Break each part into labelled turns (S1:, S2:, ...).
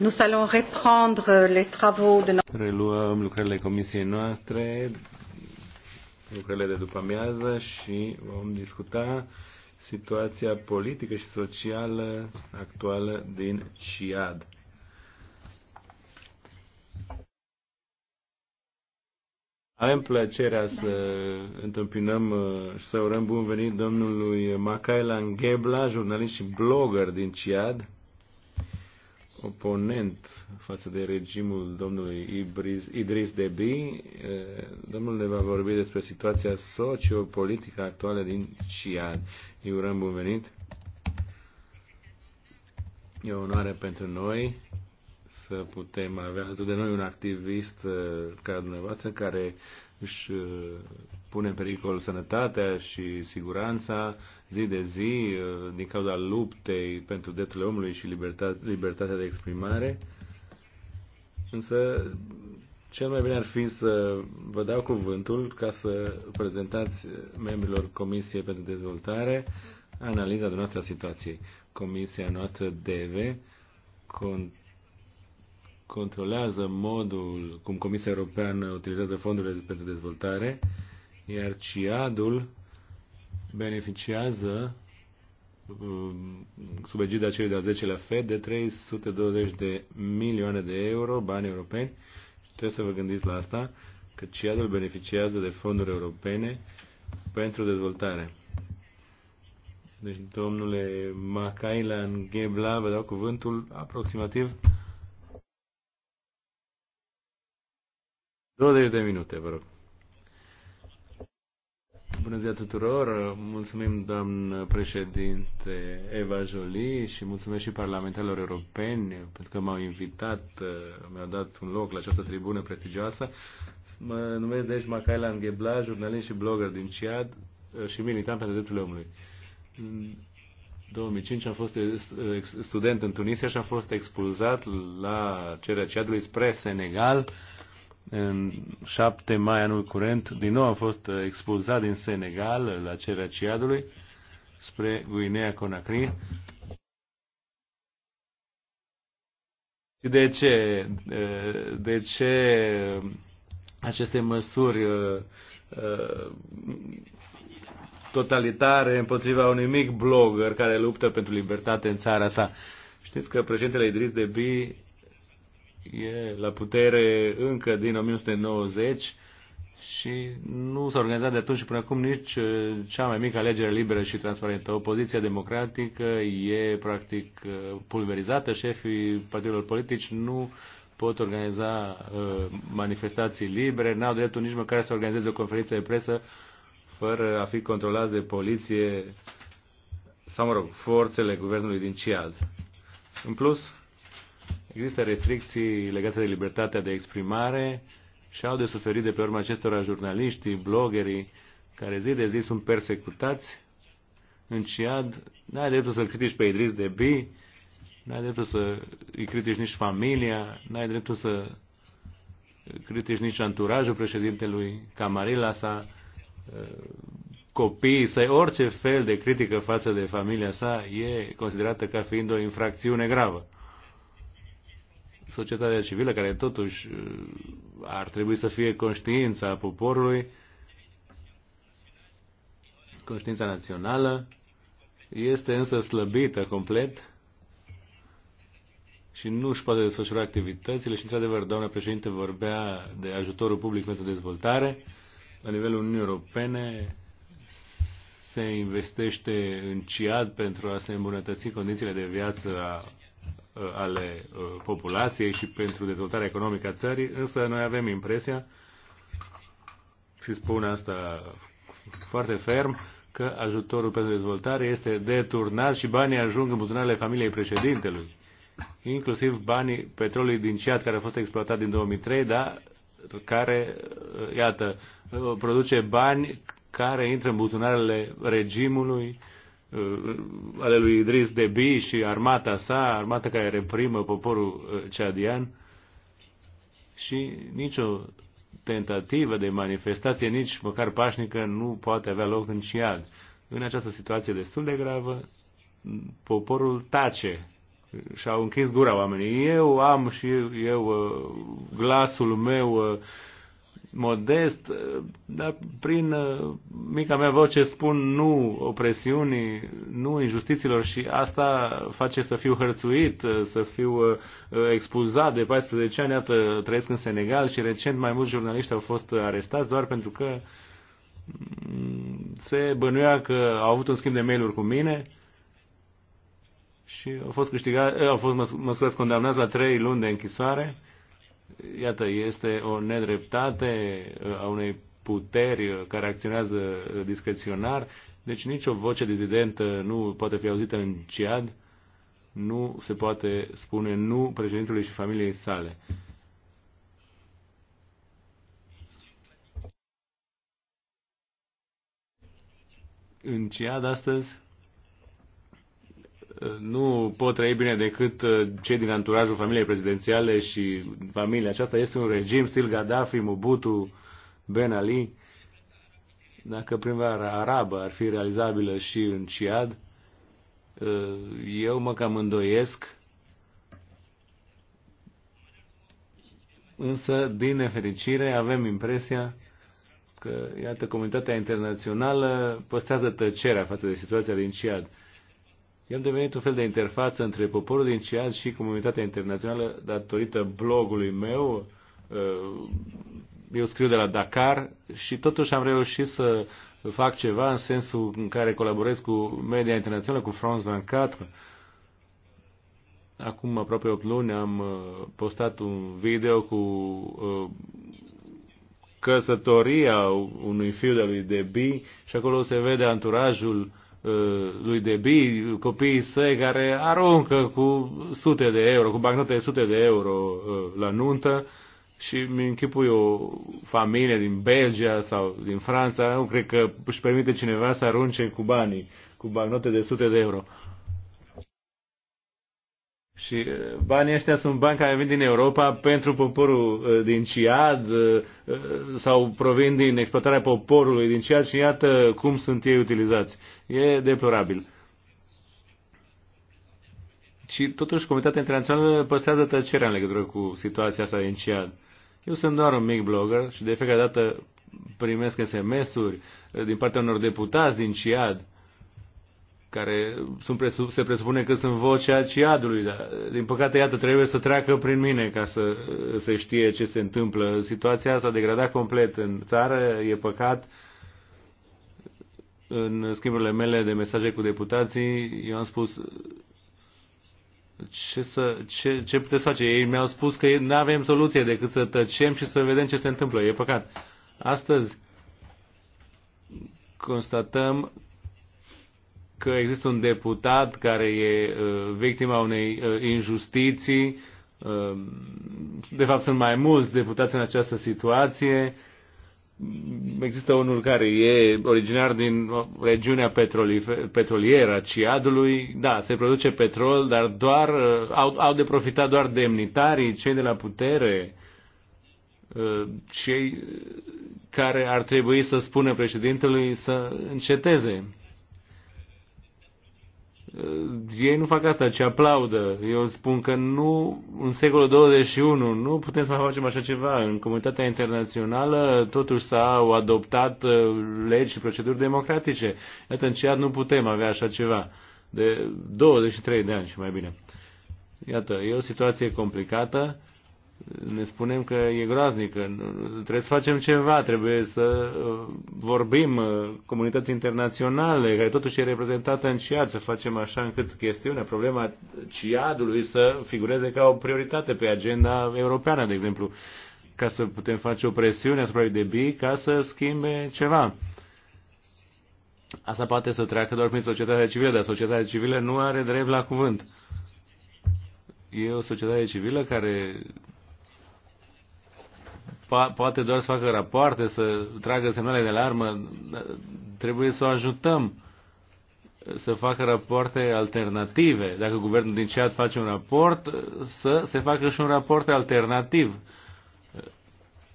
S1: Nous allons reprendre les travaux de notre...
S2: Reluăm lucrările comisiei noastre, lucrările de după amiază și vom discuta situația politică și socială actuală din CIAD. Avem plăcerea să întâmpinăm și uh, să urăm bun venit domnului Macaela Ngebla, jurnalist și blogger din CIAD oponent față de regimul domnului Idris Deby. Domnul ne va vorbi despre situația sociopolitică actuală din Ciad. Îi urăm bun venit. E o onoare pentru noi să putem avea alături de noi un activist ca dumneavoastră care își uh, pune în pericol sănătatea și siguranța zi de zi uh, din cauza luptei pentru drepturile omului și libertatea de exprimare. Însă cel mai bine ar fi să vă dau cuvântul ca să prezentați membrilor Comisiei pentru Dezvoltare analiza de noastră a situației. Comisia noastră deve cont controlează modul cum Comisia Europeană utilizează fondurile pentru dezvoltare, iar CIAD-ul beneficiază um, sub egida celui de-al 10-lea FED de 320 de milioane de euro, bani europeni. Și trebuie să vă gândiți la asta, că CIAD-ul beneficiază de fonduri europene pentru dezvoltare. Deci, domnule Macailan Ghebla, vă dau cuvântul aproximativ 20 de minute, vă rog. Bună ziua tuturor! Mulțumim, doamnă președinte Eva Jolie și mulțumesc și parlamentarilor europeni pentru că m-au invitat, mi-au dat un loc la această tribună prestigioasă. Mă numesc deci Macaela Înghebla, jurnalist și blogger din Ciad și militant pentru drepturile omului. În 2005 am fost student în Tunisia și am fost expulzat la cererea CIAD-ului spre Senegal în 7 mai anul curent, din nou a fost uh, expulzat din Senegal uh, la cerea Ciadului spre Guinea Conakry. Și de ce? Uh, de ce aceste măsuri totalitare împotriva unui mic blogger care luptă pentru libertate în țara sa? Știți că președintele Idris Deby e la putere încă din 1990 și nu s-a organizat de atunci până acum nici uh, cea mai mică alegere liberă și transparentă. Opoziția democratică e practic uh, pulverizată, șefii partidelor politici nu pot organiza uh, manifestații libere, n-au dreptul nici măcar să organizeze o conferință de presă fără a fi controlați de poliție sau, mă rog, forțele guvernului din Ciad. În plus, Există restricții legate de libertatea de exprimare și au de suferit de pe urma acestora jurnaliștii, blogerii, care zi de zi sunt persecutați. În Ciad, n-ai dreptul să-l critici pe Idris Deby, n-ai dreptul să îi critici nici familia, n-ai dreptul să critici nici anturajul președintelui, camarila sa, uh, copiii săi, orice fel de critică față de familia sa e considerată ca fiind o infracțiune gravă societatea civilă, care totuși uh, ar trebui să fie conștiința poporului, conștiința națională, este însă slăbită complet și nu își poate desfășura activitățile și, într-adevăr, doamna președinte vorbea de ajutorul public pentru dezvoltare. La nivelul Uniunii Europene se investește în CIAD pentru a se îmbunătăți condițiile de viață a Uh, ale uh, populației și pentru dezvoltarea economică a țării, însă noi avem impresia, și spun asta foarte ferm, că ajutorul pentru dezvoltare este deturnat și banii ajung în buzunarele familiei președintelui. Inclusiv banii petrolului din Ciad, care a fost exploatat din 2003, dar care, uh, iată, produce bani care intră în buzunarele regimului Uh, ale lui Idris Debi și armata sa, armata care reprimă poporul uh, ceadian și nicio tentativă de manifestație, nici măcar pașnică, nu poate avea loc în Ciad. În această situație destul de gravă, poporul tace și-au închis gura oamenii. Eu am și eu uh, glasul meu modest, dar prin uh, mica mea voce spun nu opresiunii, nu injustițiilor și asta face să fiu hărțuit, uh, să fiu uh, expulzat de 14 ani, iată, trăiesc în Senegal și recent mai mulți jurnaliști au fost arestați doar pentru că mm, se bănuia că au avut un schimb de mail-uri cu mine și au fost câștigați, au fost, mă scuzați, condamnați la trei luni de închisoare Iată, este o nedreptate uh, a unei puteri uh, care acționează uh, discreționar, deci nicio voce dizidentă nu poate fi auzită în CIAD, nu se poate spune nu președintelui și familiei sale. În CIAD astăzi nu pot trăi bine decât uh, cei din anturajul familiei prezidențiale și familia aceasta. Este un regim stil Gaddafi, Mobutu, Ben Ali. Dacă primăvara arabă ar fi realizabilă și în Ciad, uh, eu mă cam îndoiesc. Însă, din nefericire, avem impresia că, iată, comunitatea internațională păstrează tăcerea față de situația din Ciad. I-am devenit un fel de interfață între poporul din Ciad și comunitatea internațională datorită blogului meu. Uh, eu scriu de la Dakar și totuși am reușit să fac ceva în sensul în care colaborez cu media internațională, cu France 24. Acum aproape 8 luni am uh, postat un video cu uh, căsătoria unui fiu de lui Debi și acolo se vede anturajul uh, Uh, lui Debi, copiii săi care aruncă cu sute de euro, cu bagnote de sute de euro uh, la nuntă și mi închipui o familie din Belgia sau din Franța, nu cred că își permite cineva să arunce cu banii, cu bagnote de sute de euro. Și banii ăștia sunt bani care vin din Europa pentru poporul din Ciad sau provin din exploatarea poporului din Ciad și iată cum sunt ei utilizați. E deplorabil. Și totuși comunitatea internațională păstrează tăcerea în legătură cu situația asta din Ciad. Eu sunt doar un mic blogger și de fiecare dată primesc SMS-uri din partea unor deputați din Ciad care sunt presu- se presupune că sunt vocea ciadului, dar din păcate, iată, trebuie să treacă prin mine ca să se știe ce se întâmplă. Situația s-a degradat complet în țară, e păcat. În schimburile mele de mesaje cu deputații, eu am spus ce, să, ce, ce puteți face? Ei mi-au spus că nu avem soluție decât să tăcem și să vedem ce se întâmplă. E păcat. Astăzi constatăm că există un deputat care e uh, victima unei uh, injustiții. Uh, de fapt, sunt mai mulți deputați în această situație. Există unul care e originar din regiunea petrolieră a Ciadului. Da, se produce petrol, dar doar au, au de profitat doar demnitarii, cei de la putere, cei care ar trebui să spună președintelui să înceteze ei nu fac asta, ci aplaudă. Eu spun că nu, în secolul 21 nu putem să mai facem așa ceva. În comunitatea internațională totuși s-au adoptat uh, legi și proceduri democratice. Iată, în nu putem avea așa ceva. De 23 de ani și mai bine. Iată, e o situație complicată ne spunem că e groaznic, că trebuie să facem ceva, trebuie să uh, vorbim uh, comunități internaționale, care totuși e reprezentată în CIAD, să facem așa încât chestiunea, problema CIAD-ului să figureze ca o prioritate pe agenda europeană, de exemplu, ca să putem face o presiune asupra de B ca să schimbe ceva. Asta poate să treacă doar prin societatea civilă, dar societatea civilă nu are drept la cuvânt. E o societate civilă care poate doar să facă rapoarte, să tragă semnale de alarmă, trebuie să o ajutăm să facă rapoarte alternative. Dacă guvernul din CEAT face un raport, să se facă și un raport alternativ.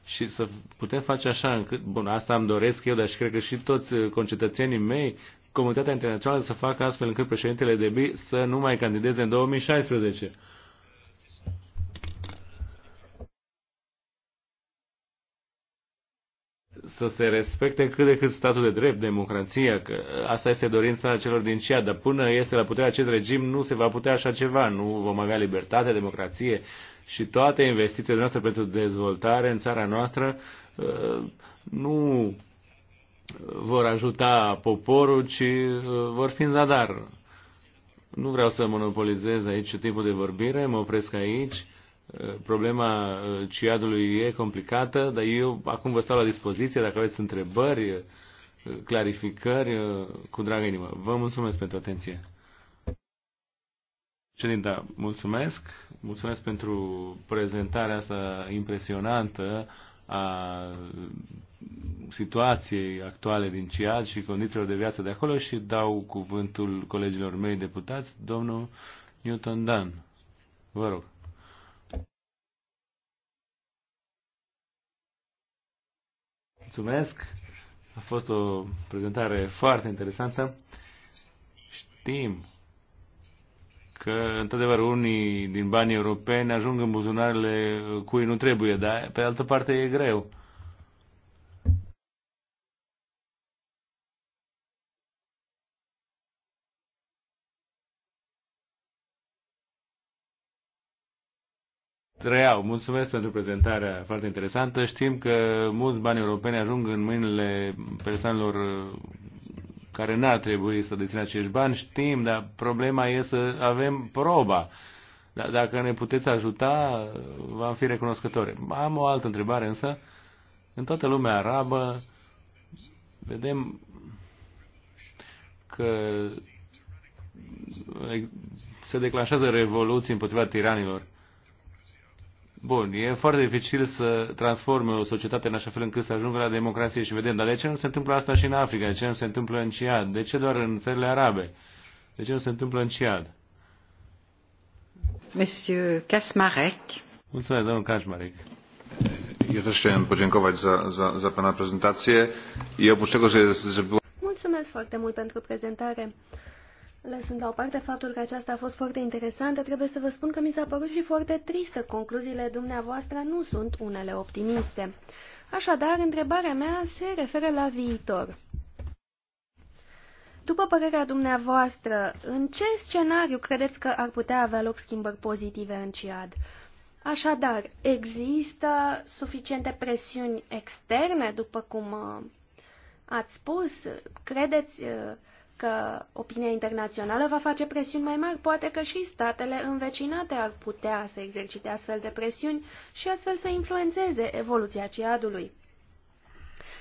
S2: Și să putem face așa încât, bun, asta îmi doresc eu, dar și cred că și toți concetățenii mei, comunitatea internațională să facă astfel încât președintele de Debi să nu mai candideze în 2016. să se respecte cât de cât statul de drept, democrația, că asta este dorința celor din CIA, dar până este la putere acest regim nu se va putea așa ceva, nu vom avea libertate, democrație și toate investițiile noastre pentru dezvoltare în țara noastră uh, nu vor ajuta poporul, ci uh, vor fi în zadar. Nu vreau să monopolizez aici timpul de vorbire, mă opresc aici Problema uh, ciadului e complicată, dar eu acum vă stau la dispoziție dacă aveți întrebări, uh, clarificări, uh, cu dragă inimă. Vă mulțumesc pentru atenție. Ședinta, mulțumesc. Mulțumesc pentru prezentarea asta impresionantă a situației actuale din CIAD și condițiilor de viață de acolo și dau cuvântul colegilor mei deputați, domnul Newton Dan. Vă rog. Mulțumesc! A fost o prezentare foarte interesantă. Știm că, într-adevăr, unii din banii europeni ajung în buzunarele cui nu trebuie, dar, pe altă parte, e greu. reiau, mulțumesc pentru prezentarea foarte interesantă. Știm că mulți bani europeni ajung în mâinile persoanelor uh, care n-ar trebui să dețină acești bani, știm, dar problema e să avem proba. Dacă ne puteți ajuta, v-am fi recunoscători. Am o altă întrebare, însă, în toată lumea arabă, vedem că se declanșează revoluții împotriva tiranilor. Bun, e foarte dificil să transforme o societate în așa fel încât să ajungă la democrație și vedem, dar de ce nu se întâmplă asta și în Africa? De ce nu se întâmplă în Ciad? De ce doar în țările arabe? De ce nu se întâmplă în Ciad?
S1: Monsieur Kasmarek.
S2: Mulțumesc, domnul Kasmarek.
S1: Ja też chciałem podziękować za, za, za Pana prezentację i oprócz tego, że, jest, że
S3: Mulțumesc foarte mult pentru prezentare. Lăsând la o parte faptul că aceasta a fost foarte interesantă, trebuie să vă spun că mi s-a părut și foarte tristă. Concluziile dumneavoastră nu sunt unele optimiste. Așadar, întrebarea mea se referă la viitor. După părerea dumneavoastră, în ce scenariu credeți că ar putea avea loc schimbări pozitive în CIAD? Așadar, există suficiente presiuni externe, după cum uh, ați spus? Credeți uh, că opinia internațională va face presiuni mai mari, poate că și statele învecinate ar putea să exercite astfel de presiuni și astfel să influențeze evoluția ciadului.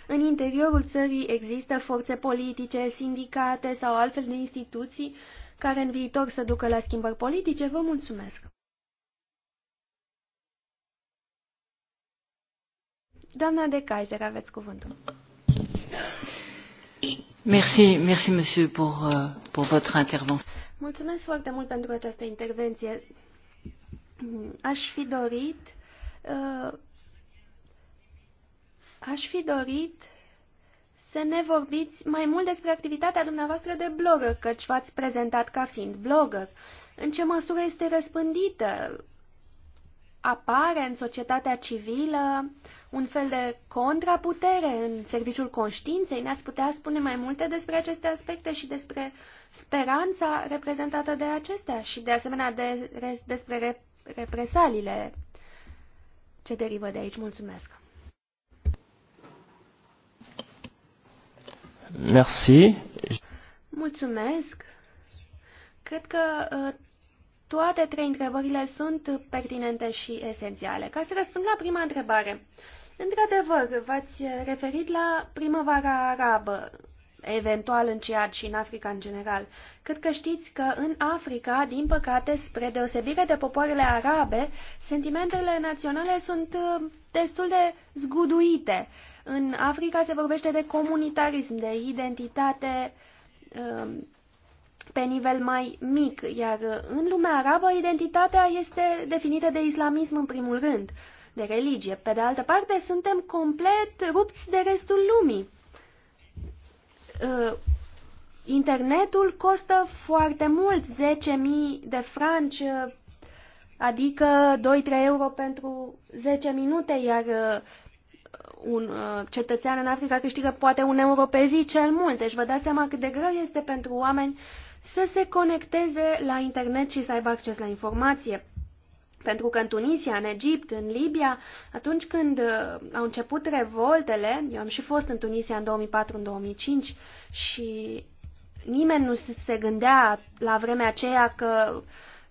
S3: În interiorul țării există forțe politice, sindicate sau altfel de instituții care în viitor să ducă la schimbări politice. Vă mulțumesc! Doamna de Kaiser, aveți cuvântul.
S1: Euh,
S3: Mulțumesc foarte mult pentru această intervenție. Aș fi dorit uh, aș fi dorit să ne vorbiți mai mult despre activitatea dumneavoastră de blogger, căci v-ați prezentat ca fiind blogger. În ce măsură este răspândită? Apare în societatea civilă? un fel de contraputere în serviciul conștiinței? Ne-ați putea spune mai multe despre aceste aspecte și despre speranța reprezentată de acestea și de asemenea de, despre rep represaliile ce derivă de aici? Mulțumesc!
S4: Merci.
S3: Mulțumesc! Cred că ă, toate trei întrebările sunt pertinente și esențiale. Ca să răspund la prima întrebare, Într-adevăr, v-ați referit la primăvara arabă, eventual în Ciad și în Africa în general. Cred că știți că în Africa, din păcate, spre deosebire de popoarele arabe, sentimentele naționale sunt uh, destul de zguduite. În Africa se vorbește de comunitarism, de identitate uh, pe nivel mai mic, iar uh, în lumea arabă identitatea este definită de islamism în primul rând de religie. Pe de altă parte, suntem complet rupți de restul lumii. Uh, internetul costă foarte mult, 10.000 de franci, uh, adică 2-3 euro pentru 10 minute, iar uh, un cetățean în Africa câștigă poate un euro pe zi cel mult. Deci vă dați seama cât de greu este pentru oameni să se conecteze la internet și să aibă acces la informație. Pentru că în Tunisia, în Egipt, în Libia, atunci când uh, au început revoltele, eu am și fost în Tunisia în 2004-2005 și nimeni nu se gândea la vremea aceea că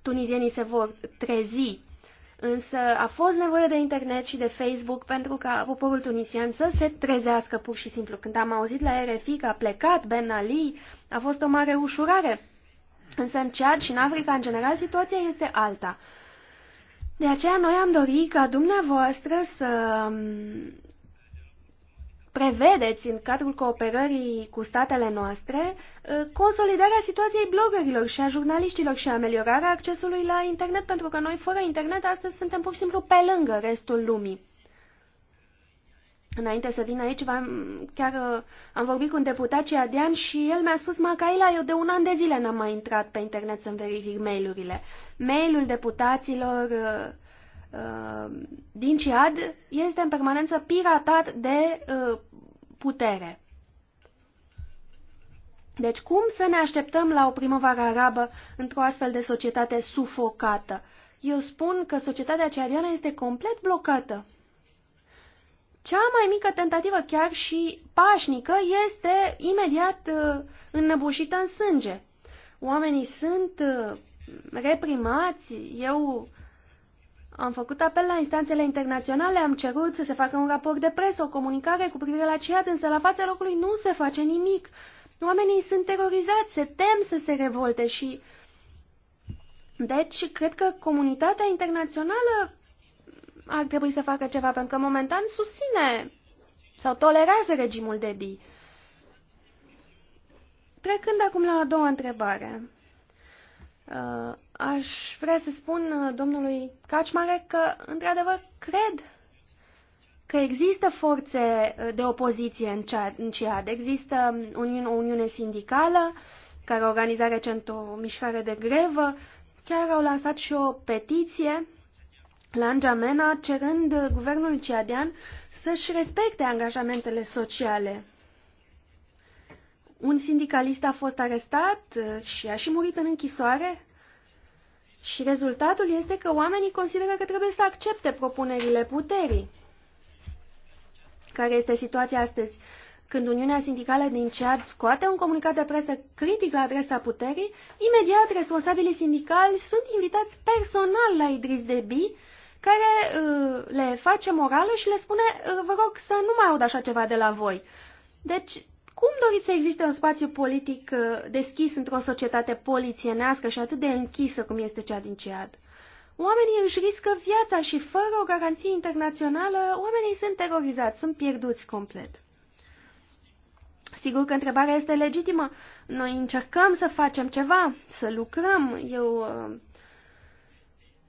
S3: tunizienii se vor trezi. Însă a fost nevoie de internet și de Facebook pentru ca poporul tunisian să se trezească pur și simplu. Când am auzit la RFI că a plecat Ben Ali, a fost o mare ușurare. Însă în Chad și în Africa, în general, situația este alta. De aceea noi am dorit ca dumneavoastră să um, prevedeți în cadrul cooperării cu statele noastre uh, consolidarea situației bloggerilor și a jurnaliștilor și ameliorarea accesului la internet, pentru că noi fără internet astăzi suntem pur și simplu pe lângă restul lumii. Înainte să vin aici, chiar uh, am vorbit cu un deputat Adrian și el mi-a spus, Macaila, eu de un an de zile n-am mai intrat pe internet să-mi verific mailurile. Mailul deputaților uh, uh, din Ciad este în permanență piratat de uh, putere. Deci cum să ne așteptăm la o primăvară arabă într-o astfel de societate sufocată? Eu spun că societatea ceariană este complet blocată. Cea mai mică tentativă, chiar și pașnică, este imediat uh, înnăbușită în sânge. Oamenii sunt uh, reprimați, eu am făcut apel la instanțele internaționale, am cerut să se facă un raport de presă, o comunicare cu privire la ceea, însă la fața locului nu se face nimic. Oamenii sunt terorizați, se tem să se revolte și... Deci, cred că comunitatea internațională ar trebui să facă ceva, pentru că momentan susține sau tolerează regimul de bi. Trecând acum la a doua întrebare, uh, aș vrea să spun uh, domnului Cacmare că, într-adevăr, cred că există forțe uh, de opoziție în CIAD. Există um, o Uniune Sindicală, care organiza recent o mișcare de grevă, chiar au lansat și o petiție la N'Djamena, cerând guvernul ciadian să-și respecte angajamentele sociale. Un sindicalist a fost arestat uh, și a și murit în închisoare și rezultatul este că oamenii consideră că trebuie să accepte propunerile puterii. Care este situația astăzi? Când Uniunea Sindicală din Cead scoate un comunicat de presă critic la adresa puterii, imediat responsabilii sindicali sunt invitați personal la Idris Deby care uh, le face morală și le spune, uh, vă rog să nu mai aud așa ceva de la voi. Deci, cum doriți să existe un spațiu politic uh, deschis într-o societate polițienească și atât de închisă cum este cea din cead. Oamenii își riscă viața și fără o garanție internațională, oamenii sunt terorizați, sunt pierduți complet. Sigur că întrebarea este legitimă. Noi încercăm să facem ceva, să lucrăm. Eu uh,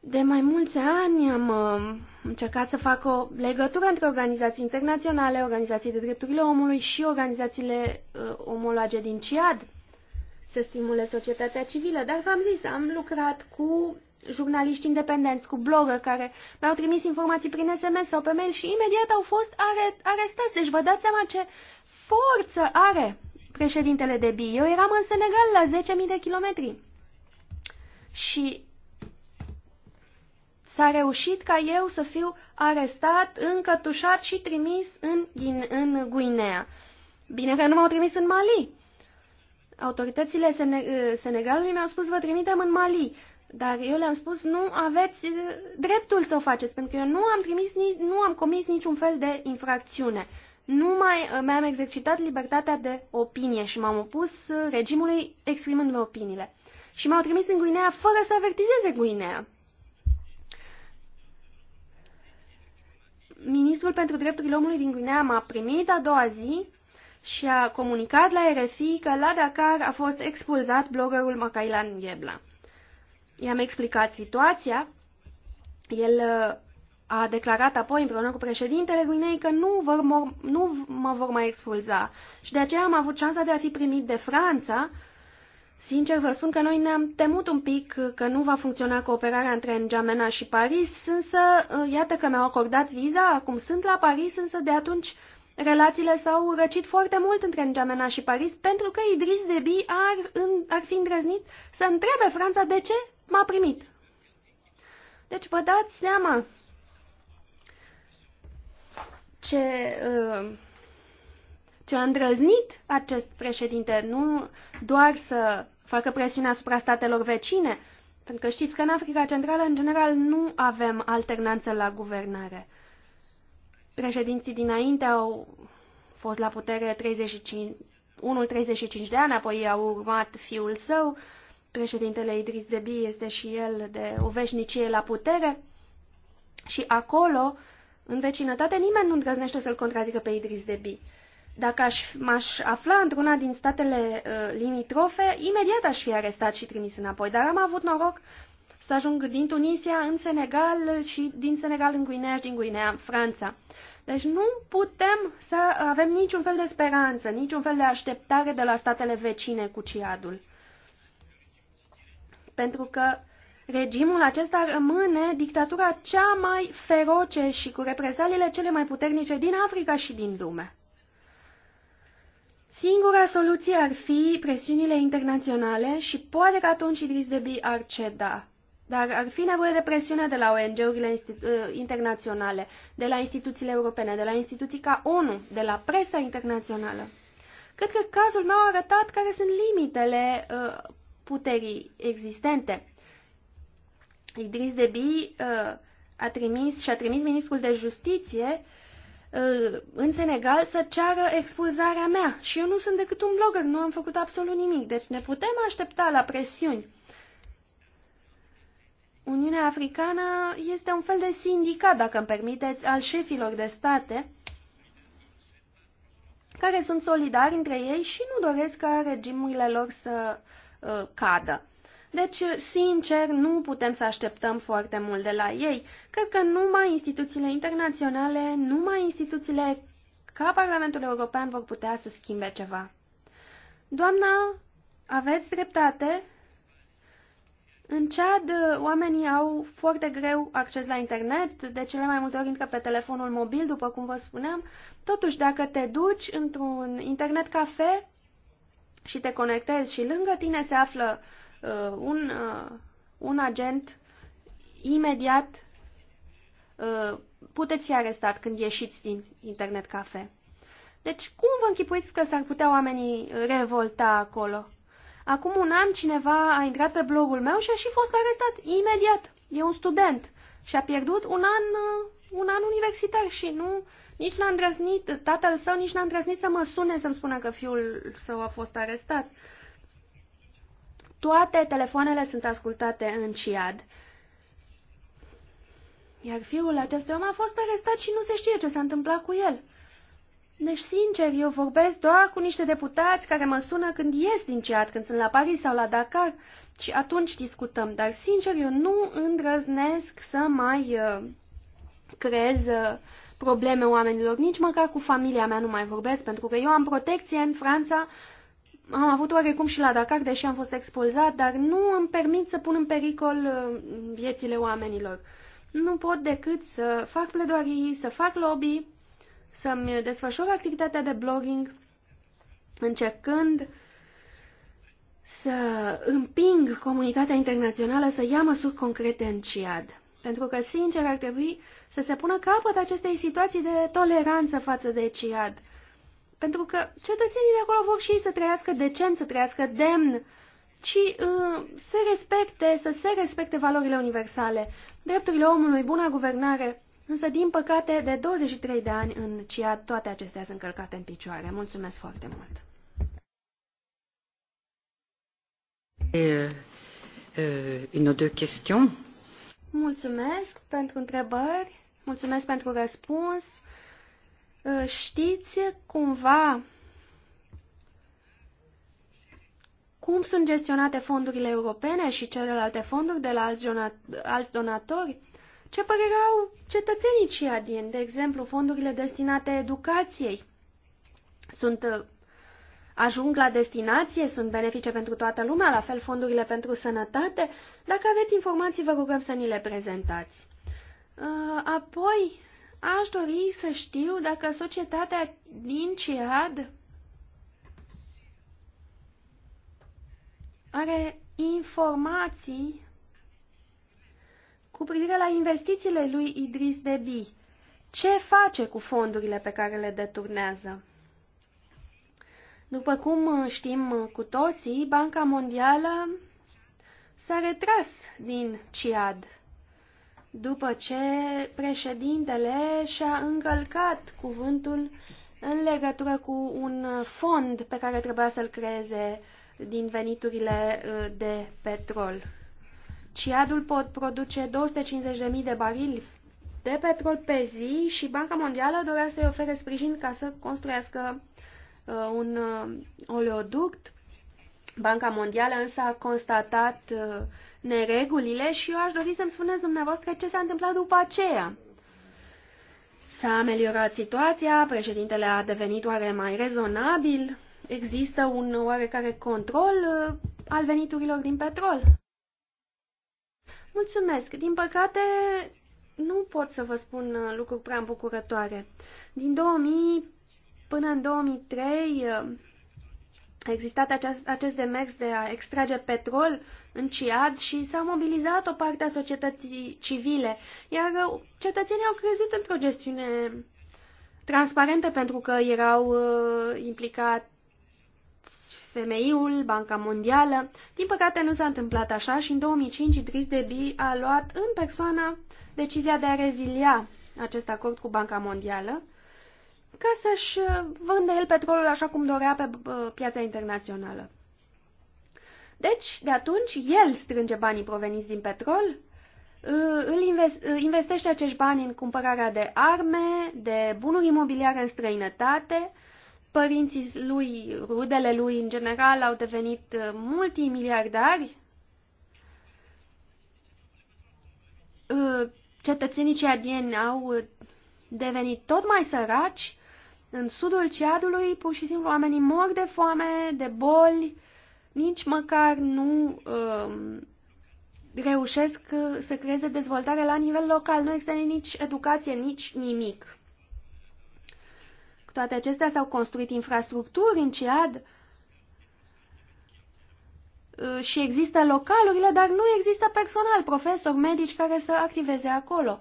S3: de mai mulți ani am uh, încercat să fac o legătură între organizații internaționale, organizații de drepturile omului și organizațiile uh, omologe din CIAD, să stimule societatea civilă. Dar v-am zis, am lucrat cu jurnaliști independenți, cu blogger care mi-au trimis informații prin SMS sau pe mail și imediat au fost are- arestați. Deci vă dați seama ce forță are președintele de BI. Eu eram în Senegal la 10.000 de kilometri. Și s-a reușit ca eu să fiu arestat, încătușat și trimis în, din, în Guinea. Bine că nu m-au trimis în Mali. Autoritățile Sene Senegalului mi-au spus vă trimitem în Mali, dar eu le-am spus nu aveți uh, dreptul să o faceți, pentru că eu nu am, trimis, nu am comis niciun fel de infracțiune. Nu mai uh, mi-am exercitat libertatea de opinie și m-am opus uh, regimului exprimându-mi opiniile. Și m-au trimis în Guinea fără să avertizeze Guinea. ministrul pentru drepturile omului din Guinea m-a primit a doua zi și a comunicat la RFI că la Dakar a fost expulzat bloggerul Macailan Ghebla. I-am explicat situația. El uh, a declarat apoi împreună cu președintele Guinei că nu, vor, nu mă vor mai expulza și de aceea am avut șansa de a fi primit de Franța Sincer, vă spun că noi ne-am temut un pic că nu va funcționa cooperarea între N'Djamena și Paris, însă uh, iată că mi-au acordat viza, acum sunt la Paris, însă de atunci relațiile s-au răcit foarte mult între N'Djamena și Paris, pentru că Idris Deby ar, ar fi îndrăznit să întrebe Franța de ce m-a primit. Deci vă dați seama ce... Uh, ce a îndrăznit acest președinte, nu doar să facă presiune asupra statelor vecine, pentru că știți că în Africa Centrală, în general, nu avem alternanță la guvernare. Președinții dinainte au fost la putere 35, unul 35 de ani, apoi a urmat fiul său, președintele Idris Deby este și el de o veșnicie la putere și acolo, în vecinătate, nimeni nu îndrăznește să-l contrazică pe Idris Deby. Dacă aș, m-aș afla într-una din statele uh, limitrofe, imediat aș fi arestat și trimis înapoi, dar am avut noroc să ajung din Tunisia în Senegal și din Senegal în Guinea și din Guinea în Franța. Deci nu putem să avem niciun fel de speranță, niciun fel de așteptare de la statele vecine cu Ciadul. Pentru că regimul acesta rămâne dictatura cea mai feroce și cu represaliile cele mai puternice din Africa și din lume. Singura soluție ar fi presiunile internaționale și poate că atunci Idris Deby ar ceda. Dar ar fi nevoie de presiune de la ONG-urile uh, internaționale, de la instituțiile europene, de la instituții ca ONU, de la presa internațională. Cred că cazul meu a arătat care sunt limitele uh, puterii existente. Idris Deby uh, a trimis și a trimis ministrul de justiție uh, Uh, în Senegal să ceară expulzarea mea și eu nu sunt decât un blogger, nu am făcut absolut nimic, deci ne putem aștepta la presiuni. Uniunea Africană este un fel de sindicat, dacă îmi permiteți, al șefilor de state care sunt solidari între ei și nu doresc ca regimurile lor să uh, cadă. Deci, sincer, nu putem să așteptăm foarte mult de la ei. Cred că numai instituțiile internaționale, numai instituțiile ca Parlamentul European vor putea să schimbe ceva. Doamna, aveți dreptate? În Chad, oamenii au foarte greu acces la internet, de cele mai multe ori intră pe telefonul mobil, după cum vă spuneam. Totuși, dacă te duci într-un internet cafe și te conectezi și lângă tine se află uh, uh, un, uh, un agent imediat uh, puteți fi arestat când ieșiți din internet cafe. Deci, cum vă închipuiți că s-ar putea oamenii revolta acolo? Acum un an cineva a intrat pe blogul meu și a și fost arestat imediat. E un student și a pierdut un an, uh, un an universitar și nu, nici n-a îndrăznit, tatăl său nici n-a îndrăznit să mă sune să-mi spună că fiul său a fost arestat. Toate telefoanele sunt ascultate în CIAD. Iar fiul acestui om a fost arestat și nu se știe ce s-a întâmplat cu el. Deci, sincer, eu vorbesc doar cu niște deputați care mă sună când ies din CIAD, când sunt la Paris sau la Dakar și atunci discutăm. Dar, sincer, eu nu îndrăznesc să mai uh, creez uh, probleme oamenilor, nici măcar cu familia mea nu mai vorbesc, pentru că eu am protecție în Franța am avut oarecum și la Dakar, deși am fost expulzat, dar nu îmi permit să pun în pericol uh, viețile oamenilor. Nu pot decât să fac pledoarii, să fac lobby, să-mi desfășor activitatea de blogging, încercând să împing comunitatea internațională să ia măsuri concrete în CIAD. Pentru că, sincer, ar trebui să se pună capăt acestei situații de toleranță față de CIAD pentru că cetățenii de acolo vor și ei să trăiască decent, să trăiască demn, ci uh, să respecte, să se respecte valorile universale, drepturile omului, buna guvernare. Însă, din păcate, de 23 de ani în CIA toate acestea sunt călcate în picioare. Mulțumesc foarte mult! Euh, mulțumesc pentru întrebări, mulțumesc pentru răspuns. Uh, știți cumva cum sunt gestionate fondurile europene și celelalte fonduri de la alți donatori? Ce părere au cetățenii ciadieni, de exemplu, fondurile destinate educației? Sunt uh, ajung la destinație, sunt benefice pentru toată lumea, la fel fondurile pentru sănătate. Dacă aveți informații, vă rugăm să ni le prezentați. Uh, apoi, Aș dori să știu dacă societatea din CIAD are informații cu privire la investițiile lui Idris Deby. Ce face cu fondurile pe care le deturnează? După cum știm cu toții, Banca Mondială s-a retras din CIAD după ce președintele și-a încălcat cuvântul în legătură cu un fond pe care trebuia să-l creeze din veniturile uh, de petrol. Ciadul pot produce 250.000 de barili de petrol pe zi și Banca Mondială dorea să-i ofere sprijin ca să construiască uh, un uh, oleoduct. Banca Mondială însă a constatat uh, neregulile și eu aș dori să-mi spuneți dumneavoastră ce s-a întâmplat după aceea. S-a ameliorat situația, președintele a devenit oare mai rezonabil, există un oarecare control uh, al veniturilor din petrol. Mulțumesc. Din păcate, nu pot să vă spun uh, lucruri prea îmbucurătoare. Din 2000 până în 2003 uh, a existat acest, acest demers de a extrage petrol în Ciad și s-a mobilizat o parte a societății civile, iar uh, cetățenii au crezut într-o gestiune transparentă pentru că erau uh, implicați femeiul, Banca Mondială. Din păcate nu s-a întâmplat așa și în 2005 Idris Deby a luat în persoană decizia de a rezilia acest acord cu Banca Mondială ca să-și uh, vândă el petrolul așa cum dorea pe uh, piața internațională. Deci, de atunci, el strânge banii proveniți din petrol, uh, îl uh, investește acești bani în cumpărarea de arme, de bunuri imobiliare în străinătate. Părinții lui, rudele lui în general, au devenit uh, multimiliardari. Cetățenii ceadieni au devenit tot mai săraci. În sudul Ceadului, pur și simplu, oamenii mor de foame, de boli, nici măcar nu um, uh, reușesc să creeze dezvoltare la nivel local. Nu există nici educație, nici nimic. Cu toate acestea s-au construit infrastructuri în CIAD uh, și există localurile, dar nu există personal, profesori, medici care să activeze acolo.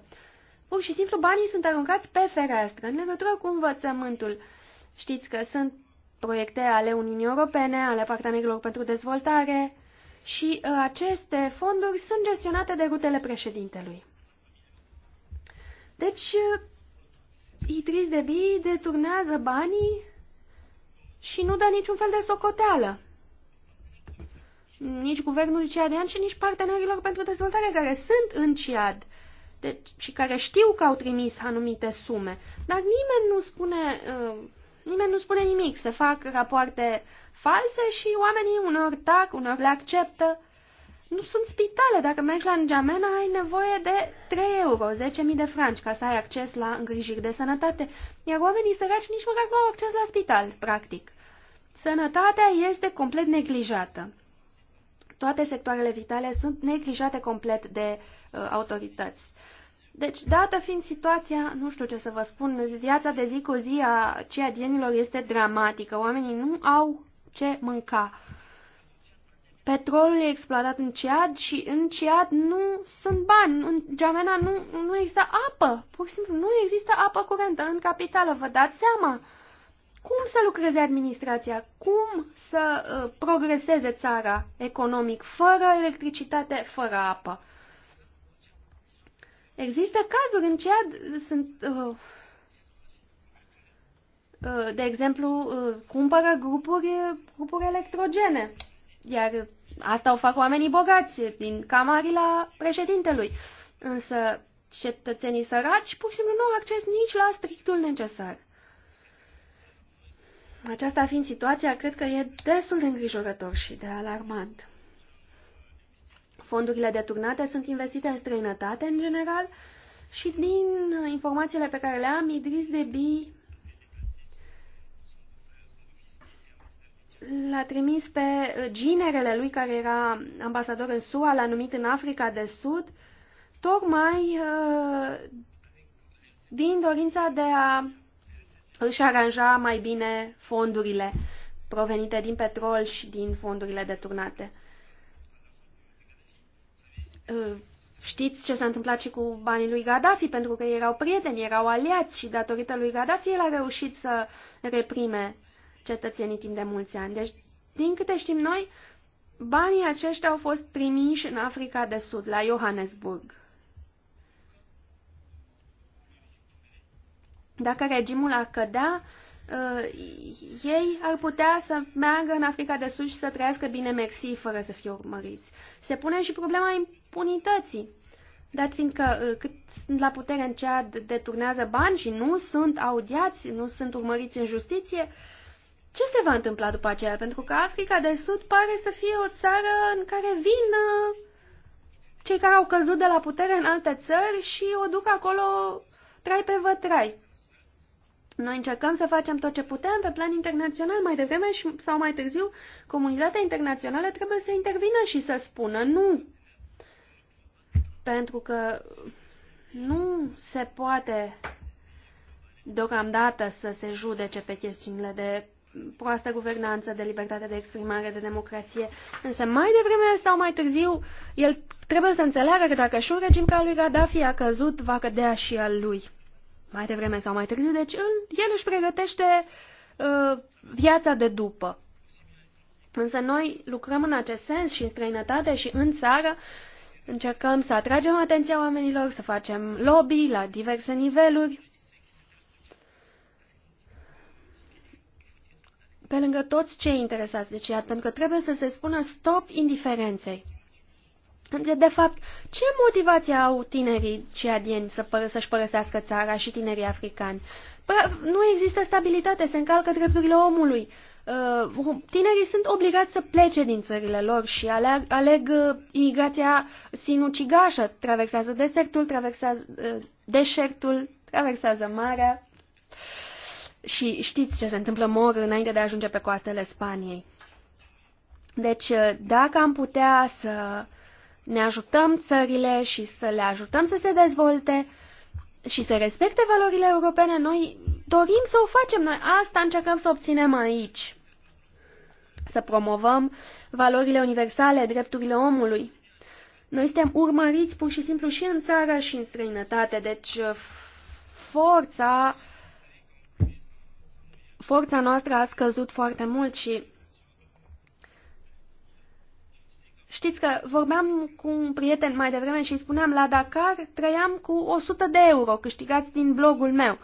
S3: Pur și simplu banii sunt aruncați pe fereastră, în legătură cu învățământul. Știți că sunt proiecte ale Uniunii Europene, ale partenerilor pentru dezvoltare și uh, aceste fonduri sunt gestionate de rutele președintelui. Deci, uh, Idris Deby deturnează banii și nu dă niciun fel de socoteală. Nici guvernul ciadian și nici partenerilor pentru dezvoltare care sunt în Ciad deci, și care știu că au trimis anumite sume. Dar nimeni nu spune uh, Nimeni nu spune nimic, se fac rapoarte false și oamenii unor tac, unor le acceptă. Nu sunt spitale, dacă mergi la N'Djamena ai nevoie de 3 euro, 10.000 de franci ca să ai acces la îngrijiri de sănătate, iar oamenii săraci nici măcar nu au acces la spital, practic. Sănătatea este complet neglijată. Toate sectoarele vitale sunt neglijate complet de uh, autorități. Uh, deci, dată fiind situația, nu știu ce să vă spun, deci viața de zi cu zi a ceadienilor este dramatică. Oamenii nu au ce mânca. Petrolul e exploatat în Ciad și în Ciad nu sunt bani. În Geamena nu, nu există apă. Pur și simplu nu există apă curentă în capitală. Vă dați seama? Cum să lucreze administrația? Cum să uh, progreseze țara economic fără electricitate, fără apă? Există cazuri în ceea sunt, uh, uh, de exemplu, uh, cumpără grupuri, uh, grupuri electrogene, iar asta o fac oamenii bogați din la președintelui. Însă cetățenii săraci pur și simplu nu au acces nici la strictul necesar. Aceasta fiind situația, cred că e destul de îngrijorător și de alarmant. Fondurile deturnate sunt investite în străinătate, în general, și din informațiile pe care le am, Idris Deby l-a trimis pe ginerele lui, care era ambasador în SUA, l-a numit în Africa de Sud, tocmai uh, din dorința de a își aranja mai bine fondurile provenite din petrol și din fondurile deturnate. Uh, știți ce s-a întâmplat și cu banii lui Gaddafi, pentru că erau prieteni, erau aliați și datorită lui Gaddafi el a reușit să reprime cetățenii timp de mulți ani. Deci, din câte știm noi, banii aceștia au fost trimiși în Africa de Sud, la Johannesburg. Dacă regimul ar cădea, uh, ei ar putea să meargă în Africa de Sud și să trăiască bine mersi fără să fie urmăriți. Se pune și problema unității. Dat fiindcă uh, cât sunt la putere în cea deturnează bani și nu sunt audiați, nu sunt urmăriți în justiție, ce se va întâmpla după aceea? Pentru că Africa de Sud pare să fie o țară în care vin uh, cei care au căzut de la putere în alte țări și o duc acolo trai pe vătrai. Noi încercăm să facem tot ce putem pe plan internațional, mai devreme și, sau mai târziu, comunitatea internațională trebuie să intervină și să spună nu pentru că nu se poate deocamdată să se judece pe chestiunile de proastă guvernanță, de libertate de exprimare, de democrație, însă mai devreme sau mai târziu el trebuie să înțeleagă că dacă și un regim ca lui Gaddafi a căzut, va cădea și al lui. Mai devreme sau mai târziu, deci el el își pregătește uh, viața de după. Însă noi lucrăm în acest sens și în străinătate și în țară Încercăm să atragem atenția oamenilor, să facem lobby la diverse niveluri. Pe lângă toți cei interesați de ceea, pentru că trebuie să se spună stop indiferenței. De fapt, ce motivație au tinerii ciadieni să pără, să-și părăsească țara și tinerii africani? Păi, nu există stabilitate, se încalcă drepturile omului. Uh, tinerii sunt obligați să plece din țările lor și aleg, aleg uh, imigrația sinucigașă, traversează desertul, traversează uh, deșertul, traversează marea și știți ce se întâmplă, mor înainte de a ajunge pe coastele Spaniei. Deci, dacă am putea să ne ajutăm țările și să le ajutăm să se dezvolte, uh, și se respecte valorile europene, noi dorim să o facem. Noi asta încercăm să obținem aici. Să promovăm valorile universale, drepturile omului. Noi suntem urmăriți pur și simplu și în țară și în străinătate, deci forța, forța noastră a scăzut foarte mult și Știți că vorbeam cu un prieten mai devreme și îi spuneam, la Dakar trăiam cu 100 de euro câștigați din blogul meu,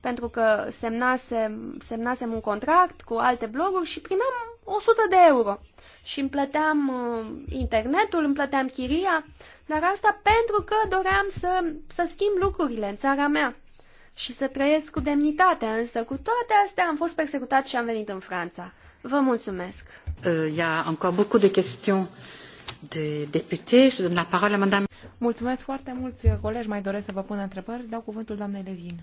S3: pentru că semnasem, semnasem un contract cu alte bloguri și primeam 100 de euro. Și îmi plăteam uh, internetul, îmi plăteam chiria, dar asta pentru că doream să, să schimb lucrurile în țara mea și să trăiesc cu demnitate, însă cu toate astea am fost persecutat și am venit în
S5: Franța. Vă mulțumesc.
S1: Il euh, y a encore beaucoup de questions de députés. Je donne la parole à madame.
S5: Mulțumesc foarte mulți colegi mai doresc să vă pună întrebări. Dau cuvântul doamnei Levin.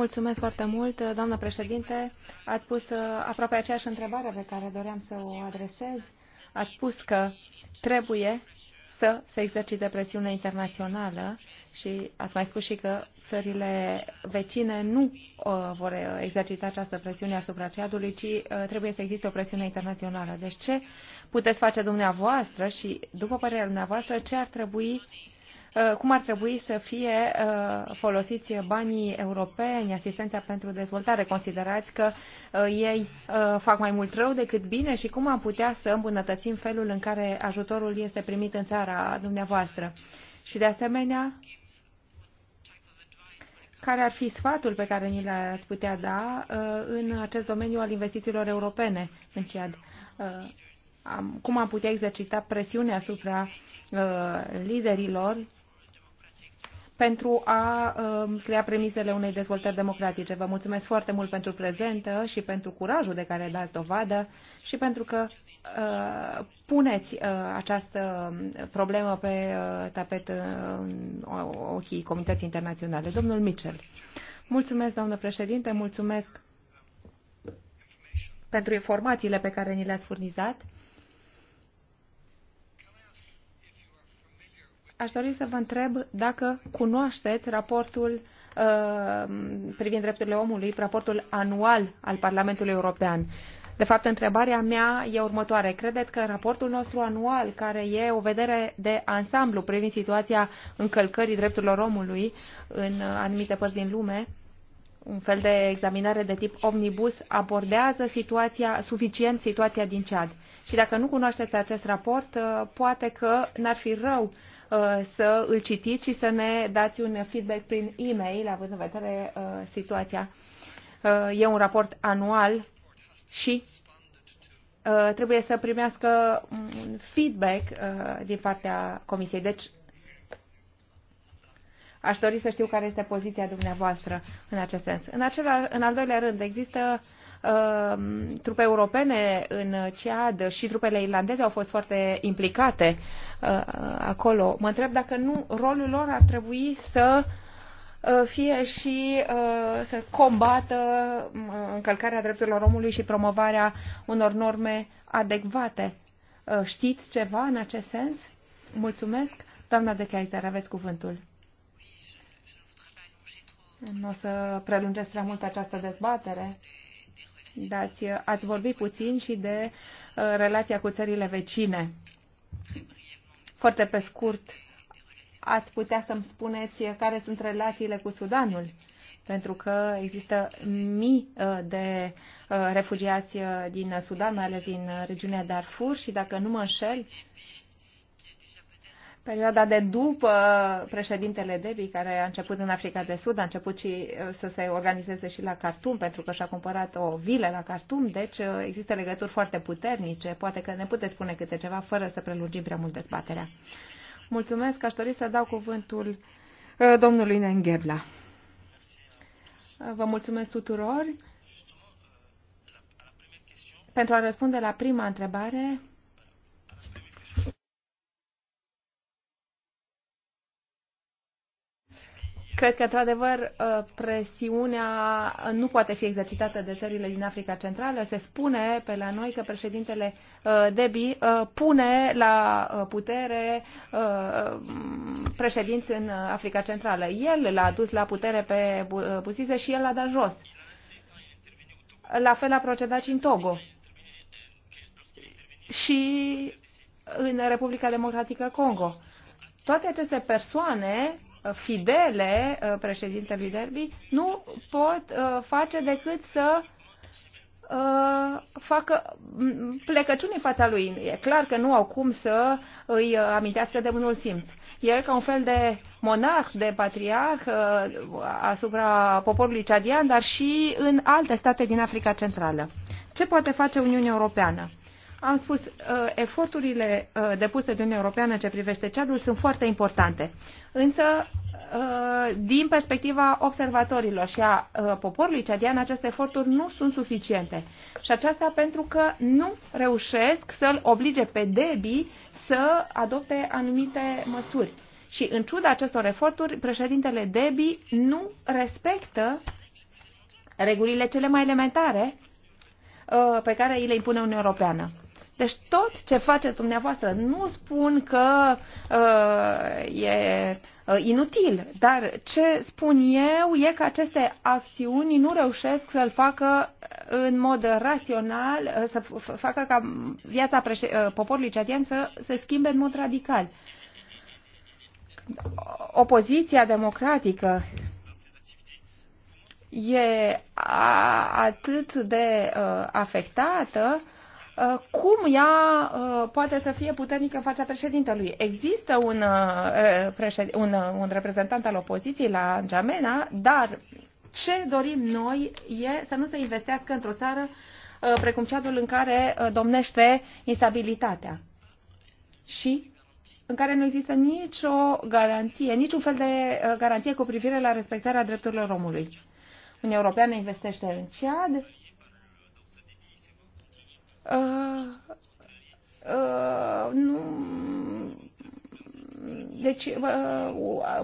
S5: Mulțumesc foarte mult, doamnă președinte. Ați pus uh, aproape aceeași întrebare pe care doream să o adresez. Ați spus că trebuie să se exercite presiune internațională și ați mai spus și că țările vecine nu uh, vor exercita această presiune asupra ceadului, ci uh, trebuie să existe o presiune internațională. Deci ce puteți face dumneavoastră și, după părerea dumneavoastră, ce ar trebui, uh, cum ar trebui să fie uh, folosiți banii europeni, asistența pentru dezvoltare? Considerați că uh, ei uh, fac mai mult rău decât bine și cum am putea să îmbunătățim felul în care ajutorul este primit în țara dumneavoastră? Și de asemenea, care ar fi sfatul pe care ni l-ați putea da uh, în acest domeniu al investițiilor europene în CIAD? Uh, cum am putea exercita presiune asupra uh, liderilor pentru a crea premisele unei dezvoltări democratice. Vă mulțumesc foarte mult pentru prezentă și pentru curajul de care dați dovadă și pentru că Uh, puneți uh, această problemă pe uh, tapet în ochii comunității internaționale. Domnul Mitchell. Mulțumesc, doamnă președinte, mulțumesc pentru informațiile pe care ni le-ați furnizat. Aș dori să vă întreb dacă cunoașteți raportul privind drepturile omului, raportul anual al Parlamentului European. De fapt, întrebarea mea e următoare. Credeți că raportul nostru anual, care e o vedere de ansamblu privind situația încălcării drepturilor omului în anumite părți din lume, un fel de examinare de tip omnibus abordează situația, suficient situația din CEAD? Și dacă nu cunoașteți acest raport, uh, poate că n-ar fi rău uh, să îl citiți și să ne dați un feedback prin e-mail, având în vedere uh, situația. E un raport anual și uh, trebuie să primească un feedback uh, din partea Comisiei. Deci, aș dori să știu care este poziția dumneavoastră în acest sens. În, acela, în al doilea rând, există uh, trupe europene în CEAD și trupele irlandeze au fost foarte implicate uh, acolo. Mă întreb dacă nu rolul lor ar trebui să uh, Uh, fie și uh, să combată uh, încălcarea drepturilor omului și promovarea unor norme adecvate. Știți ceva în acest sens? Mulțumesc. Doamna de Kaiser, aveți cuvântul. Nu o să prelungesc prea mult această dezbatere, dar ați, ați vorbit puțin și de relația cu țările vecine. Foarte pe scurt, ați putea să-mi spuneți care sunt relațiile cu Sudanul? Pentru că există mii uh, de uh, refugiați uh, din Sudan, mai ales din regiunea Darfur și dacă nu mă înșel, perioada de după președintele Debi, care a început în Africa de Sud, a început și să se organizeze și la Khartoum, pentru că și-a cumpărat o vilă la Khartoum, deci există legături foarte puternice. Poate că ne puteți spune câte ceva, fără să prelungim prea mult dezbaterea. Mulțumesc, aș dori să dau cuvântul uh, domnului Nenghebla. Vă mulțumesc tuturor. Pentru a răspunde la prima întrebare, Cred că, într-adevăr, uh, presiunea uh, nu poate fi exercitată de țările din Africa Centrală. Se spune pe la noi că președintele uh, Debi pune la putere președinți în Africa Centrală. El l-a adus la putere pe Buzize și el l-a dat jos. La fel a procedat și în Togo. Și în Republica Democratică Congo. Toate aceste persoane fidele uh, președintelui Derby nu pot uh, face decât să uh, facă plecăciuni în fața lui. E clar că nu au cum să îi amintească de bunul simț. E ca un fel de monarh, de patriarh asupra poporului cadian, dar și în alte state din Africa Centrală. Ce poate face Uniunea Europeană? Am spus, uh, eforturile uh, depuse de Uniunea Europeană în ce privește Ceadul sunt foarte importante. Însă, uh, din perspectiva observatorilor și a poporului ceadian, aceste eforturi nu sunt suficiente. Și aceasta pentru că nu reușesc să-l oblige pe Debi să adopte anumite măsuri. Și în ciuda acestor eforturi, președintele Debi nu respectă regulile cele mai elementare pe care îi le impune Uniunea Europeană. Deci tot ce face dumneavoastră, nu spun că uh, e uh, inutil, dar ce spun eu e că aceste acțiuni nu reușesc să-l facă în mod rațional, uh, să facă ca viața uh, poporului cetian să se schimbe în mod radical. Opoziția democratică e atât de afectată uh, Uh, cum ea uh, poate să fie puternică în fața președintelui. Există un, uh, președ, un, un reprezentant al opoziției la Jamena, dar ce dorim noi e să nu se investească într-o țară precum ceadul în care domnește instabilitatea și în care nu există nicio garanție, niciun fel de garanție cu privire la respectarea drepturilor omului. Uniunea Europeană investește în Ciad, uh,
S4: uh, nu, deci uh,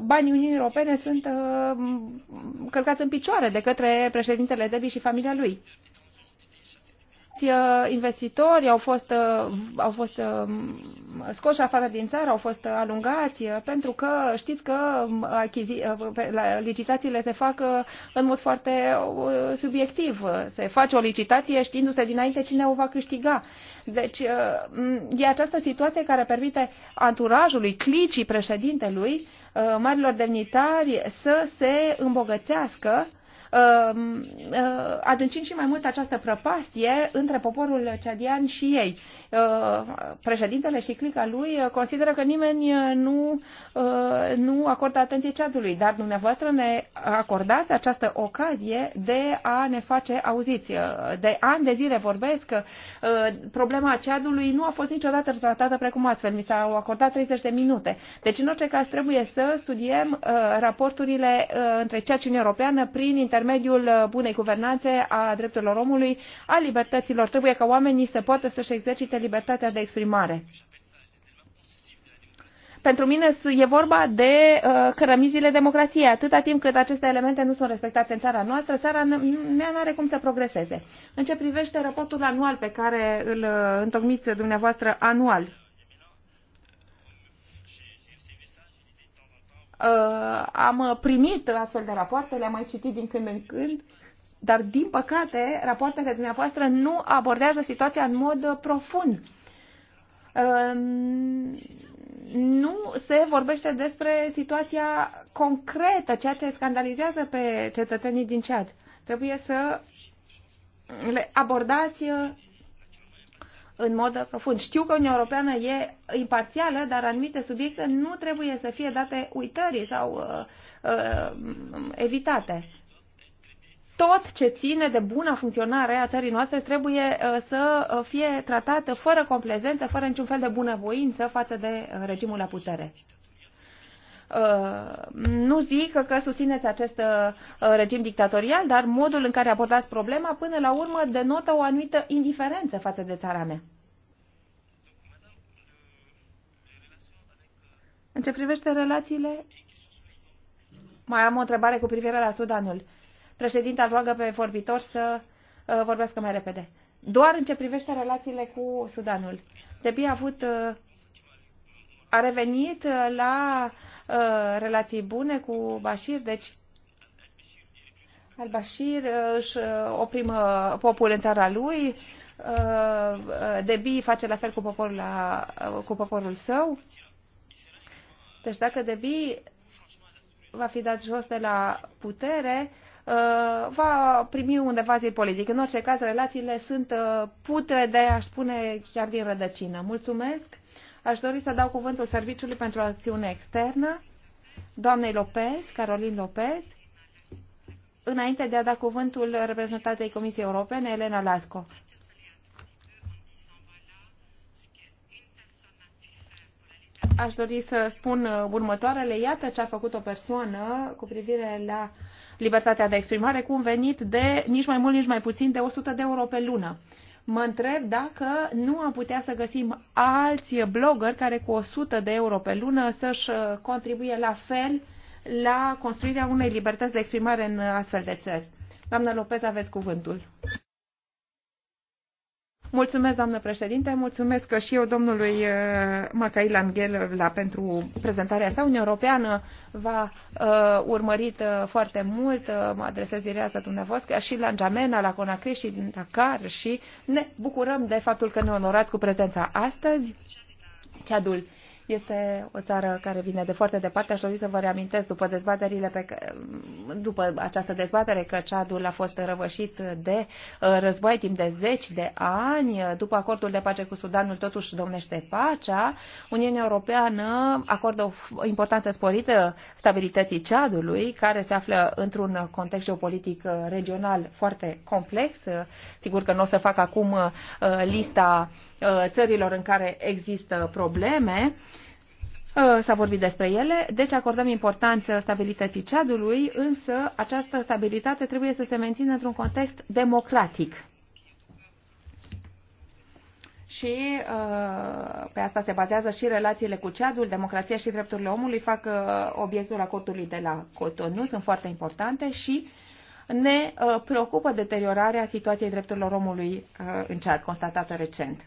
S4: banii
S5: Uniunii Europene sunt uh, călcați în picioare de către președintele Debi și familia lui mulți uh, investitori au fost, uh, au fost uh, scoși afară din țară, au fost alungați, pentru că știți că um, licitațiile se fac în mod foarte subiectiv. Se face o licitație știindu-se dinainte cine o va câștiga. Deci e această situație care permite anturajului, clicii președintelui, marilor demnitari să se îmbogățească Um, uh, adâncind și mai mult această prăpastie între poporul cedian și ei președintele și clica lui consideră că nimeni uh, nu, uh, nu acordă atenție Ceadului, dar dumneavoastră ne acordați această ocazie de a ne face auziți. Uh, de ani de zile vorbesc că problema Ceadului nu a fost niciodată tratată precum astfel. Mi s-au acordat 30 de minute. Deci, în orice caz, trebuie să studiem raporturile între ceea ce Uniunea Europeană prin intermediul bunei guvernanțe, a drepturilor omului, a libertăților. Trebuie ca oamenii să poată să-și exercite libertatea de exprimare. Pentru mine e vorba de uh, cărămizile democrației. Atâta timp cât aceste elemente nu sunt respectate în țara noastră, țara mea nu are cum să progreseze. În ce privește raportul anual pe care îl uh, întocmiți dumneavoastră anual, uh, am primit astfel de rapoarte, le-am mai citit din când în când. Uh, dar, din păcate, rapoartele dumneavoastră nu abordează situația în mod uh, profund. Nu se vorbește despre situația concretă, ceea ce scandalizează pe cetățenii din Cead. Trebuie să le abordați uh, în mod uh, profund. Știu că Uniunea Europeană e imparțială, dar anumite subiecte nu trebuie să fie date uitării sau uh, uh, evitate tot ce ține de buna funcționare a țării noastre trebuie uh, să uh, fie tratată fără complezență, fără niciun fel de bunăvoință față de uh, regimul la putere. Nu zic că susțineți acest regim dictatorial, dar modul în care abordați problema până la urmă denotă o anumită indiferență față de țara mea. În ce privește relațiile? Mai am o întrebare cu privire la Sudanul. Președinta roagă pe vorbitor să uh, vorbească mai repede. Doar în ce privește relațiile cu Sudanul. Debi a avut uh, a revenit uh, la uh, relații bune cu Bashir, deci al-Bashir uh, își uh, oprimă popul în țara lui, Debi face la fel cu poporul, la, cu poporul său. Deci dacă Debi va fi dat jos de la putere, Uh, va primi un devazil politic. În orice caz, relațiile sunt uh, putre de aș spune, chiar din rădăcină. Mulțumesc! Aș dori să dau cuvântul Serviciului pentru Acțiune Externă, doamnei Lopez, Carolin Lopez, înainte de a da cuvântul reprezentantei Comisiei Europene, Elena Lasco. Aș dori să spun uh, următoarele. Iată ce a făcut o persoană cu privire la uh, libertatea de exprimare cu un venit de nici mai mult, nici mai puțin de 100 de euro pe lună. Mă întreb dacă nu am putea să găsim alți blogger care cu 100 de euro pe lună să-și uh, contribuie la fel la construirea unei libertăți de exprimare în uh, astfel de țări. Doamnă Lopez, aveți cuvântul. Mulțumesc, doamnă președinte, mulțumesc că și eu domnului uh, Macail la pentru prezentarea sa. Uniunea Europeană va a uh, urmărit uh, foarte mult, mă adresez directă dumneavoastră, și la N'Djamena, la Conakry și din Dakar și ne bucurăm de faptul că ne onorați cu prezența astăzi. Ceadul este o țară care vine de foarte departe. Aș dori să vă reamintesc după dezbaterile pe că, după această dezbatere că Ceadul a fost răvășit de uh, război timp de zeci de ani. După acordul de pace cu Sudanul totuși domnește pacea. Uniunea Europeană acordă o importanță sporită stabilității Ceadului, care se află într-un context geopolitic uh, regional foarte complex. Sigur că nu o să fac acum uh, lista Uh, țărilor în care există probleme. Uh, s-a vorbit despre ele, deci acordăm importanță stabilității Ceadului, însă această stabilitate trebuie să se mențină într-un context democratic. Și uh, pe asta se bazează și relațiile cu Ceadul, democrația și drepturile omului fac obiectul acordului de la Cotonou, sunt foarte importante și ne preocupă deteriorarea situației drepturilor omului în Cead, constatată recent.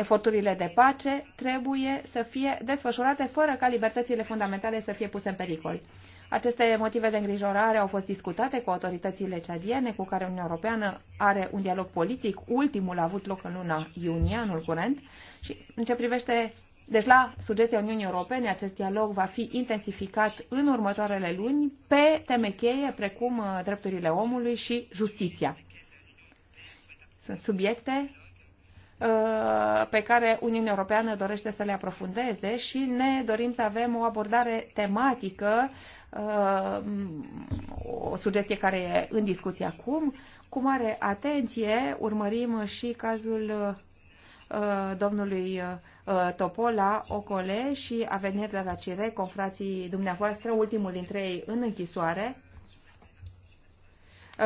S5: Eforturile de pace trebuie să fie desfășurate fără ca libertățile fundamentale să fie puse în pericol. Aceste motive de îngrijorare au fost discutate cu autoritățile ceadiene, cu care Uniunea Europeană are un dialog politic. Ultimul a avut loc în luna iunie, anul curent, și în ce privește deci, la sugestia Uniunii Europene, acest dialog va fi intensificat în următoarele luni pe teme cheie, precum uh, drepturile omului și justiția. Sunt subiecte Uh, pe care Uniunea Europeană dorește să le aprofundeze și ne dorim să avem o abordare tematică, uh, o sugestie care e în discuție acum. Cu mare atenție urmărim și cazul uh, domnului Topola, Ocole și Avenir de la Cire, confrații dumneavoastră, ultimul dintre ei în închisoare.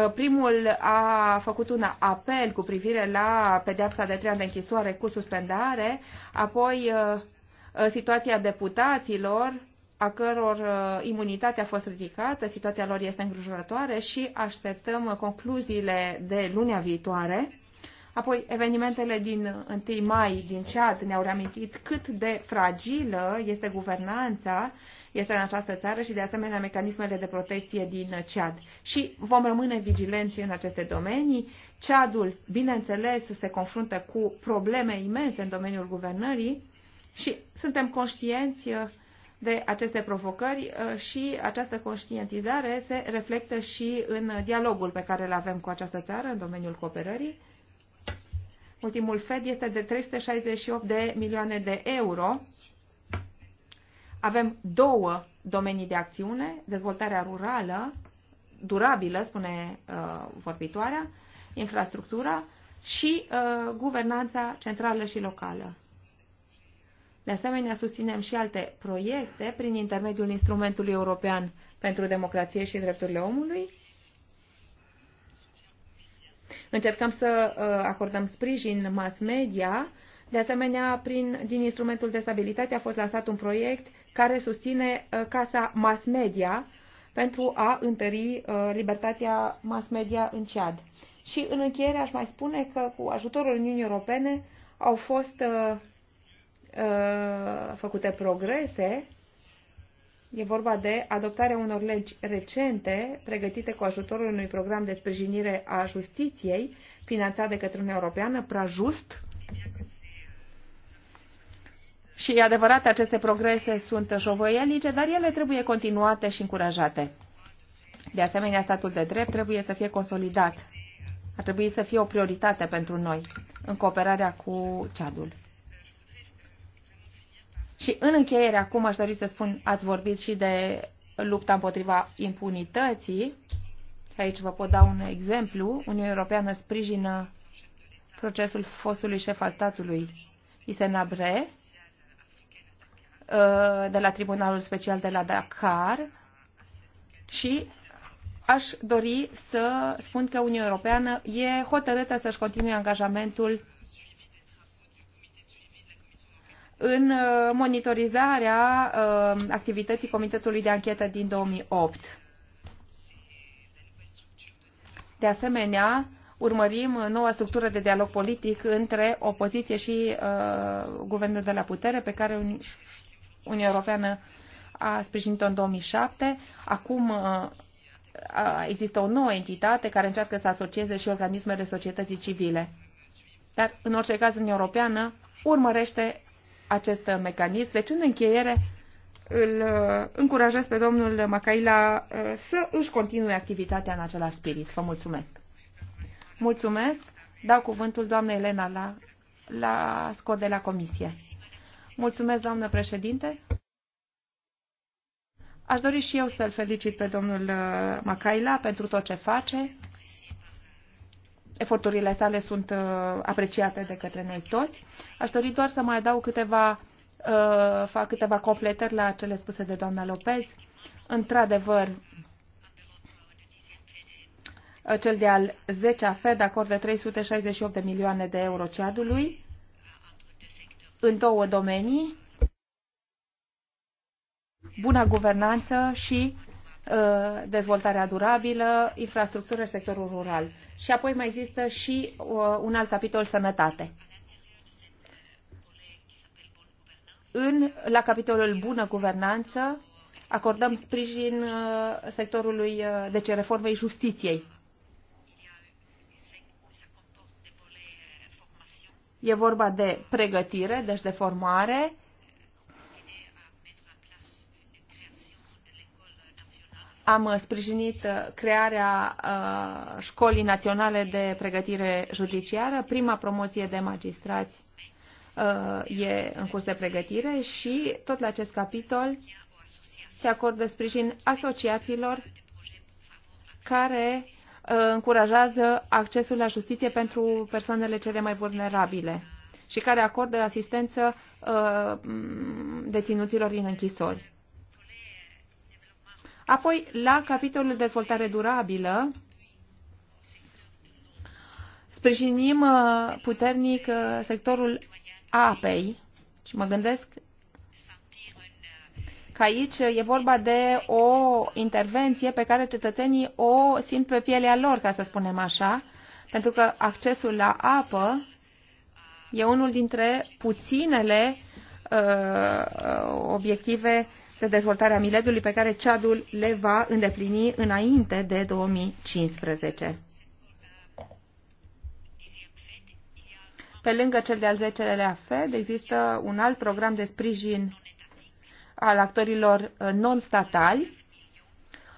S5: Uh, primul a făcut un apel cu privire la pedeapsa de trei ani de închisoare cu suspendare, apoi uh, uh, situația deputaților, a căror imunitate a fost ridicată, situația lor este îngrijorătoare și așteptăm concluziile de lunea viitoare. Apoi, evenimentele din 1 mai din Ceat ne-au reamintit cât de fragilă este guvernanța este în această țară și de asemenea mecanismele de protecție din CEAD. Și vom rămâne vigilenți în aceste domenii. CEAD-ul, bineînțeles, se confruntă cu probleme imense în domeniul guvernării și suntem conștienți uh, de aceste provocări uh, și această conștientizare se reflectă și în dialogul pe care îl avem cu această țară în domeniul cooperării. Ultimul FED este de 368 de milioane de euro avem două domenii de acțiune, dezvoltarea rurală, durabilă, spune uh, vorbitoarea, infrastructura și uh, guvernanța centrală și locală. De asemenea, susținem și alte proiecte prin intermediul Instrumentului European pentru Democrație și Drepturile Omului. Încercăm să uh, acordăm sprijin mass media. De asemenea, prin, din Instrumentul de Stabilitate a fost lansat un proiect care susține uh, Casa Mass Media pentru a întări uh, libertatea mass media în Ciad. Și în încheiere aș mai spune că cu ajutorul Uniunii Europene au fost uh, uh, făcute progrese. E vorba de adoptarea unor legi recente pregătite cu ajutorul unui program de sprijinire a justiției finanțat de către Uniunea Europeană, Prajust, și e adevărat, aceste progrese sunt șovăielnice, dar ele trebuie continuate și încurajate. De asemenea, statul de drept trebuie să fie consolidat. Ar trebui să fie o prioritate pentru noi în cooperarea cu Ceadul. Și în încheiere, acum aș dori să spun, ați vorbit și de lupta împotriva impunității. Aici vă pot da un exemplu. Uniunea Europeană sprijină procesul fostului șef al statului Isenabre, Uh, de la Tribunalul Special de la Dakar și aș dori să spun că Uniunea Europeană e hotărâtă să-și continue angajamentul în uh, monitorizarea uh, activității Comitetului de Anchetă din 2008. De asemenea, urmărim noua structură de dialog politic între opoziție și uh, guvernul de la putere pe care Uniunea Europeană a sprijinit-o în 2007. Acum uh, există o nouă entitate care încearcă să asocieze și organismele societății civile. Dar, în orice caz, Uniunea Europeană urmărește acest mecanism. Deci, în încheiere, îl uh, încurajez pe domnul Macaila uh, să își continue activitatea în același spirit. Vă mulțumesc! Mulțumesc! Dau cuvântul doamnei Elena la, la scot de la comisie. Mulțumesc, doamnă președinte. Aș dori și eu să-l felicit pe domnul uh, Macaila pentru tot ce face. Eforturile sale sunt uh, apreciate de către noi toți. Aș dori doar să mai dau câteva, uh, fac câteva completări la cele spuse de doamna Lopez. Într-adevăr, cel de-al 10-a Fed acordă 368 de milioane de euro ceadului în două domenii, buna guvernanță și uh, dezvoltarea durabilă, infrastructură, sectorul rural. Și apoi mai există și uh, un alt capitol sănătate. În, la capitolul bună guvernanță acordăm sprijin uh, sectorului, deci reformei justiției. E vorba de pregătire, deci de formare, am sprijinit uh, crearea uh, școlii naționale de pregătire judiciară. Prima promoție de magistrați uh, e în curs de pregătire și tot la acest capitol se acordă sprijin asociațiilor care încurajează accesul la justiție pentru persoanele cele mai vulnerabile și care acordă asistență uh, deținuților din închisori. Apoi, la capitolul dezvoltare durabilă, sprijinim uh, puternic uh, sectorul apei și mă gândesc că aici e vorba de o intervenție pe care cetățenii o simt pe pielea lor, ca să spunem așa, pentru că accesul la apă e unul dintre puținele uh, obiective de dezvoltare a miledului pe care Ceadul le va îndeplini înainte de 2015. Pe lângă cel de-al 10-lea FED există un alt program de sprijin al actorilor uh, non-statali,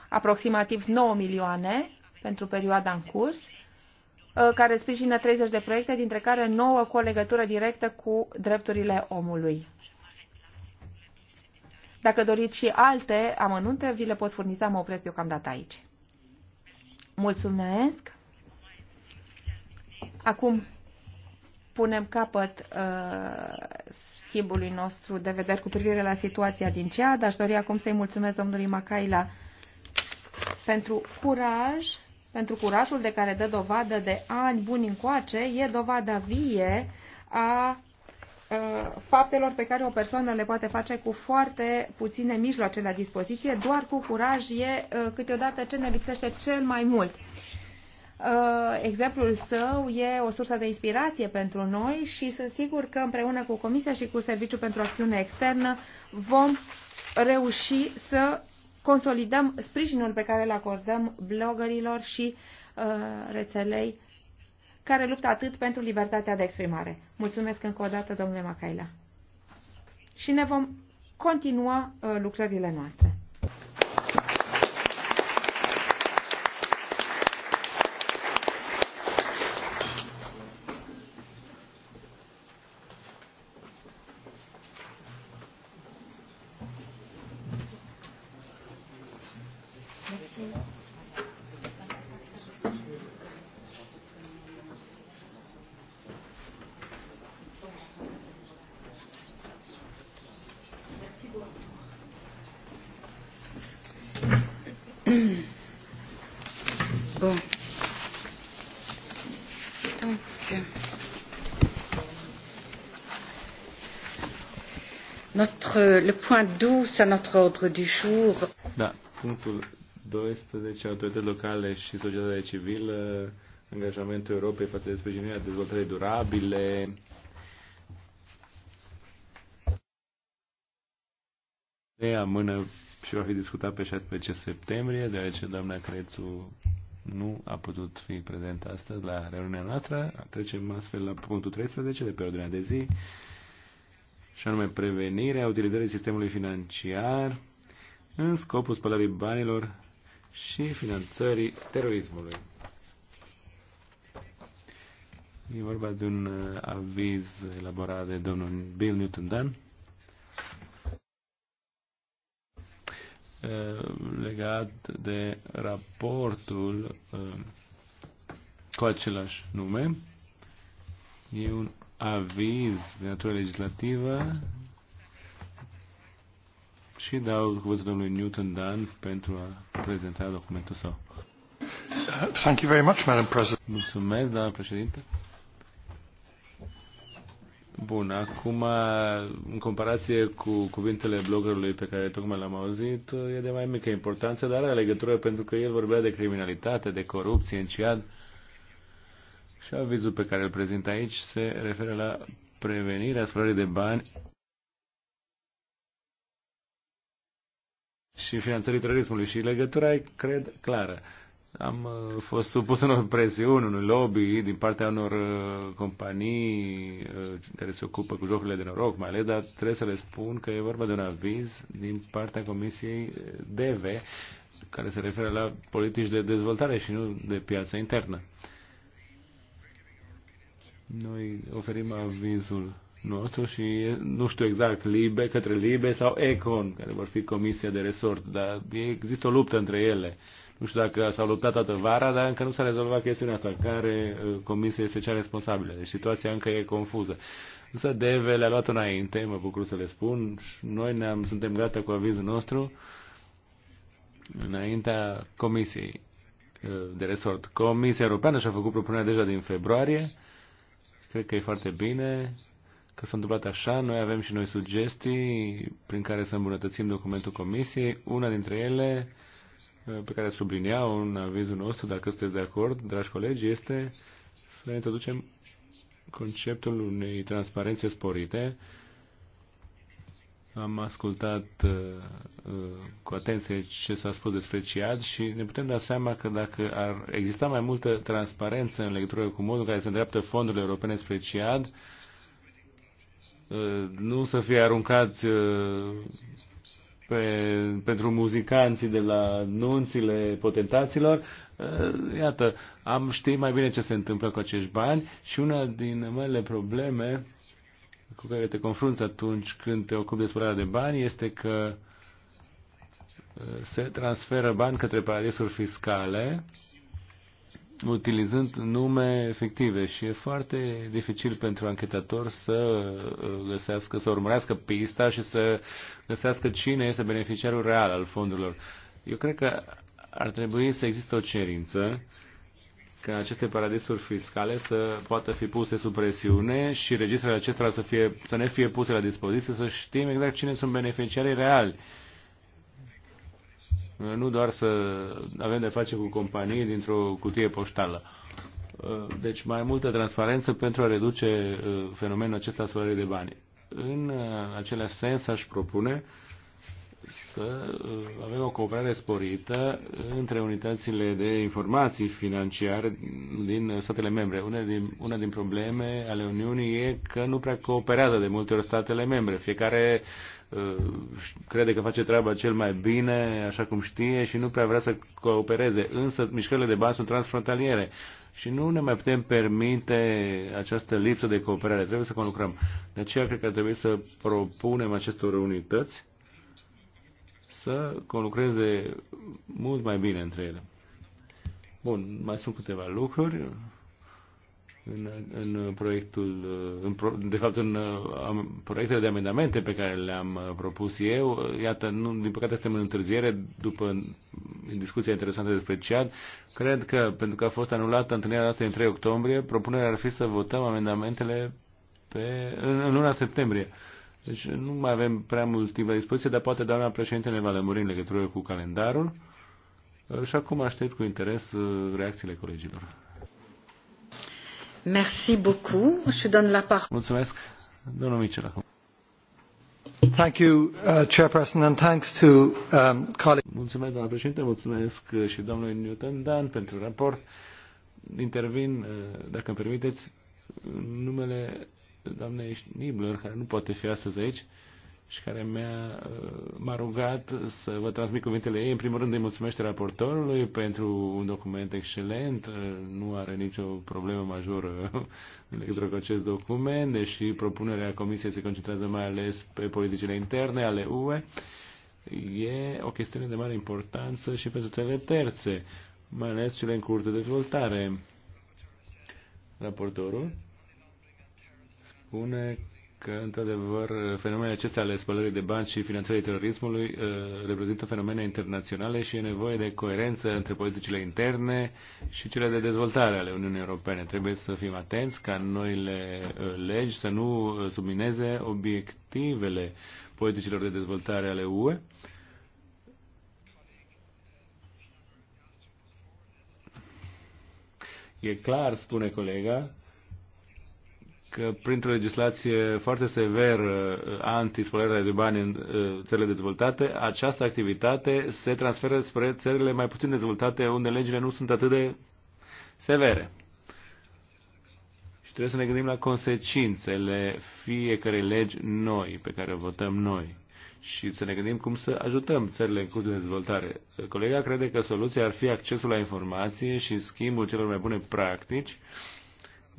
S5: aproximativ 9 milioane pentru perioada în curs, uh, care sprijină 30 de proiecte, dintre care 9 cu o legătură directă cu drepturile omului. Dacă doriți și alte amănunte, vi le pot furniza, mă opresc deocamdată aici. Mulțumesc! Acum punem capăt uh, schimbului nostru de vedere cu privire la situația din CEAD. Aș dori acum să-i mulțumesc domnului Macaila pentru curaj, pentru curajul de care dă dovadă de ani buni încoace. E dovada vie a faptelor pe care o persoană le poate face cu foarte puține mijloace la dispoziție, doar cu curaj e câteodată ce ne lipsește cel mai mult. Uh, exemplul său e o sursă de inspirație pentru noi și sunt sigur că împreună cu Comisia și cu Serviciul pentru Acțiune Externă vom reuși să consolidăm sprijinul pe care îl acordăm blogărilor și uh, rețelei care luptă atât pentru libertatea de exprimare. Mulțumesc încă o dată, domnule Macaila. Și ne vom continua uh, lucrările noastre.
S1: Euh, le point 12 à notre ordre du jour.
S2: Da, punctul 12, autorități locale și societatea civilă, angajamentul Europei față de sprijinirea dezvoltării durabile. Ne amână și va fi discutat pe 16 septembrie, deoarece doamna Crețu nu a putut fi prezent astăzi la reuniunea noastră. Trecem astfel la punctul 13 de pe ordinea de zi și anume prevenirea utilizării sistemului financiar în scopul spălării banilor și finanțării terorismului. E vorba de un uh, aviz elaborat de domnul Bill Newton Dunn uh, legat de raportul uh, cu același nume. E un aviz de natură legislativă și dau cuvântul domnului Newton Dan pentru a prezenta documentul său. Thank you very much, Madam President. Mulțumesc, doamna președinte. Bun, acum, în comparație cu cuvintele bloggerului pe care tocmai l-am auzit, e de mai mică importanță, dar are legătură pentru că el vorbea de criminalitate, de corupție în Ciad. Și avizul pe care îl prezint aici se referă la prevenirea spălării de bani și finanțării terorismului. Și legătura e, cred, clară. Am uh, fost supus unor presiuni, unui lobby din partea unor uh, companii uh, care se ocupă cu jocurile de noroc, mai ales, dar trebuie să le spun că e vorba de un aviz din partea Comisiei DV, care se referă la politici de dezvoltare și nu de piața internă. Noi oferim avizul nostru și nu știu exact Libe către Libe sau Econ, care vor fi comisia de resort, dar există o luptă între ele. Nu știu dacă s-au luptat toată vara, dar încă nu s-a rezolvat chestiunea asta, care uh, comisie este cea responsabilă. Deci situația încă e confuză. Însă Deve le-a luat înainte, mă bucur să le spun, și noi ne-am, suntem gata cu avizul nostru înaintea comisiei uh, de resort. Comisia Europeană și-a făcut propunerea deja din februarie, Cred că e foarte bine că s-a întâmplat așa. Noi avem și noi sugestii prin care să îmbunătățim documentul Comisiei. Una dintre ele, uh, pe care sublinia un avizul nostru, dacă sunteți de acord, dragi colegi, este să introducem conceptul unei transparențe sporite am ascultat uh, uh, cu atenție ce s-a spus despre CIAD și ne putem da seama că dacă ar exista mai multă transparență în legătură cu modul în care se îndreaptă fondurile europene spre CIAD, uh, nu să fie aruncat uh, pe, pentru muzicanții de la nunțile potentaților, uh, iată, am ști mai bine ce se întâmplă cu acești bani și una din mele probleme cu care te confrunți atunci când te ocupi de spălarea de bani este că uh, se transferă bani către paradisuri fiscale utilizând nume fictive și e foarte dificil pentru anchetator să uh, găsească, să urmărească pista și să găsească cine este beneficiarul real al fondurilor. Eu cred că ar trebui să există o cerință uh, ca aceste paradisuri fiscale să poată fi puse sub presiune și registrele acestora să, fie, să ne fie puse la dispoziție, să știm exact cine sunt beneficiarii reali. Nu doar să avem de face cu companii dintr-o cutie poștală. Deci mai multă transparență pentru a reduce uh, fenomenul acesta a de bani. În uh, același sens aș propune uh, să uh, avem o cooperare sporită între unitățile de informații financiare din statele membre. Una din, una din probleme ale Uniunii e că nu prea cooperează de multe ori statele membre. Fiecare uh, crede că face treaba cel mai bine, așa cum știe, și nu prea vrea să coopereze. Însă mișcările de bani sunt transfrontaliere și nu ne mai putem permite această lipsă de cooperare. Trebuie să conlucrăm. De aceea cred că trebuie să propunem acestor unități să conlucreze mult mai bine între ele. Bun, mai sunt câteva lucruri în, în proiectul, în pro, de fapt în am, proiectele de amendamente pe care le-am uh, propus eu. Uh, iată, nu, din păcate suntem în întârziere după discuția interesantă despre CEAD. Cred că, pentru că a fost anulată întâlnirea noastră în 3 octombrie, propunerea ar fi să votăm amendamentele pe, în, în luna septembrie. Deci nu mai avem prea mult timp la dispoziție, dar poate doamna ne va lămuri în legătură cu calendarul. Și acum aștept cu interes uh, reacțiile colegilor.
S1: Merci beaucoup. Je donne la
S2: parole. Mulțumesc. Domnul Michel acum. Thank you, uh, Chairperson, and thanks to um, colleagues. Mulțumesc, doamna președinte, mulțumesc uh, și domnului Newton Dan pentru raport. Intervin, uh, dacă îmi permiteți, numele doamnei Nibler, care nu poate fi astăzi aici și care mi-a, uh, m-a rugat să vă transmit cuvintele ei. În primul rând îi mulțumește raportorului pentru un document excelent, uh, nu are nicio problemă majoră în legătură cu acest document, deși propunerea Comisiei se concentrează mai ales pe politicile interne ale UE. E o chestiune de mare importanță și pentru cele terțe, mai ales cele în curte de dezvoltare. Raportorul spune că, într-adevăr, fenomenele acestea ale spălării de bani și finanțării terorismului uh, reprezintă fenomene internaționale și e nevoie de coerență între politicile interne și cele de dezvoltare ale Uniunii Europene. Trebuie să fim atenți ca noile uh, legi să nu uh, submineze obiectivele politicilor de dezvoltare ale UE. E clar, spune colega, că printr-o legislație foarte severă uh, anti-spălarea de bani în uh, țările dezvoltate, această activitate se transferă spre țările mai puțin dezvoltate, unde legile nu sunt atât de severe. Și trebuie să ne gândim la consecințele fiecarei legi noi pe care o votăm noi și să ne gândim cum să ajutăm țările în curs de dezvoltare. Colega crede că soluția ar fi accesul la informație și schimbul celor mai bune practici uh,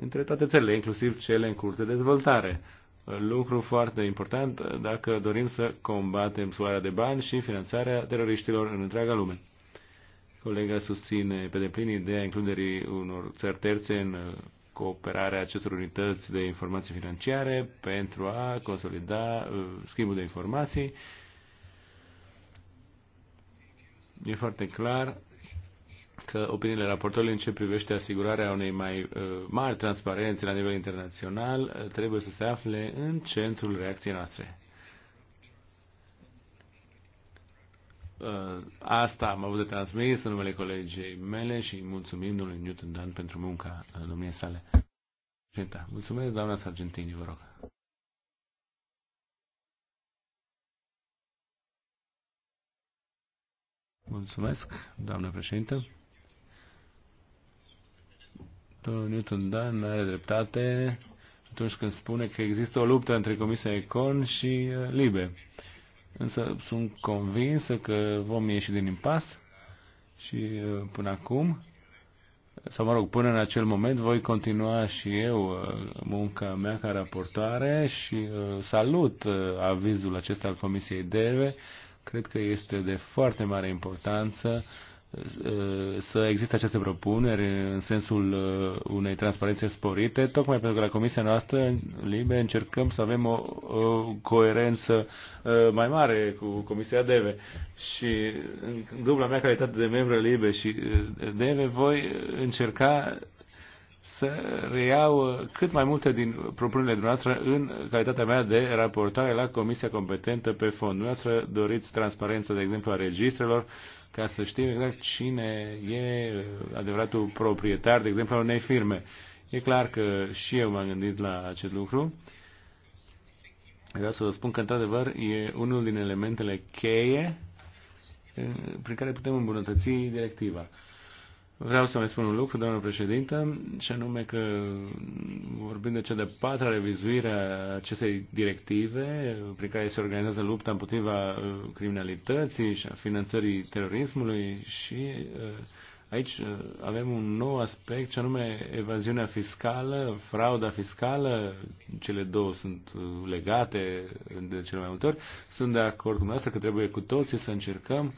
S2: între toate țările, inclusiv cele în curte de dezvoltare. Lucru foarte important dacă dorim să combatem suarea de bani și finanțarea teroriștilor în întreaga lume. Colega susține pe deplin ideea includerii unor țări terțe în cooperarea acestor unități de informații financiare pentru a consolida uh, schimbul de informații. E foarte clar că opiniile raportorului în ce privește asigurarea unei mai uh, mari transparențe la nivel internațional uh, trebuie să se afle în centrul reacției noastre. Uh, asta am avut de transmis în numele colegei mele și mulțumim domnului Newton Dan pentru munca domniei sale. Mulțumesc, doamna Sargentini, vă rog. Mulțumesc, doamnă președintă. Domnul Newton Dan are dreptate atunci când spune că există o luptă între Comisia Econ și uh, Libe. Însă sunt convinsă că vom ieși din impas și uh, până acum, sau mă rog, până în acel moment voi continua și eu uh, munca mea ca raportoare și salut avizul acesta al Comisiei DEVE. Cred că este de foarte mare importanță să existe aceste propuneri în sensul uh, unei transparențe sporite, tocmai pentru că la Comisia noastră, LIBE, încercăm să avem o, o coerență uh, mai mare cu Comisia DEVE. Și în dubla mea calitate de membru LIBE și uh, DEVE, voi încerca să reiau cât mai multe din propunerile dumneavoastră în calitatea mea de raportare la Comisia Competentă pe fond. Dumneavoastră doriți transparență, de exemplu, a registrelor, ca să știm exact cine e adevăratul proprietar, de exemplu, al unei firme. E clar că și eu m-am gândit la acest lucru. Vreau să vă spun că, într-adevăr, e unul din elementele cheie eh, prin care putem îmbunătăți directiva. Vreau să mai spun un lucru, doamnă președinte, și anume că vorbind de cea de patra revizuire a acestei directive prin care se organizează lupta împotriva uh, criminalității și a finanțării terorismului și uh, aici uh, avem un nou aspect, și anume evaziunea fiscală, frauda fiscală, cele două sunt legate de cele mai multe ori. Sunt de acord cu dumneavoastră că trebuie cu toții să încercăm uh,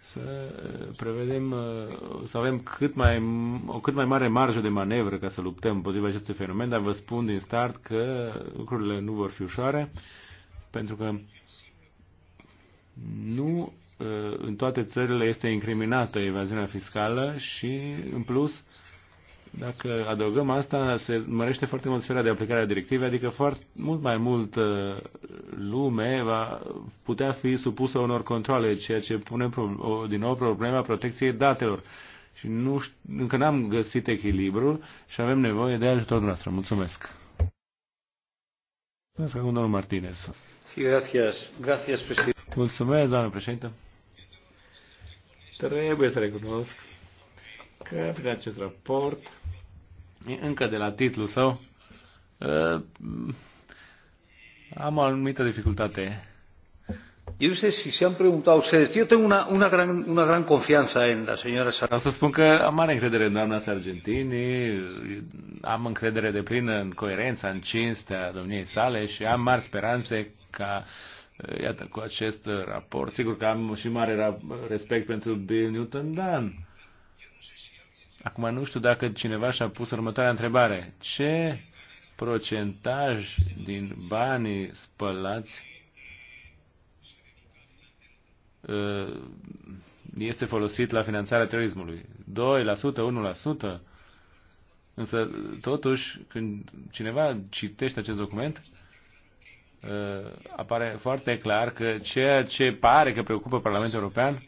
S2: să eh, prevedem, eh, să avem cât mai, o cât mai mare marjă de manevră ca să luptăm împotriva acestui fenomen, dar vă spun din start că lucrurile nu vor fi ușoare, pentru că nu eh, în toate țările este incriminată evaziunea fiscală și, în plus, dacă adăugăm asta, se mărește foarte mult sfera de aplicare a directivei, adică foarte, mult mai mult uh, lume va putea fi supusă unor controle, ceea ce pune din nou problema protecției datelor. Și nu, încă n-am găsit echilibrul și avem nevoie de ajutorul noastră. Mulțumesc! Mulțumesc acum domnul Martinez. Sí, gracias. Gracias, Mulțumesc, doamnă președinte. Trebuie să recunosc că prin acest raport încă de la titlul său am o anumită dificultate. Yo no sé si se han preguntado ustedes. Yo tengo una, una, gran, una gran confianza en la señora Sargentini. Vreau să spun că am mare încredere în doamna Sargentini, am încredere de plină în coerența, în cinstea domniei sale și am mari speranțe ca iată, cu acest raport. Sigur că am și mare respect pentru Bill Newton Dan Acum nu știu dacă cineva și-a pus următoarea întrebare. Ce procentaj din banii spălați uh, este folosit la finanțarea terorismului? 2%, 1%? Însă, totuși, când cineva citește acest document, uh, apare foarte clar că ceea ce pare că preocupă Parlamentul European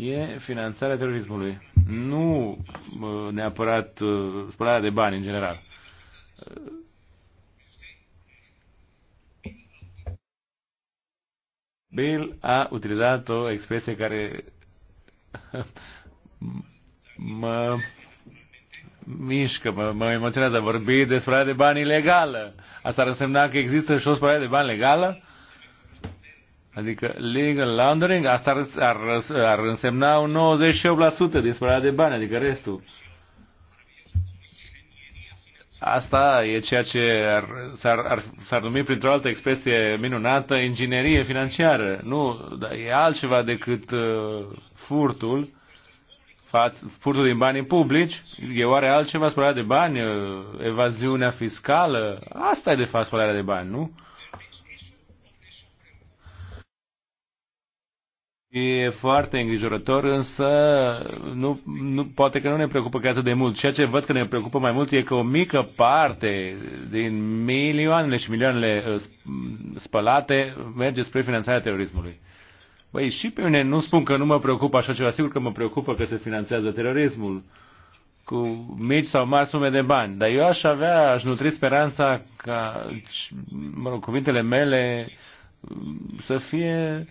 S2: e finanțarea terorismului nu neapărat uh, spălarea de bani în general. Bill a utilizat o expresie care mă mișcă, mă, mă emoționează. Vorbi despre spălare de bani ilegală. Asta ar însemna că există și o spălare de bani legală? Adică legal laundering, asta ar, ar, ar însemna un 98% din spălarea de bani, adică restul. Asta e ceea ce ar, s-ar, ar, s-ar numi printr-o altă expresie minunată, inginerie financiară. Nu, e altceva decât uh, furtul, faț, furtul din banii publici. E oare altceva spălarea de bani, uh, evaziunea fiscală? Asta e de fapt spălarea de bani, nu? Uh, E foarte îngrijorător, însă nu, nu, poate că nu ne preocupă că atât de mult. Ceea ce văd că ne preocupă mai mult e că o mică parte din milioanele și milioanele uh, spălate merge spre finanțarea terorismului. Băi, și pe mine nu spun că nu mă preocupă așa ceva, sigur că mă preocupă că se finanțează terorismul cu mici sau mari sume de bani. Dar eu aș avea, aș nutri speranța ca, mă rog, cuvintele mele să fie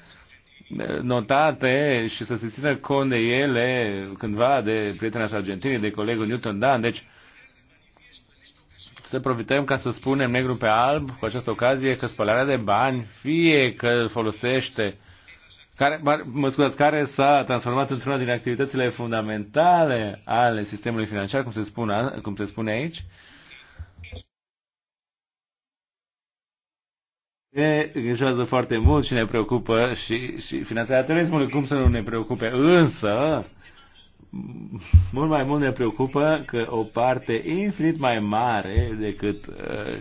S2: notate și să se țină cont de ele cândva de prietena sa Argentinii, de colegul Newton Dan. Deci să profităm ca să spunem negru pe alb cu această ocazie că spălarea de bani, fie că folosește care, mă scuzați, care s-a transformat într-una din activitățile fundamentale ale sistemului financiar, cum se spune, cum se spune aici, uh, ne îngrijează foarte mult și ne preocupă și, și finanțarea terorismului, cum să nu ne preocupe. Însă, mult mai mult ne preocupă că o parte infinit mai mare decât uh,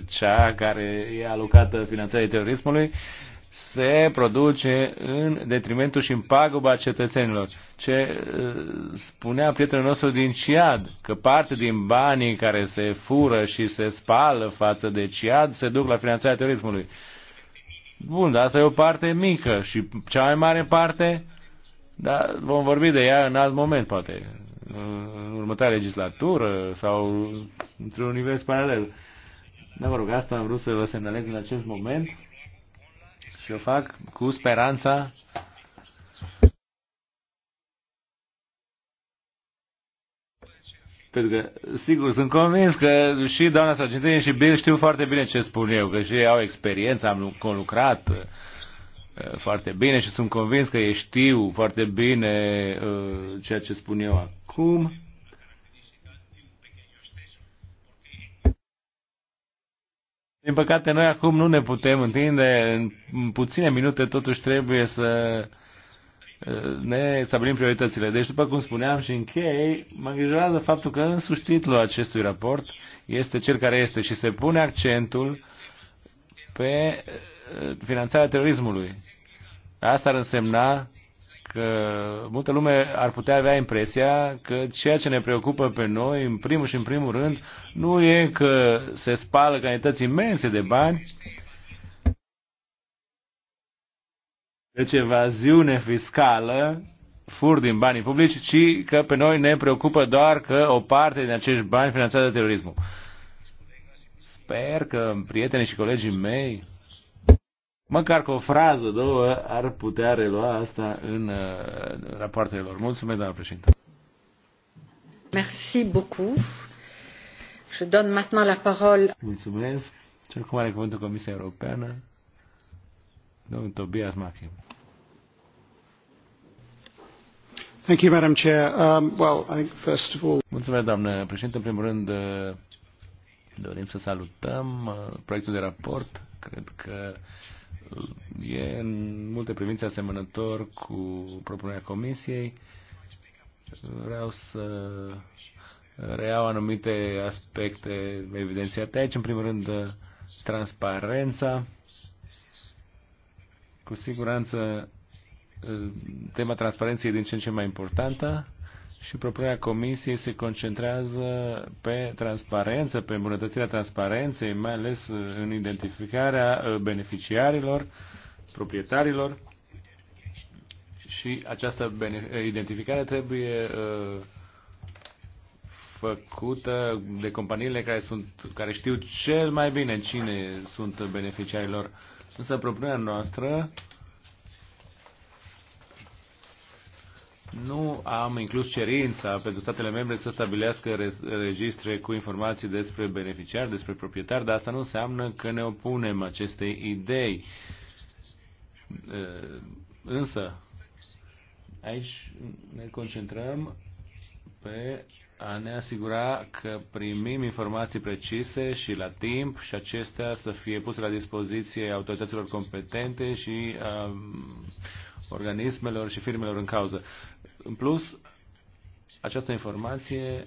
S2: cea care e alocată finanțării terorismului se produce în detrimentul și în paguba cetățenilor. Ce uh, spunea prietenul nostru din Ciad, că parte din banii care se fură și se spală față de Ciad se duc la finanțarea terorismului. Bun, dar asta e o parte mică și cea mai mare parte, dar vom vorbi de ea în alt moment, poate, în următoarea legislatură sau într-un univers paralel. Da, vă rog, asta am vrut să vă semnalez în acest moment și o fac cu speranța Pentru că, sigur, sunt convins că și doamna Sargentini și Bill știu foarte bine ce spun eu, că și ei au experiență, am conlucrat uh, foarte bine și sunt convins că ei știu foarte bine uh, ceea ce spun eu acum. Din păcate, noi acum nu ne putem întinde. În puține minute, totuși, trebuie să ne stabilim prioritățile. Deci, după cum spuneam și închei, mă îngrijorează faptul că însuși titlul acestui raport este cel care este și se pune accentul pe uh, finanțarea terorismului. Asta ar însemna că multă lume ar putea avea impresia că ceea ce ne preocupă pe noi, în primul și în primul rând, nu e că se spală cantități imense de bani, Deci evaziune fiscală, fur din banii publici, ci că pe noi ne preocupă doar că o parte din acești bani finanțează terorismul. Sper că prietenii și colegii mei, măcar cu o frază, două, ar putea relua asta în uh, rapoartele lor. Mulțumesc, doamna președinte. Merci
S1: beaucoup. Je donne maintenant la parole.
S2: Mulțumesc. Cel cum are cuvântul Comisia Europeană. Domnul Tobias Machim. Mulțumesc, doamnă președinte. În primul rând, uh, dorim să salutăm uh, proiectul de raport. Cred că uh, e în multe privințe asemănător cu propunerea Comisiei. Vreau să reiau anumite aspecte evidențiate aici. În primul rând, transparența. Cu siguranță tema transparenței e din ce în ce mai importantă și propunerea comisiei se concentrează pe transparență, pe îmbunătățirea transparenței, mai ales în identificarea uh, beneficiarilor, proprietarilor și această identificare trebuie uh, făcută de companiile care, sunt, care știu cel mai bine cine sunt beneficiarilor. Însă propunerea noastră nu am inclus cerința pentru statele membre să stabilească registre cu informații despre beneficiari, despre proprietari, dar asta nu înseamnă că ne opunem acestei idei. Eh, însă, aici ne concentrăm pe a ne asigura că primim informații precise și la timp și acestea să fie puse la dispoziție autorităților competente și um, organismelor și firmelor în cauză. În plus, această informație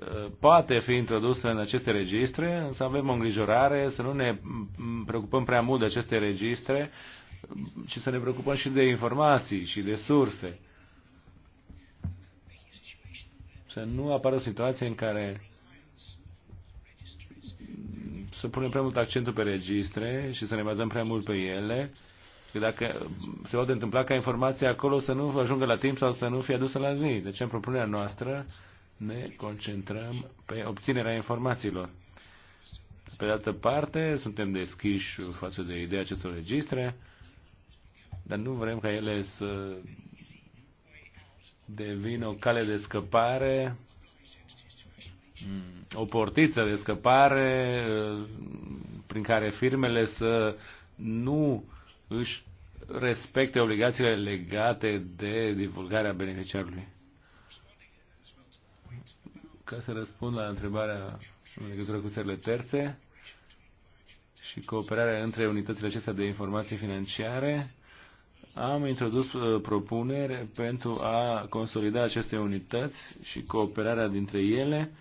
S2: uh, poate fi introdusă în aceste registre, însă avem o îngrijorare să nu ne preocupăm prea mult de aceste registre, ci să ne preocupăm și de informații și de surse. Să nu apară o situație în care să punem prea mult accentul pe registre și să ne bazăm prea mult pe ele, Că dacă se poate întâmpla ca informația acolo să nu ajungă la timp sau să nu fie adusă la zi. Deci, în propunerea noastră, ne concentrăm pe obținerea informațiilor. Pe de altă parte, suntem deschiși față de ideea acestor registre, dar nu vrem ca ele să devină o cale de scăpare, o portiță de scăpare prin care firmele să nu își respecte obligațiile legate de divulgarea beneficiarului. Ca să răspund la întrebarea în legătură cu țările terțe și cooperarea între unitățile acestea de informații financiare, am introdus uh, propuneri pentru a consolida aceste unități și cooperarea dintre ele.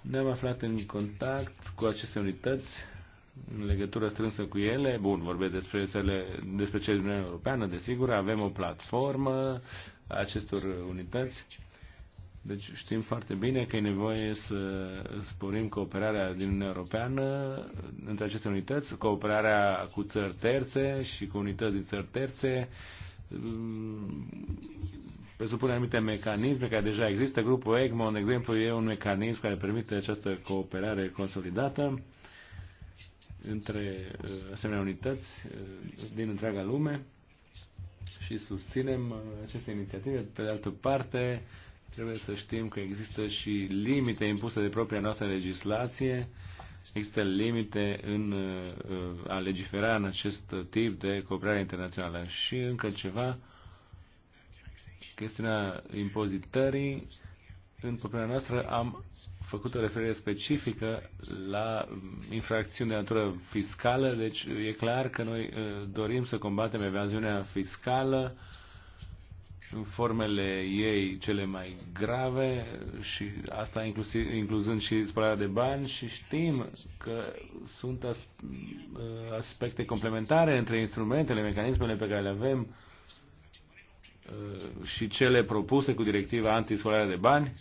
S2: Ne-am aflat în contact cu aceste unități în legătură strânsă cu ele. Bun, vorbesc despre cele despre cele din Uniunea Europeană, desigur, avem o platformă a acestor unități. Deci știm foarte bine că e nevoie să sporim cooperarea din Uniunea Europeană între aceste unități, cooperarea cu țări terțe și cu unități din țări terțe, mm, presupune anumite mecanisme care deja există. Grupul Egmont, de exemplu, e un mecanism care permite această cooperare consolidată între uh, asemenea unități uh, din întreaga lume și susținem uh, aceste inițiative. Pe de altă parte, trebuie să știm că există și limite impuse de propria noastră legislație, există limite în a legifera în acest tip de cooperare internațională. Și încă ceva, chestiunea impozitării, în propria noastră am făcut o referire specifică la infracțiuni de natură fiscală, deci e clar că noi uh, dorim să combatem evaziunea fiscală în formele ei cele mai grave și asta inclusiv, incluzând și spălarea de bani și știm că sunt as, uh, aspecte complementare între instrumentele, mecanismele pe care le avem uh, și cele propuse cu directiva anti-spălarea de bani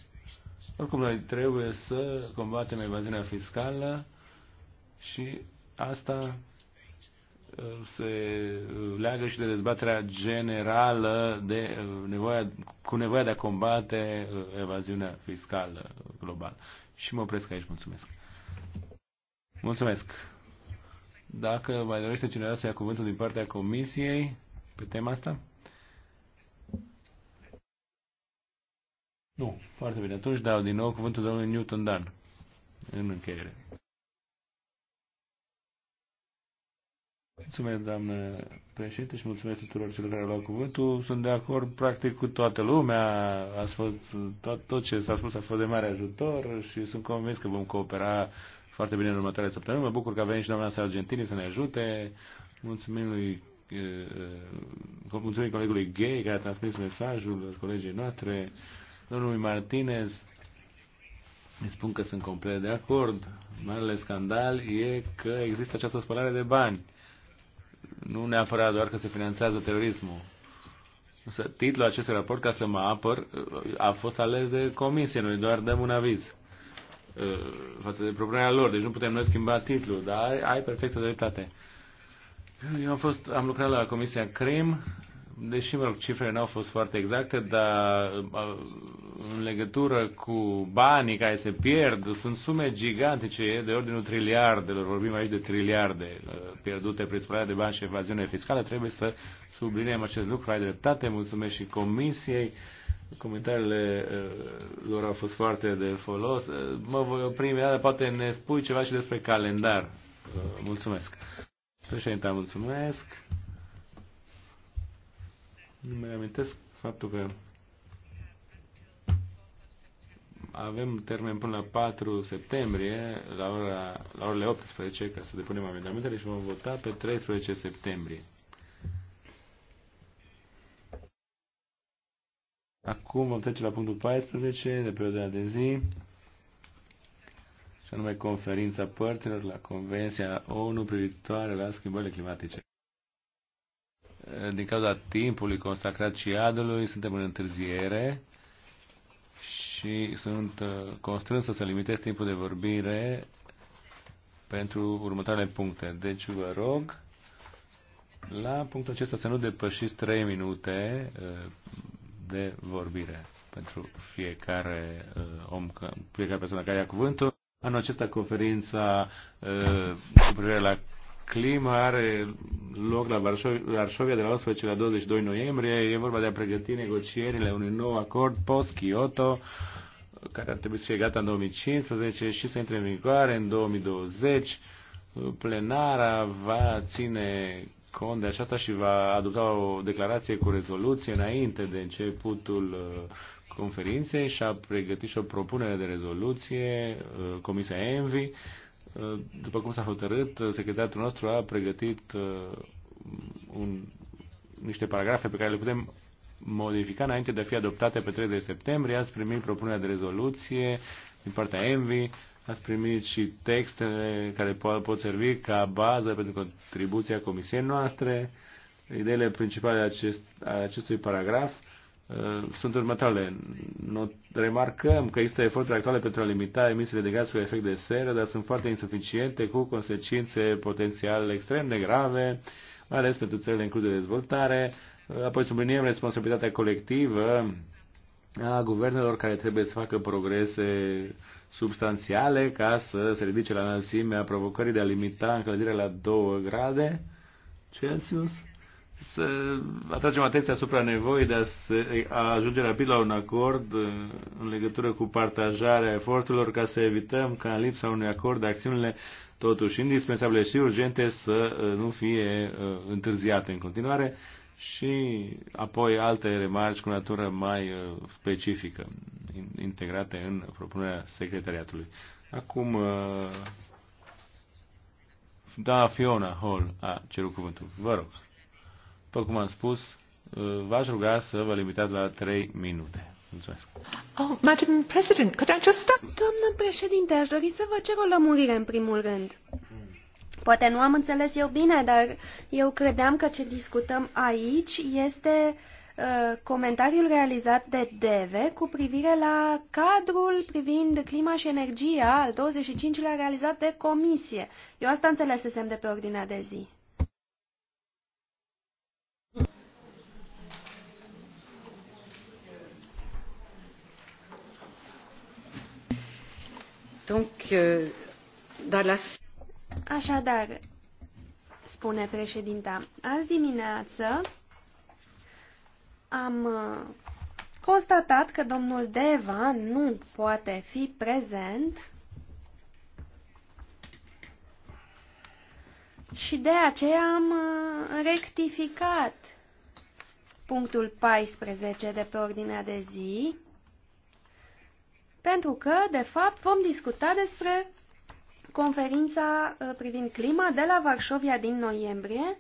S2: oricum, noi trebuie să combatem evaziunea fiscală și asta uh, se leagă și de dezbaterea generală de uh, nevoia, cu nevoia de a combate uh, evaziunea fiscală globală. Și mă opresc aici, mulțumesc. Mulțumesc. Dacă mai dorește cineva să ia cuvântul din partea Comisiei pe tema asta? Nu, foarte bine. Atunci dau din nou cuvântul domnului Newton Dan în încheiere. Mulțumesc, doamnă președinte, și mulțumesc tuturor celor care au luat cuvântul. Sunt de acord practic cu toată lumea. Ați fost, tot, tot ce s-a spus a fost de mare ajutor și sunt convins că vom coopera foarte bine în următoarele săptămâni. Mă bucur că a venit și doamna Argentinii să ne ajute. Mulțumim lui eh, mulțumim colegului Gay care a transmis mesajul colegii noastre. Domnului Martinez, îi spun că sunt complet de acord. Marele scandal e că există această spălare de bani. Nu neapărat doar că se finanțează terorismul. Însă titlul acestui raport, ca să mă apăr, a fost ales de comisie. Noi doar dăm un aviz uh, față de problema lor. Deci nu putem noi schimba titlul, dar ai, ai perfectă dreptate. Eu am, fost, am lucrat la Comisia CRIM deși, mă rog, cifrele nu au fost foarte exacte, dar uh, în legătură cu banii care se pierd, sunt sume gigantice, de ordinul triliardelor, vorbim aici de triliarde uh, pierdute prin spălarea de bani și evaziune fiscală, trebuie să subliniem acest lucru, ai dreptate, mulțumesc și comisiei, comentariile uh, lor au fost foarte de folos. Mă voi opri imediat, poate ne spui ceva și despre calendar. Mulțumesc. Președinte, mulțumesc. Îmi amintesc faptul că avem termen până la 4 septembrie, la, ora, la orele 18, ca să depunem amendamentele și vom vota pe 13 septembrie. Acum vom trece la punctul 14 de pe ordinea de zi, și anume conferința părților la Convenția ONU privitoare la schimbările climatice din cauza timpului consacrat și iadului, suntem în întârziere și sunt uh, constrâns să limitez timpul de vorbire pentru următoarele puncte. Deci vă rog la punctul acesta să nu depășiți 3 minute uh, de vorbire pentru fiecare uh, om, fiecare persoană care ia cuvântul. Anul acesta conferința cu privire la climă are loc la Varșovia de la 18 la 22 noiembrie. E vorba de a pregăti negocierile unui nou acord post-Kyoto care ar trebui să fie gata în 2015 și să intre în vigoare în 2020. Plenara va ține cont de așa și va adopta o declarație cu rezoluție înainte de începutul uh, conferinței și a pregătit și o propunere de rezoluție uh, Comisia ENVI Uh, după cum s-a hotărât, uh, secretarul nostru a pregătit uh, un, niște paragrafe pe care le putem modifica înainte de a fi adoptate pe 3 de septembrie. Ați primit propunerea de rezoluție din partea ENVI, ați primit și textele care pot, pot servi ca bază pentru contribuția comisiei noastre, ideile principale acest, acestui paragraf Uh, sunt următoarele. Remarcăm că există eforturi actuale pentru a limita emisiile de gaz cu efect de seră, dar sunt foarte insuficiente, cu consecințe potențial extrem de grave, mai ales pentru țările în curs de dezvoltare. Uh, apoi subliniem responsabilitatea colectivă a guvernelor care trebuie să facă progrese substanțiale ca să se ridice la înălțimea provocării de a limita încălzirea la 2 grade Celsius să atragem atenția asupra nevoii de a, se, a ajunge rapid la un acord uh, în legătură cu partajarea eforturilor ca să evităm ca în lipsa unui acord acțiunile totuși indispensabile și urgente să uh, nu fie uh, întârziate în continuare și apoi alte remarci cu natură mai specifică integrate în propunerea secretariatului. Acum da, Fiona Hall a cerut cuvântul. Vă rog. După cum am spus, uh, v-aș ruga să vă limitați la 3 minute. Mulțumesc.
S4: Oh, Madam
S3: President, could I just stop? Doamnă președinte, aș dori să vă cer o lămurire în primul rând. Poate nu am înțeles eu bine, dar eu credeam că ce discutăm aici este uh, comentariul realizat de DEVE cu privire la cadrul privind clima și energia al 25-lea realizat de comisie. Eu asta înțelesesem de pe ordinea de zi.
S1: Donc, euh, dans la...
S3: Așadar, spune președinta, azi dimineață am uh, constatat că domnul Deva nu poate fi prezent și de aceea am uh, rectificat punctul 14 de pe ordinea de zi pentru că, de fapt, vom discuta despre conferința uh, privind clima de la Varșovia din noiembrie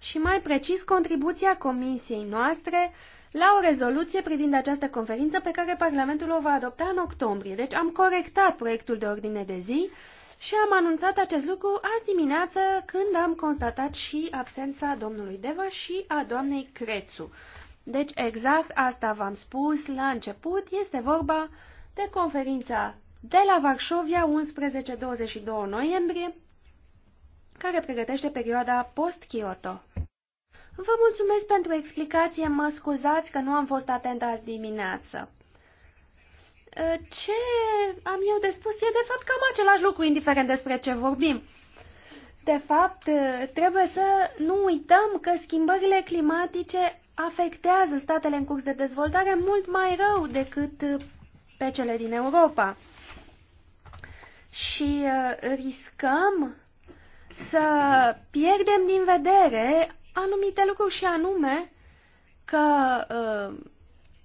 S3: și, mai precis, contribuția comisiei noastre la o rezoluție privind această conferință pe care Parlamentul o va adopta în octombrie. Deci am corectat proiectul de ordine de zi și am anunțat acest lucru azi dimineață când am constatat și absența domnului Deva și a doamnei Crețu. Deci exact asta v-am spus la început, este vorba de conferința de la Varșovia 11-22 noiembrie, care pregătește perioada post-Kyoto. Vă mulțumesc pentru explicație, mă scuzați că nu am fost atent azi dimineață. Ă, ce am eu de spus e de fapt cam același lucru, indiferent despre ce vorbim. De fapt, ă, trebuie să nu uităm că schimbările climatice afectează statele în curs de dezvoltare mult mai rău decât pe cele din Europa. Și uh, riscăm să pierdem din vedere anumite lucruri și anume că uh,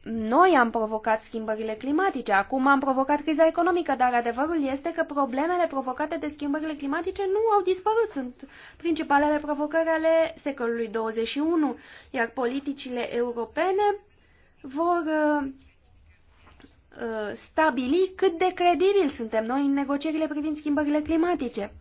S3: noi am provocat schimbările climatice, acum am provocat criza economică, dar adevărul este că problemele provocate de schimbările climatice nu au dispărut. Sunt principalele provocări ale secolului 21, iar politicile europene vor uh, Uh, stabili cât de credibili suntem noi în negocierile privind schimbările climatice.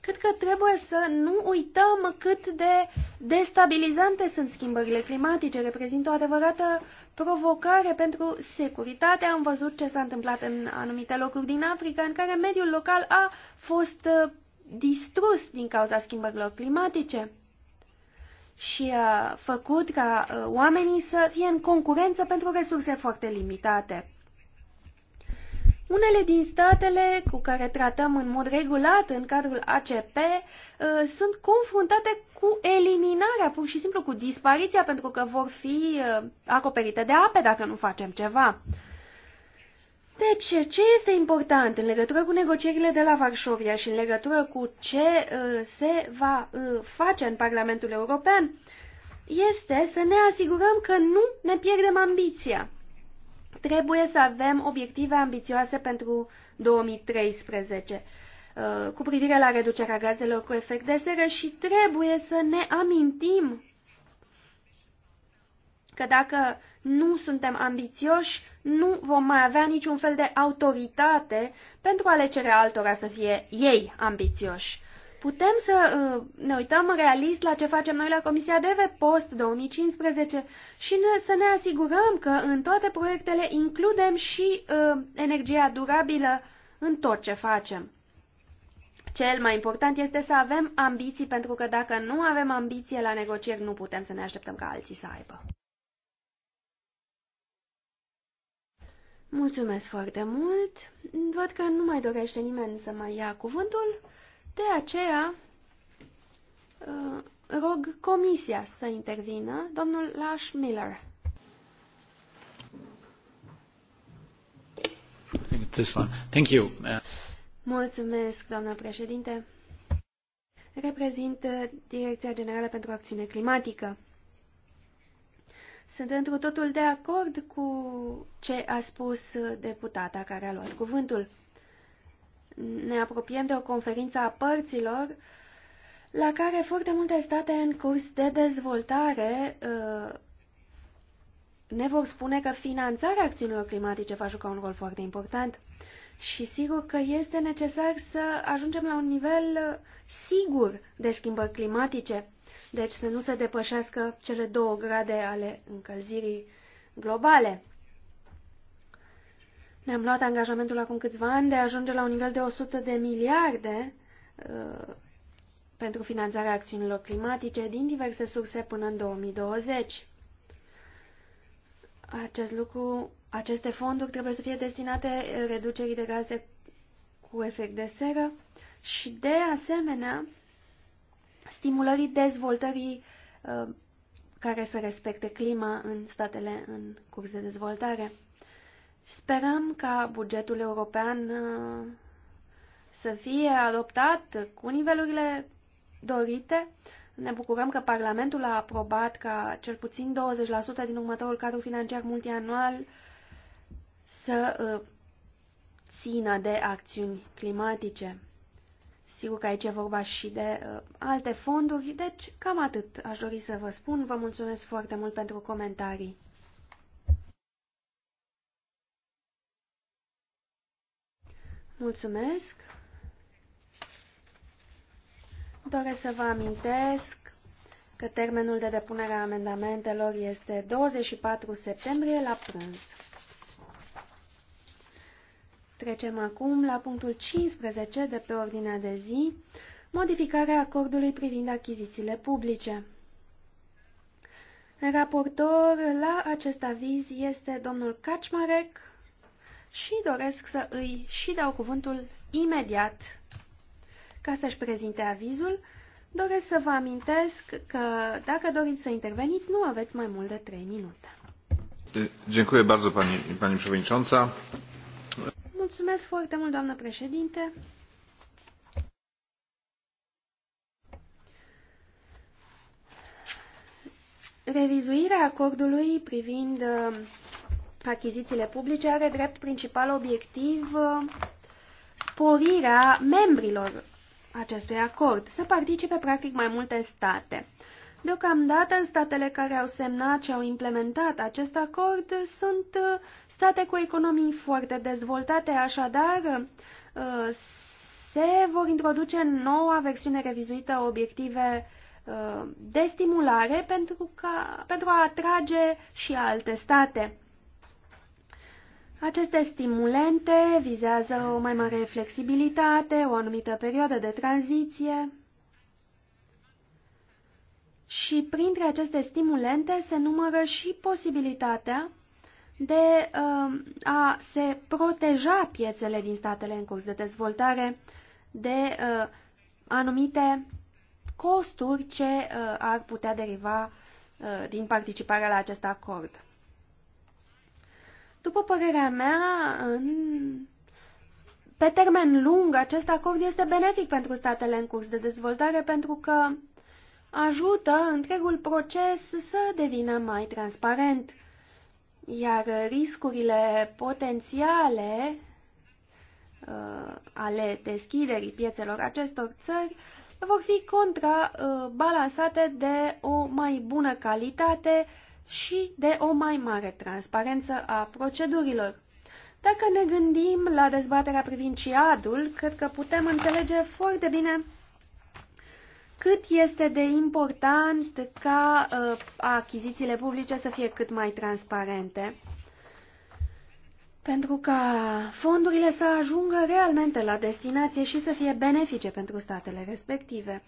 S3: Cred că trebuie să nu uităm cât de destabilizante sunt schimbările climatice. Reprezintă o adevărată provocare pentru securitate. Am văzut ce s-a întâmplat în anumite locuri din Africa, în care mediul local a fost uh, distrus din cauza schimbărilor climatice și a făcut ca uh, oamenii să fie în concurență pentru resurse foarte limitate. Unele din statele cu care tratăm în mod regulat în cadrul ACP uh, sunt confruntate cu eliminarea, pur și simplu cu dispariția, pentru că vor fi uh, acoperite de ape dacă nu facem ceva. Deci, ce este important în legătură cu negocierile de la Varșovia și în legătură cu ce uh, se va face în Parlamentul European, este să ne asigurăm că nu ne pierdem ambiția Trebuie să avem obiective ambițioase pentru 2013 uh, cu privire la reducerea gazelor cu efect de seră și trebuie să ne amintim că dacă nu suntem ambițioși, nu vom mai avea niciun fel de autoritate pentru a le cere altora să fie ei ambițioși. Putem să uh, ne uităm realist la ce facem noi la Comisia DV post-2015 și ne, să ne asigurăm că în toate proiectele includem și uh, energia durabilă în tot ce facem. Cel mai important este să avem ambiții, pentru că dacă nu avem ambiție la negocieri, nu putem să ne așteptăm ca alții să aibă. Mulțumesc foarte mult. Văd că nu mai dorește nimeni să mai ia cuvântul. De aceea, uh, rog Comisia să intervină, domnul Lash Miller.
S2: This one. Thank you. Uh,
S3: Mulțumesc, doamnă președinte. Reprezint uh, Direcția Generală pentru Acțiune Climatică. Sunt întru totul de acord cu ce a spus deputata care a luat cuvântul ne apropiem de o conferință a părților la care foarte multe state în curs de dezvoltare uh, ne vor spune că finanțarea acțiunilor climatice va juca un rol foarte important. Și sigur că este necesar să ajungem la un nivel uh, sigur de schimbări climatice, deci să nu se depășească cele două grade ale încălzirii globale. Ne-am luat angajamentul acum câțiva ani de a ajunge la un nivel de 100 de miliarde uh, pentru finanțarea acțiunilor climatice din diverse surse până în 2020. Acest lucru, aceste fonduri trebuie să fie destinate reducerii de gaze cu efect de seră și, de asemenea, stimulării dezvoltării uh, care să respecte clima în statele în curs de dezvoltare. Sperăm ca bugetul european uh, să fie adoptat cu nivelurile dorite. Ne bucurăm că Parlamentul a aprobat ca cel puțin 20% din următorul cadru financiar multianual să uh, țină de acțiuni climatice. Sigur că aici e vorba și de uh, alte fonduri, deci cam atât aș dori să vă spun. Vă mulțumesc foarte mult pentru comentarii. Mulțumesc. Doresc să vă amintesc că termenul de depunere a amendamentelor este 24 septembrie la prânz. Trecem acum la punctul 15 de pe ordinea de zi, modificarea acordului privind achizițiile publice. Raportor la acest aviz este domnul Kaczmarek, și doresc să îi și dau cuvântul imediat ca să-și prezinte avizul. Doresc să vă amintesc că dacă doriți să interveniți, nu aveți mai mult de 3 minute.
S1: Dziękuję bardzo pani, pani przewodnicząca.
S3: Mulțumesc foarte mult, doamnă președinte. Revizuirea acordului privind achizițiile publice are drept principal obiectiv uh, sporirea membrilor acestui acord, să participe practic mai multe state. Deocamdată, statele care au semnat și au implementat acest acord sunt uh, state cu economii foarte dezvoltate, așadar uh, se vor introduce în noua versiune revizuită obiective de stimulare pentru, ca, pentru a
S4: atrage
S3: și alte state. Aceste stimulente vizează o mai mare flexibilitate, o anumită perioadă de tranziție și printre aceste stimulente se numără și posibilitatea de uh, a se proteja piețele din statele în curs de dezvoltare de uh, anumite costuri ce uh, ar putea deriva uh, din participarea la acest acord. După părerea mea, în... pe termen lung, acest acord este benefic pentru statele în curs de dezvoltare pentru că ajută întregul proces să devină mai transparent, iar riscurile potențiale uh, ale deschiderii piețelor acestor țări vor fi contrabalansate uh, de o mai bună calitate uh, și de o mai mare transparență a procedurilor. Dacă ne gândim la dezbaterea privind CIAD-ul, cred că putem înțelege foarte bine cât este de important ca uh, achizițiile publice să fie cât mai transparente, pentru ca fondurile să ajungă realmente la destinație și să fie benefice pentru statele respective.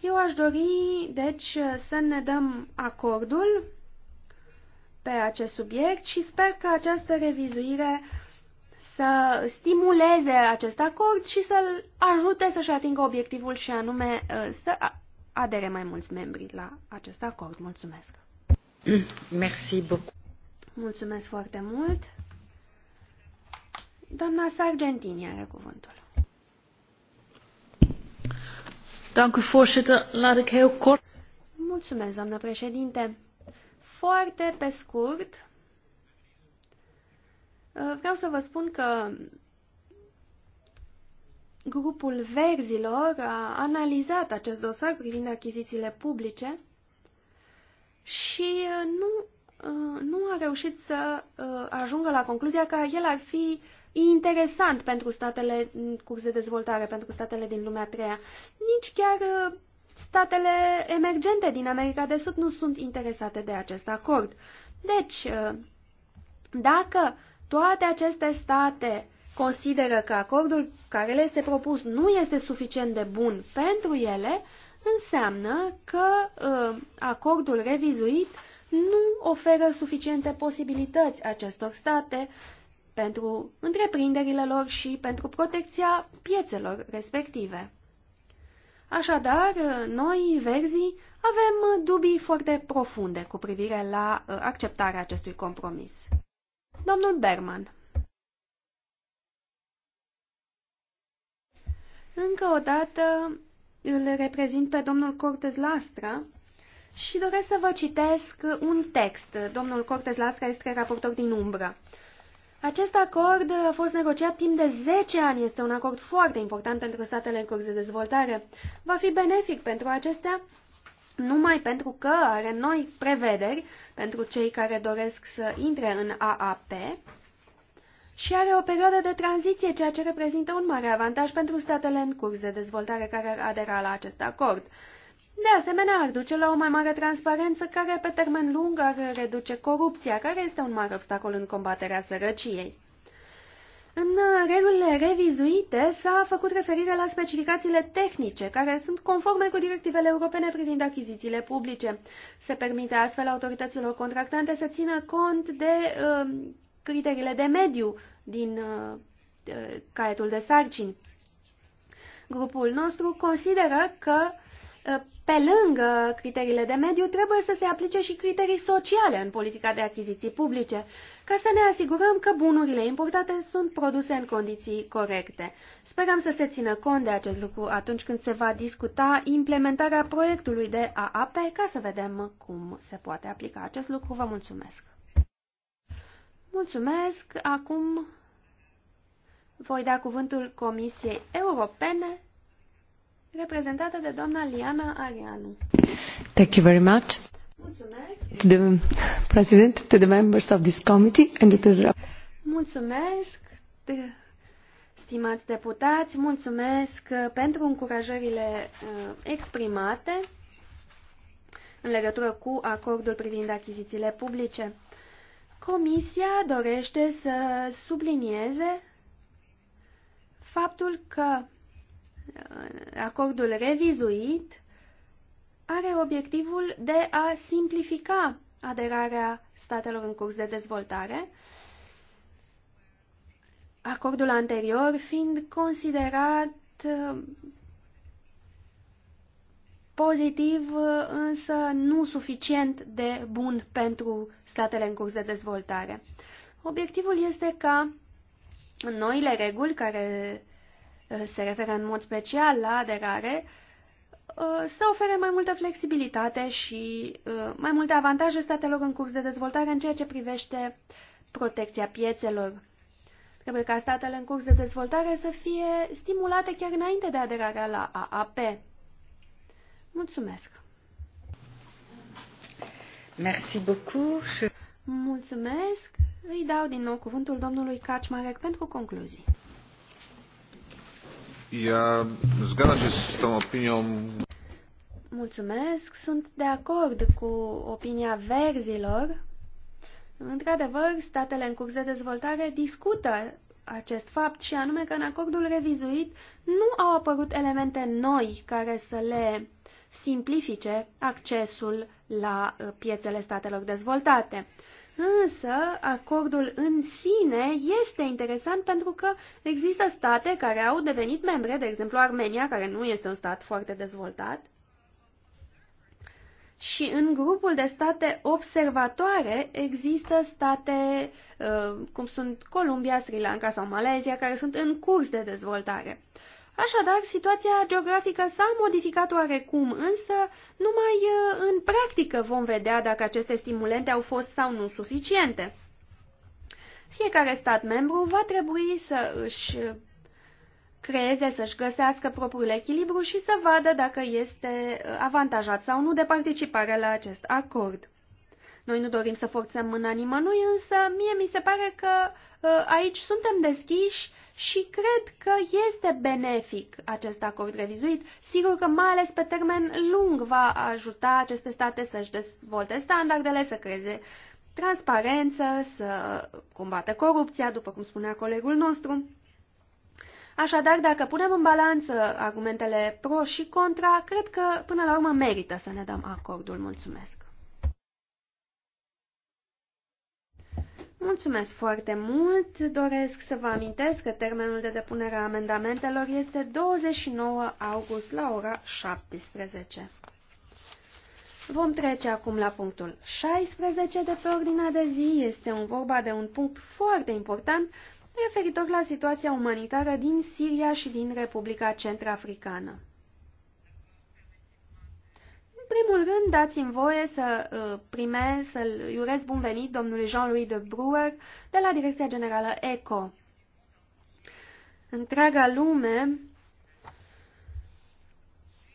S3: Eu aș dori, deci, să ne dăm acordul pe acest subiect și sper că această revizuire să stimuleze acest acord și să-l ajute să-și atingă obiectivul și anume uh, să adere mai mulți membri la acest acord. Mulțumesc!
S1: Merci beaucoup.
S3: Mulțumesc foarte mult! Doamna Sargentini are cuvântul. Dank u voorzitter. Laat ik heel kort. Mulțumesc, doamnă președinte. Foarte pe scurt, uh, vreau să vă spun că grupul verzilor a analizat acest dosar privind achizițiile publice și uh, nu, uh, nu a reușit să ajungă la concluzia că el ar fi interesant pentru statele în curs de dezvoltare, pentru statele din lumea treia. Nici chiar statele emergente din America de Sud nu sunt interesate de acest acord. Deci, uh, dacă toate aceste state consideră că acordul care le este propus nu este suficient de bun pentru ele, înseamnă că uh, acordul revizuit nu oferă suficiente posibilități acestor state pentru întreprinderile lor și pentru protecția piețelor respective. Așadar, noi, verzii, avem dubii foarte profunde cu privire la uh, acceptarea acestui compromis. Domnul Berman. Încă o dată îl reprezint pe domnul Cortez Lastra și doresc să vă citesc un text. Domnul Cortez Lastra este raportor din umbră. Acest acord a fost negociat timp de 10 ani. Este un acord foarte important pentru statele în curs de dezvoltare. Va fi benefic pentru acestea numai pentru că are noi prevederi pentru cei care doresc să intre în AAP și are o perioadă de tranziție, ceea ce reprezintă un mare avantaj pentru statele în curs de dezvoltare care ar adera la acest acord. De asemenea, ar duce la o mai mare transparență care pe termen lung ar reduce corupția, care este un mare obstacol în combaterea sărăciei. În regulile revizuite s-a făcut referire la specificațiile tehnice, care sunt conforme cu directivele europene privind achizițiile publice. Se permite astfel autorităților contractante să țină cont de uh, criteriile de mediu din uh, uh caietul de sarcini. Grupul nostru consideră că uh, pe lângă criteriile de mediu, trebuie să se aplice și criterii sociale în politica de achiziții publice, ca să ne asigurăm că bunurile importate sunt produse în condiții corecte. Sperăm să se țină cont de acest lucru atunci când se va discuta implementarea proiectului de AAP, ca să vedem cum se poate aplica acest lucru. Vă mulțumesc! Mulțumesc! Acum voi da cuvântul Comisiei Europene reprezentată de doamna Liana Arianu.
S1: Thank you very much. Mulțumesc. To the
S2: president, to the members of this committee and to the...
S3: Mulțumesc, de, stimați deputați, mulțumesc uh, pentru încurajările uh, exprimate în legătură cu acordul privind achizițiile publice. Comisia dorește să sublinieze faptul că acordul revizuit are obiectivul de a simplifica aderarea statelor în curs de dezvoltare, acordul anterior fiind considerat uh, pozitiv, uh, însă nu suficient de bun pentru statele în curs de dezvoltare. Obiectivul este ca noile reguli care Uh, se referă în mod special la aderare, uh, să ofere mai multă flexibilitate și uh, mai multe avantaje statelor în curs de dezvoltare în ceea ce privește protecția piețelor. Trebuie ca statele în curs de dezvoltare să fie stimulate chiar înainte de aderarea la AAP. Mulțumesc!
S1: Merci beaucoup.
S3: Mulțumesc! Îi dau din nou cuvântul domnului Kaczmarek pentru concluzii.
S1: Ja zgadzam się z tą opinią.
S3: Mulțumesc, sunt de acord cu opinia verzilor. Într-adevăr, statele în curs de dezvoltare discută acest fapt și anume că în acordul revizuit nu au apărut elemente noi care să le simplifice accesul la uh, piețele statelor dezvoltate. Însă, acordul în sine este interesant pentru că există state care au devenit membre, de exemplu Armenia, care nu este un stat foarte dezvoltat, și în grupul de state observatoare există state uh, cum sunt Columbia, Sri Lanka sau Malezia, care sunt în curs de dezvoltare. Așadar, situația geografică s-a modificat oarecum, însă numai uh, în practică vom vedea dacă aceste stimulente au fost sau nu suficiente. Fiecare stat membru va trebui să își uh, creeze, să-și găsească propriul echilibru și să vadă dacă este uh, avantajat sau nu de participarea la acest acord. Noi nu dorim să forțăm mâna nimănui, însă mie mi se pare că ă, aici suntem deschiși și cred că este benefic acest acord revizuit. Sigur că mai ales pe termen lung va ajuta aceste state să-și dezvolte standardele, să creeze transparență, să combată corupția, după cum spunea colegul nostru. Așadar, dacă punem în balanță argumentele pro și contra, cred că până la urmă merită să ne dăm acordul. Mulțumesc! Mulțumesc foarte mult. Doresc să vă amintesc că termenul de depunere a amendamentelor este 29 august la ora 17. Vom trece acum la punctul 16 de pe ordinea de zi. Este un vorba de un punct foarte important referitor la situația umanitară din Siria și din Republica Centrafricană primul rând, dați-mi voie să uh, primez, să-l iurez bun venit domnului Jean-Louis de Brouwer de la Direcția Generală ECO. Întreaga lume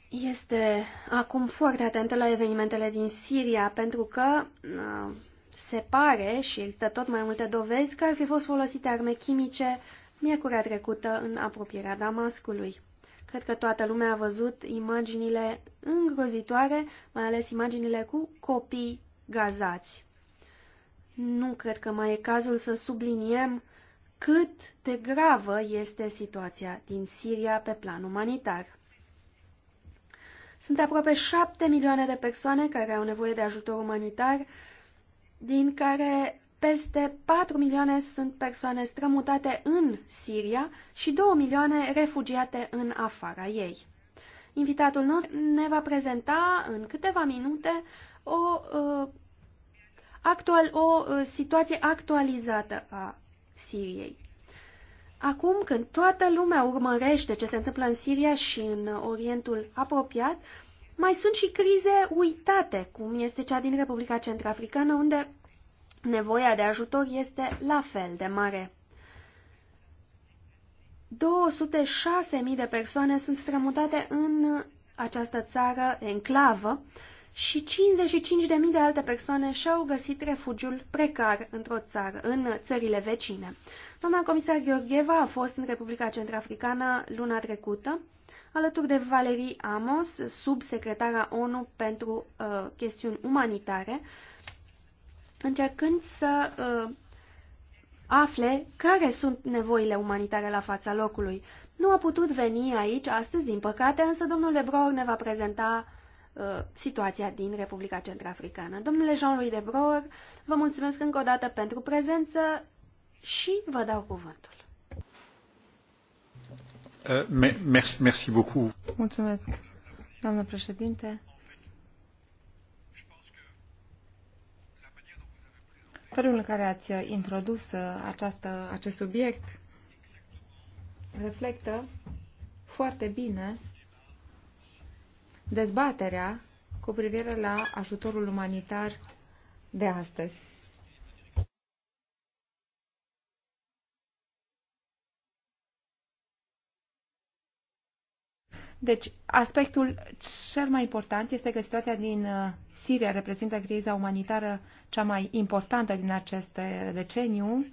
S3: este acum foarte atentă la evenimentele din Siria, pentru că uh, se pare și există tot mai multe dovezi că ar fi fost folosite arme chimice miercurea trecută în apropierea Damascului. Cred că toată lumea a văzut imaginile îngrozitoare, mai ales imaginile cu copii gazați. Nu cred că mai e cazul să subliniem cât de gravă este situația din Siria pe plan umanitar. Sunt aproape șapte milioane de persoane care au nevoie de ajutor umanitar, din care peste 4 milioane sunt persoane strămutate în Siria și 2 milioane refugiate în afara ei. Invitatul nostru ne va prezenta în câteva minute o, uh, actual, o uh, situație actualizată a Siriei. Acum, când toată lumea urmărește ce se întâmplă în Siria și în Orientul apropiat, mai sunt și crize uitate, cum este cea din Republica Centrafricană, unde Nevoia de ajutor este la fel de mare. 206.000 de persoane sunt strămutate în această țară enclavă și 55.000 de alte persoane și-au găsit refugiul precar într-o țară, în țările vecine. Doamna comisar Gheorgheva a fost în Republica Centrafricană luna trecută, alături de Valerii Amos, subsecretara ONU pentru uh, chestiuni umanitare, încercând să uh, afle care sunt nevoile umanitare la fața locului. Nu a putut veni aici astăzi, din păcate, însă domnul de Broer ne va prezenta uh, situația din Republica Centrafricană. Domnule Jean-Louis de Broer, vă mulțumesc încă o dată pentru prezență și vă dau cuvântul.
S2: Uh, merci, merci beaucoup. Mulțumesc,
S5: doamnă președinte. felul în care ați introdus uh, această, acest subiect reflectă foarte bine dezbaterea cu privire la ajutorul umanitar de astăzi. Deci, aspectul cel mai important este că situația din uh, Siria reprezintă criza umanitară cea mai importantă din acest deceniu,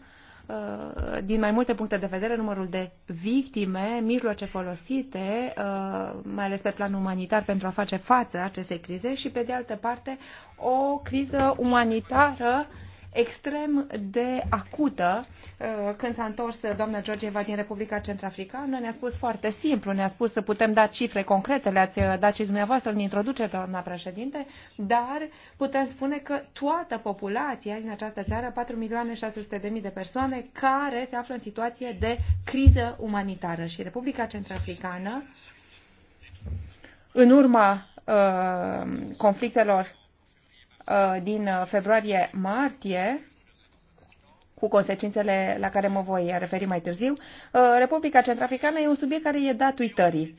S5: uh, din mai multe puncte de vedere, numărul de victime, mijloace folosite, uh, mai ales pe plan umanitar, pentru a face față acestei crize și, pe de altă parte, o criză umanitară extrem de acută uh, când s-a întors uh, doamna Georgieva din Republica Centrafricană. Ne-a spus foarte simplu, ne-a spus să putem da cifre concrete, le-ați uh, dat și dumneavoastră în introducere, doamna președinte, dar putem spune că toată populația din această țară, 4.600.000 de persoane, care se află în situație de criză umanitară. Și Republica Centrafricană, în urma conflictelor Uh, din februarie-martie, cu consecințele la care mă voi referi mai târziu, uh, Republica Centrafricană e un subiect care e dat uitării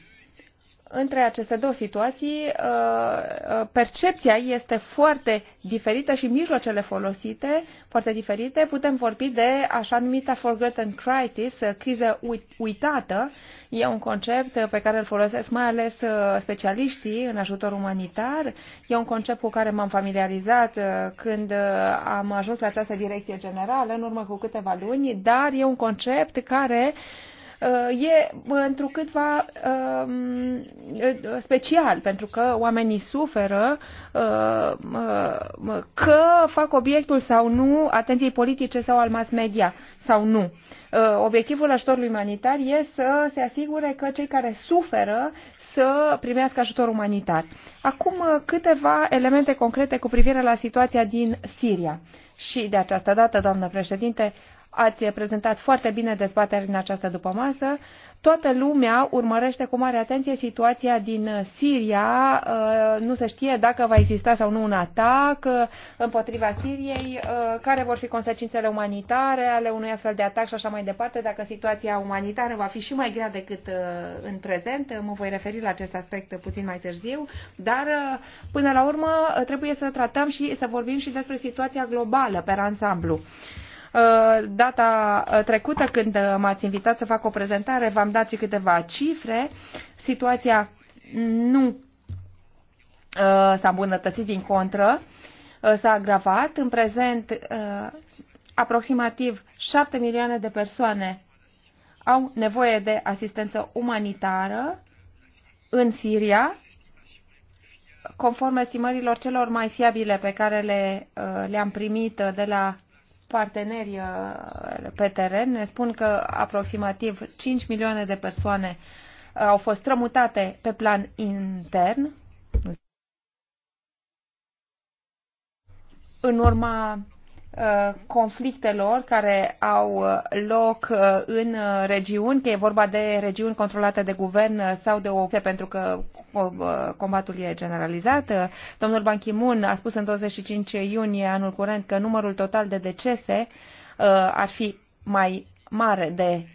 S5: între aceste două situații, uh, uh, percepția este foarte diferită și mijloacele folosite foarte diferite. Putem vorbi de așa numita forgotten crisis, uh, criză uitată. E un concept pe care îl folosesc mai ales specialiștii în ajutor umanitar. E un concept cu care m-am familiarizat când am ajuns la această direcție generală în urmă cu câteva luni, dar e un concept care Uh, e întrucâtva um, special, pentru că oamenii suferă uh, uh, că fac obiectul sau nu atenției politice sau al mass media sau nu. Obiectivul ajutorului umanitar e să se asigure că cei care suferă să primească ajutor umanitar. Acum câteva elemente concrete cu privire la situația din Siria. Și de această dată, doamnă președinte, Ați prezentat foarte bine dezbaterea în această dupămasă. Toată lumea urmărește cu mare atenție situația din Siria. Uh, nu se știe dacă va exista sau nu un atac uh, împotriva Siriei, uh, care vor fi consecințele umanitare ale unui astfel de atac și așa mai departe, dacă situația umanitară va fi și mai grea decât în prezent. Mă voi referi la acest aspect puțin mai târziu, dar până la urmă trebuie să tratăm și să vorbim și despre situația globală pe ansamblu. Uh, data uh, trecută când uh, m-ați invitat să fac o prezentare, v-am dat și câteva cifre. Situația nu s-a îmbunătățit din contră, s-a agravat. În prezent, aproximativ 7 milioane de persoane au nevoie de asistență umanitară în Siria, conform estimărilor celor mai fiabile pe care le, le-am primit de la parteneri uh, pe teren ne spun că aproximativ 5 milioane de persoane uh, au fost strămutate pe plan intern în urma uh, conflictelor care au loc în regiuni, că e vorba de regiuni controlate de guvern sau de o pentru că combatul e generalizat. Domnul Ban Ki-moon a spus în 25 iunie anul curent că numărul total de decese uh, ar fi mai mare de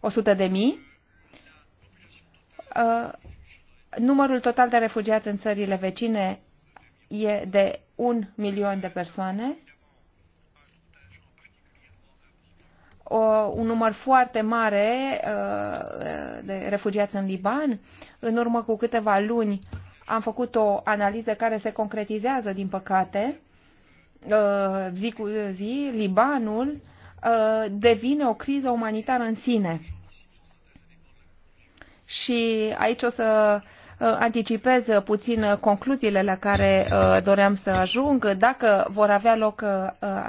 S5: 100 de mii. Uh, numărul total de refugiați în țările vecine e de un milion de persoane o, un număr foarte mare uh, de refugiați în Liban. În urmă cu câteva luni am făcut o analiză care se concretizează, din păcate. Uh, zi cu zi, Libanul uh, devine o criză umanitară în sine. Și aici o să Uh, anticipez uh, puțin uh, concluziile la care doream să ajung. Dacă vor avea loc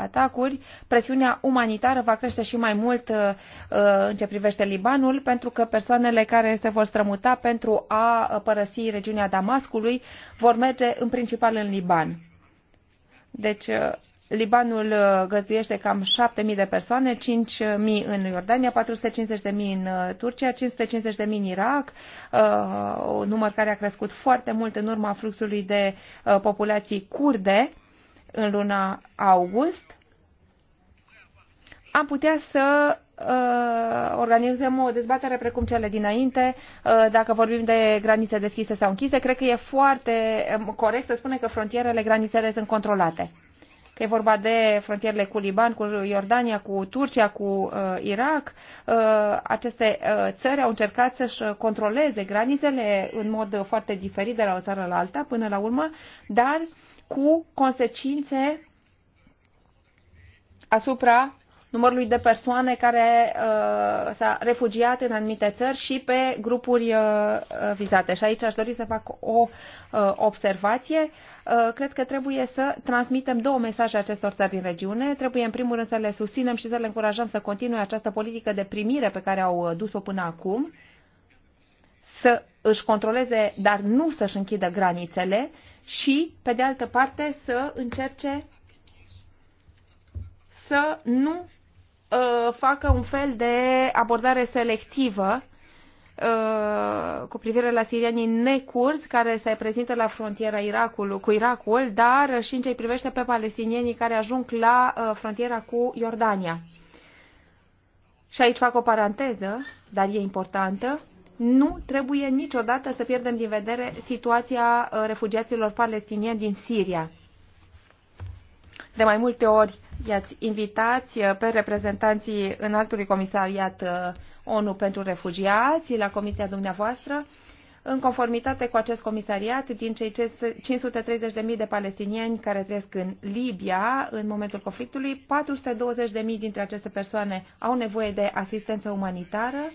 S5: atacuri, presiunea umanitară va crește și mai mult în ce privește Libanul, pentru că persoanele care se vor strămuta pentru a părăsi regiunea Damascului vor merge în principal în Liban. Deci Libanul uh, găzduiește cam 7.000 de persoane, 5.000 în Iordania, 450.000 în uh, Turcia, 550.000 în Irak, uh, un număr care a crescut foarte mult în urma fluxului de populații curde în luna august. Am putea să organizăm o dezbatere precum cele dinainte, dacă vorbim de granițe deschise sau închise. Cred că e foarte um, corect să spunem că frontierele, granițele sunt controlate că e vorba de frontierele cu Liban, cu Iordania, cu Turcia, cu uh, Irak. Uh, aceste uh, țări au încercat să-și controleze granițele în mod foarte diferit de la o țară la alta până la urmă, dar cu consecințe asupra numărului de persoane care uh, s-a refugiat în anumite țări și pe grupuri uh, uh, vizate. Și aici aș dori să fac o uh, observație. Uh, cred că trebuie să transmitem două mesaje acestor țări din regiune. Trebuie în primul rând să le susținem și să le încurajăm să continue această politică de primire pe care au uh, dus-o până acum, să își controleze, dar nu să-și închidă granițele și, pe de altă parte, să încerce să nu Uh, facă un fel de abordare selectivă uh, cu privire la sirienii necurzi care se prezintă la frontiera Irakului, cu Irakul, dar și în ce privește pe palestinienii care ajung la uh, frontiera cu Iordania. Și aici fac o paranteză, dar e importantă. Nu trebuie niciodată să pierdem din vedere situația refugiaților palestinieni din Siria de mai multe ori i-ați invitați eh, pe reprezentanții înaltului comisariat eh, ONU pentru refugiați la comisia dumneavoastră. În conformitate cu acest comisariat, din cei 530.000 de palestinieni care trăiesc în Libia în momentul conflictului, 420.000 dintre aceste persoane au nevoie de asistență umanitară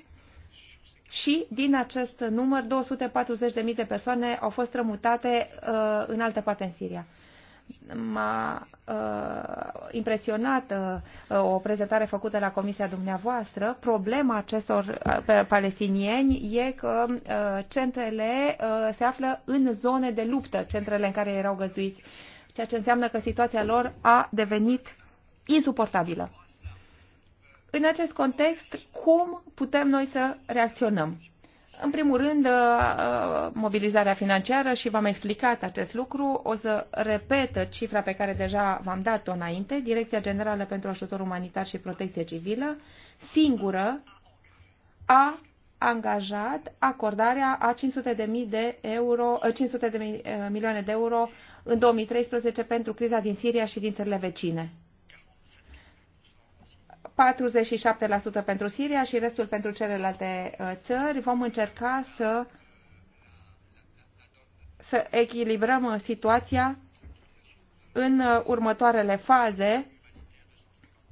S5: și din acest număr 240.000 de persoane au fost rămutate uh, în altă parte în Siria m-a uh, impresionat uh, o prezentare făcută la comisia dumneavoastră. Problema acestor uh, palestinieni e că uh, centrele uh, se află în zone de luptă, centrele în care erau găzduiți, ceea ce înseamnă că situația lor a devenit insuportabilă. În acest context, cum putem noi să reacționăm? În primul rând, uh, uh, mobilizarea financiară și v-am explicat acest lucru. O să repet cifra pe care deja v-am dat-o înainte. Direcția Generală pentru Ajutor Umanitar și Protecție Civilă singură a angajat acordarea a 500 de, mii de, euro, 500 uh, de milioane de euro în 2013 pentru criza din Siria și din țările vecine. 47% pentru Siria și restul pentru celelalte uh, țări. Vom încerca să, să echilibrăm uh, situația în uh, următoarele faze,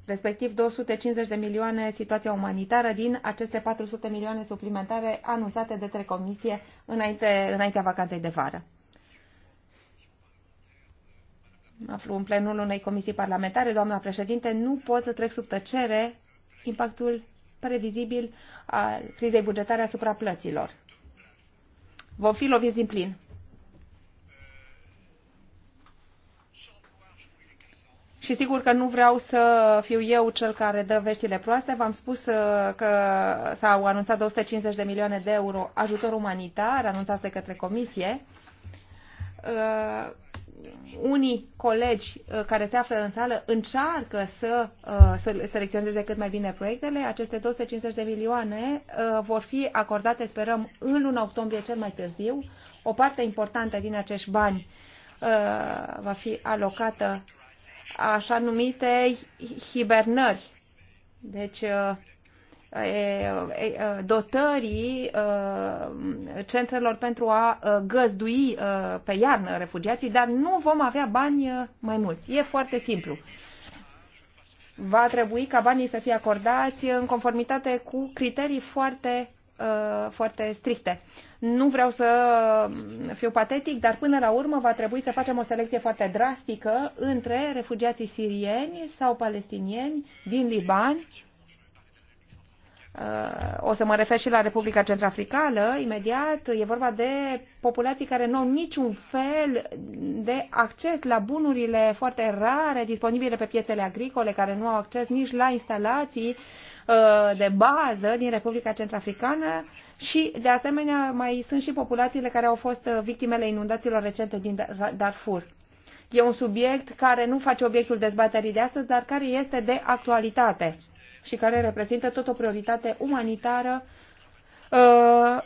S5: respectiv 250 de milioane situația umanitară din aceste 400 milioane suplimentare anunțate de către Comisie înainte, înaintea vacanței de vară aflu în plenul unei comisii parlamentare, doamna președinte, nu pot să trec sub tăcere impactul previzibil al crizei bugetare asupra plăților. Vom fi loviți din plin. Și sigur că nu vreau să fiu eu cel care dă veștile proaste. V-am spus uh, că s-au anunțat 250 de milioane de euro ajutor umanitar, anunțați de către Comisie uh, unii colegi uh, care se află în sală încearcă să, uh, să selecționeze cât mai bine proiectele. Aceste 250 de milioane uh, vor fi acordate, sperăm, în luna octombrie cel mai târziu. O parte importantă din acești bani va fi alocată așa numitei hibernări. Deci, dotării centrelor pentru a găzdui pe iarnă refugiații, dar nu vom avea bani mai mulți. E foarte simplu. Va trebui ca banii să fie acordați în conformitate cu criterii foarte foarte stricte. Nu vreau să fiu patetic, dar până la urmă va trebui să facem o selecție foarte drastică între refugiații sirieni sau palestinieni din Liban Uh, o să mă refer și la Republica Centrafricană imediat, e vorba de populații care nu au niciun fel de acces la bunurile foarte rare disponibile pe piețele agricole, care nu au acces nici la instalații uh, de bază din Republica Centrafricană și, de asemenea, mai sunt și populațiile care au fost uh, victimele inundațiilor recente din Darfur. E un subiect care nu face obiectul dezbaterii de astăzi, dar care este de actualitate și care reprezintă tot o prioritate umanitară uh,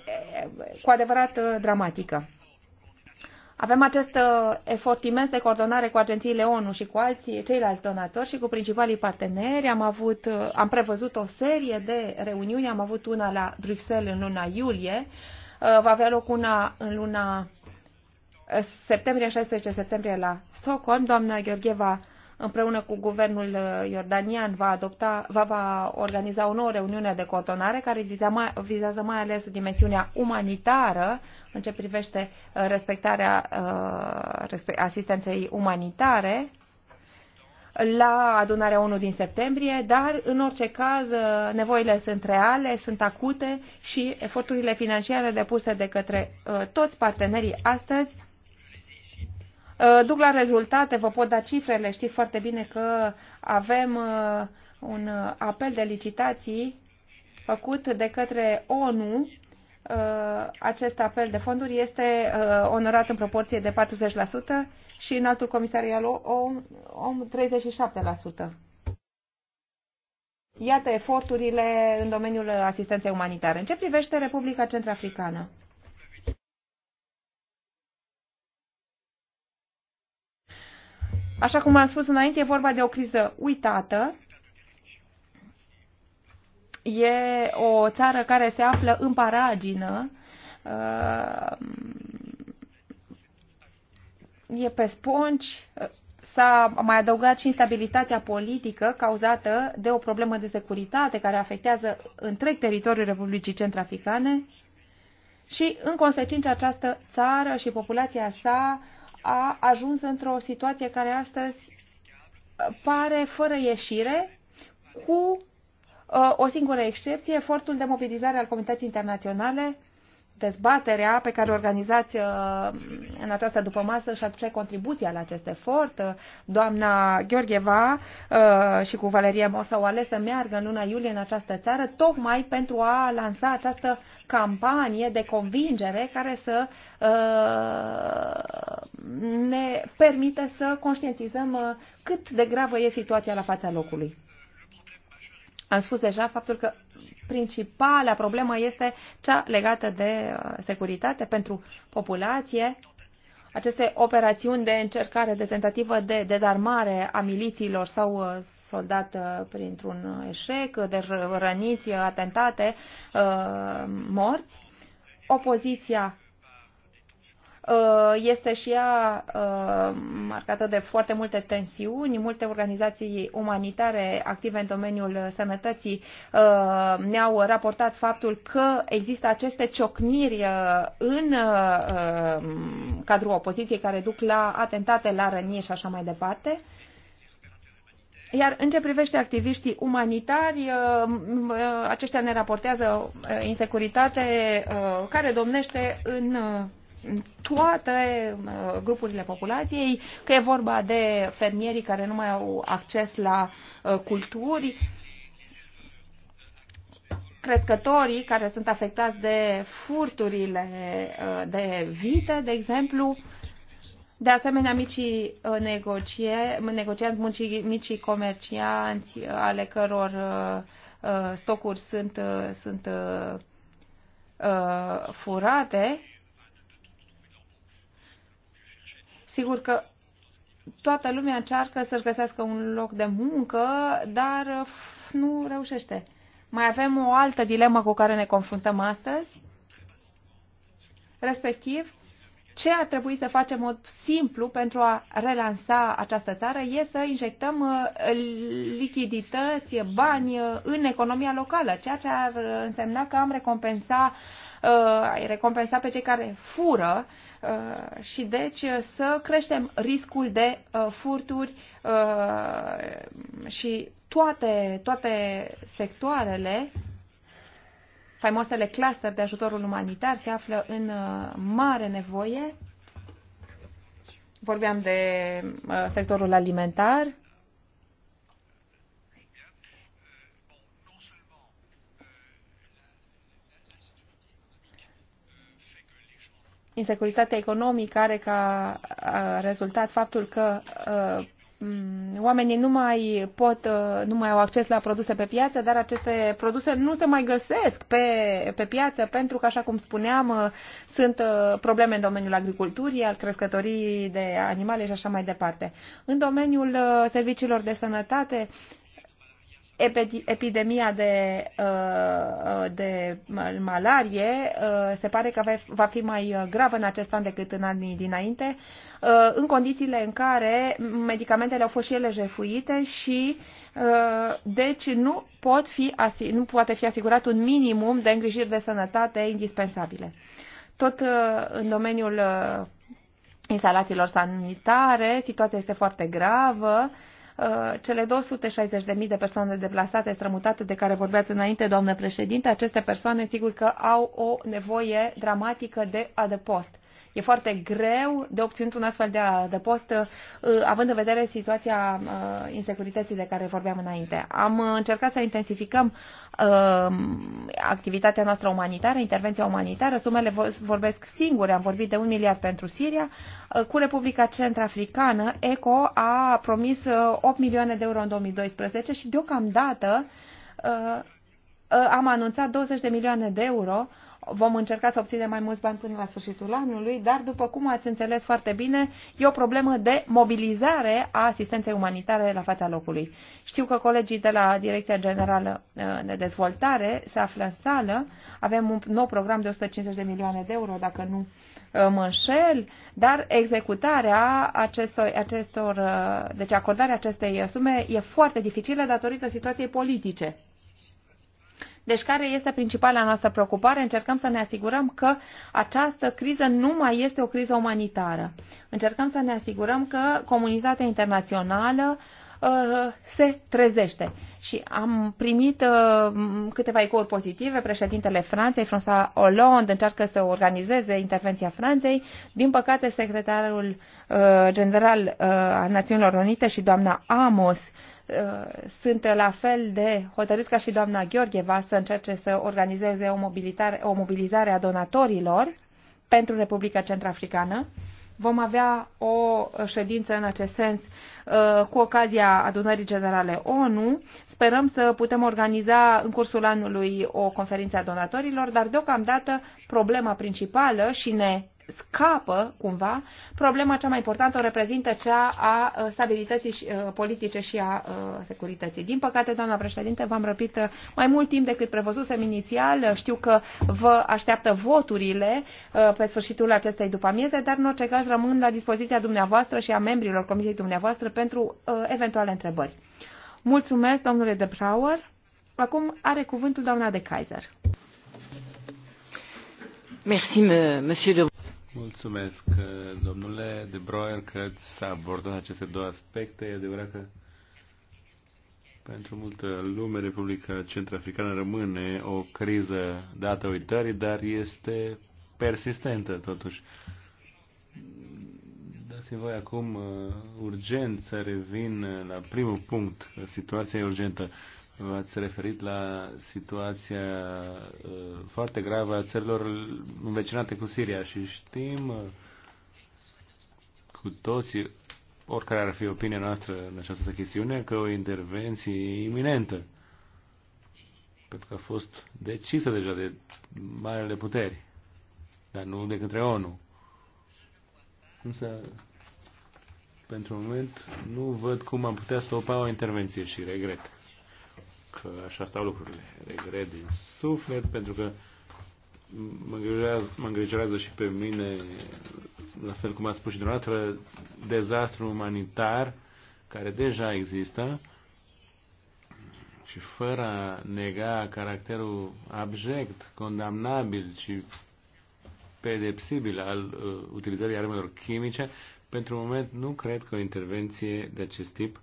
S5: cu adevărat uh, dramatică. Avem acest uh, efort imens de coordonare cu agențiile ONU și cu alții, ceilalți donatori și cu principalii parteneri. Am, avut, am prevăzut o serie de reuniuni, am avut una la Bruxelles în luna iulie, va avea loc una în luna septembrie, 16 septembrie la Stockholm. Doamna Gheorgheva împreună cu guvernul uh, iordanian va, adopta, va, va organiza o nouă reuniune de coordonare care viza mai, vizează mai ales dimensiunea umanitară în ce privește uh, respectarea uh, respect, asistenței umanitare la adunarea 1 din septembrie, dar în orice caz nevoile sunt reale, sunt acute și eforturile financiare depuse de către toți partenerii astăzi Uh, duc la rezultate, vă pot da cifrele, știți foarte bine că avem uh, un uh, apel de licitații făcut de către ONU. Acest apel de fonduri este onorat în proporție de 40% și în altul comisarial OM 37%. Iată eforturile în domeniul asistenței umanitare. În ce privește Republica Centrafricană? Așa cum am spus înainte, e vorba de o criză uitată. E o țară care se află în paragină. E pe sponci. S-a mai adăugat și instabilitatea politică cauzată de o problemă de securitate care afectează întreg teritoriul Republicii Centrafricane și, în consecință, această țară și populația sa a ajuns într-o situație care astăzi uh, pare fără ieșire, cu uh, o singură excepție, efortul de mobilizare al comunității internaționale dezbaterea pe care o organizați uh, în această dupămasă și aduce contribuția la acest efort. Doamna Gheorgheva uh, și cu Valeria au ales să meargă în luna iulie în această țară, tocmai pentru a lansa această campanie de convingere care să uh, ne permite să conștientizăm cât de gravă e situația la fața locului. Am spus deja faptul că principala problemă este cea legată de uh, securitate pentru populație. Aceste operațiuni de încercare, de tentativă de dezarmare a milițiilor sau uh, soldat uh, printr-un eșec, de răniți, atentate, morți. Opoziția Uh, este și ea uh, marcată de foarte multe tensiuni, multe organizații umanitare active în domeniul sănătății uh, ne-au raportat faptul că există aceste ciocniri în cadrul opoziției care duc la atentate, la rănie și așa mai departe. Iar în ce privește activiștii umanitari, aceștia ne raportează insecuritate care domnește în toate uh, grupurile populației, că e vorba de fermierii care nu mai au acces la uh, culturi, crescătorii care sunt afectați de furturile uh, de vite, de exemplu, de asemenea, micii negocie, negocianți, muncii, micii comercianți, ale căror stocuri sunt, sunt furate, Sigur că toată lumea încearcă să-și găsească un loc de muncă, dar nu reușește. Mai avem o altă dilemă cu care ne confruntăm astăzi, respectiv ce ar trebui să facem mod simplu pentru a relansa această țară e să injectăm uh, lichidități, bani uh, în economia locală, ceea ce ar însemna că am recompensa, uh, ai recompensa pe cei care fură Uh, și deci uh, să creștem riscul de uh, furturi și toate, toate sectoarele, faimoasele cluster de ajutorul umanitar se află în mare nevoie. Vorbeam de sectorul alimentar, insecuritatea economică are ca rezultat faptul că oamenii nu mai pot, nu mai au acces la produse pe piață, dar aceste produse nu se mai găsesc pe, pe piață pentru că, așa cum spuneam, sunt probleme în domeniul agriculturii, al crescătorii de animale și așa mai departe. În domeniul serviciilor de sănătate, epidemia de, uh, de malarie uh, se pare că va fi mai gravă în acest an decât în anii dinainte, uh, în condițiile în care medicamentele au fost și ele jefuite și deci nu, pot fi, nu poate fi asigurat un minimum de îngrijiri de sănătate indispensabile. Tot în domeniul instalațiilor sanitare, situația este foarte gravă Uh, cele 260.000 de persoane deplasate, strămutate, de care vorbeați înainte, doamnă președinte, aceste persoane sigur că au o nevoie dramatică de adăpost. E foarte greu de obținut un astfel de adăpost, uh, având în vedere situația uh, insecurității de care vorbeam înainte. Am uh, încercat să intensificăm activitatea noastră umanitară, intervenția umanitară. Sumele vorbesc singure, am vorbit de un miliard pentru Siria. Cu Republica Centrafricană, ECO a promis 8 milioane de euro în 2012 și deocamdată Ă, am anunțat 20 de milioane de euro. Vom încerca să obținem mai mulți bani până la sfârșitul anului, dar după cum ați înțeles foarte bine, e o problemă de mobilizare a asistenței umanitare la fața locului. Știu că colegii de la Direcția Generală ă, de Dezvoltare se află în sală. Avem un nou program de 150 de milioane de euro, dacă nu ă, mă înșel, dar executarea acestor, acestor deci acordarea acestei sume e foarte dificilă datorită situației politice deci care este principala noastră preocupare? Încercăm să ne asigurăm că această criză nu mai este o criză umanitară. Încercăm să ne asigurăm că comunitatea internațională uh, se trezește. Și am primit uh, câteva ecouri pozitive. Președintele Franței, François Hollande, încearcă să organizeze intervenția Franței. Din păcate, secretarul uh, general al Națiunilor Unite și doamna Amos Uh, sunt la fel de hotărâți ca și doamna Gheorgheva să încerce să organizeze o, o mobilizare a donatorilor pentru Republica Centrafricană. Vom avea o ședință în acest sens uh, cu ocazia adunării generale ONU. Sperăm să putem organiza în cursul anului o conferință a donatorilor, dar deocamdată problema principală și ne scapă cumva, problema cea mai importantă o reprezintă cea a uh, stabilității uh, politice și a uh, securității. Din păcate, doamna președinte, v-am răpit mai mult timp decât prevăzusem inițial. Știu că vă așteaptă voturile pe sfârșitul acestei după amieze, dar în orice caz rămân la dispoziția dumneavoastră și a membrilor comisiei dumneavoastră pentru eventuale întrebări. Mulțumesc, domnule de Brauer. Acum are cuvântul doamna de Kaiser.
S2: Merci, monsieur de Mulțumesc, domnule De Broer, că s-a abordat aceste două aspecte. E adevărat că pentru multă lume Republica Centrafricană rămâne o criză dată uitării, dar este persistentă totuși. Dați-mi voi acum uh, urgent să revin uh, la primul punct, situația urgentă. V-ați referit la situația uh, foarte gravă a țărilor învecinate cu Siria și știm uh, cu toții, oricare ar fi opinia noastră în această chestiune, că o intervenție iminentă. Pentru că a fost decisă deja de marele puteri, dar nu de către ONU. Însă, pentru moment, nu văd cum am putea stopa o intervenție și regret că așa stau lucrurile. Regret din suflet pentru că mă îngrijorează, mă și pe mine, la fel cum a spus și dumneavoastră, dezastru umanitar care deja există și fără a nega caracterul abject, condamnabil și pedepsibil al uh, utilizării armelor chimice, pentru moment nu cred că o intervenție de acest tip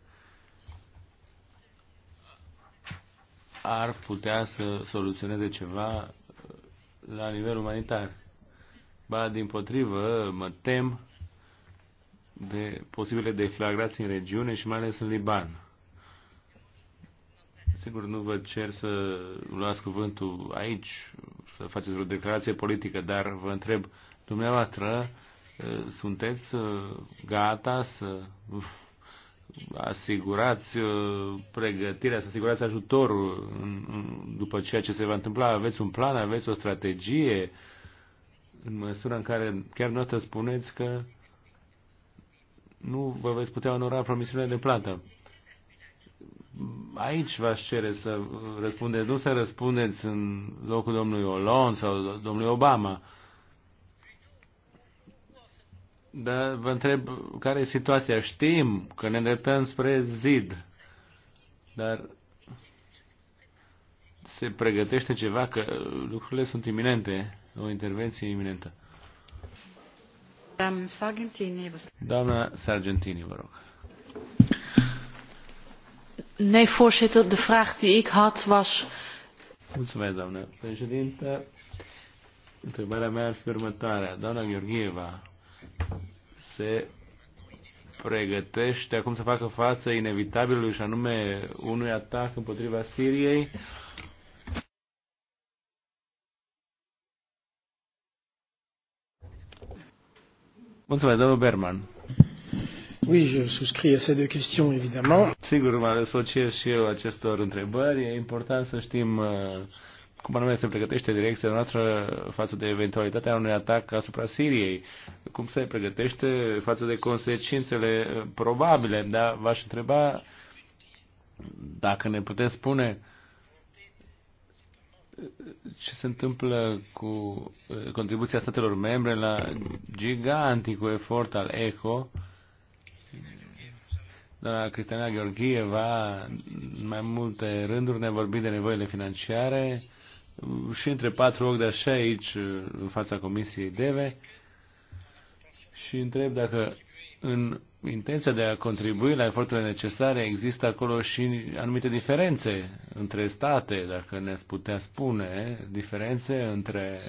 S2: ar putea să soluționeze ceva uh, la nivel umanitar. Ba, din potrivă, mă tem de posibile deflagrații în regiune și mai ales în Liban. Sigur, nu vă cer să luați cuvântul aici, să faceți o declarație politică, dar vă întreb, dumneavoastră, uh, sunteți uh, gata să asigurați uh, pregătirea, să asigurați ajutorul după ceea ce se va întâmpla. Aveți un plan, aveți o strategie în măsura în care chiar noastră spuneți că nu vă veți putea onora promisiunea de plată. Aici v-aș cere să răspundeți, nu să răspundeți în locul domnului Olon sau domnului Obama. Uh, dar vă întreb care e situația. Știm că ne îndreptăm spre zid, dar se pregătește ceva, că lucrurile sunt iminente, o intervenție iminentă.
S1: Sargentini.
S2: Doamna Sargentini, vă rog.
S1: Nee, voorzitter, de vraag die ik had was...
S2: Mulțumesc, doamnă președintă. Întrebarea mea ar fi următoarea. Doamna Gheorgheva se pregătește acum să facă față inevitabilului și anume unui atac împotriva Siriei. Mulțumesc, domnul Berman.
S5: Oui, je souscris à ces deux questions, évidemment.
S2: Sigur, mă asociez și eu acestor întrebări. E important să știm uh, cum anume se pregătește direcția noastră față de eventualitatea unui atac asupra Siriei, cum se pregătește față de consecințele probabile, dar v-aș întreba dacă ne puteți spune ce se întâmplă cu eh, contribuția statelor membre la giganticul efort al ECO. Doamna Cristina Gheorghieva, în mai multe rânduri ne vorbit de nevoile financiare și între patru ochi, dar și aici, în fața Comisiei DEVE, și întreb dacă în intenția de a contribui la eforturile necesare există acolo și anumite diferențe între state, dacă ne putea spune, diferențe între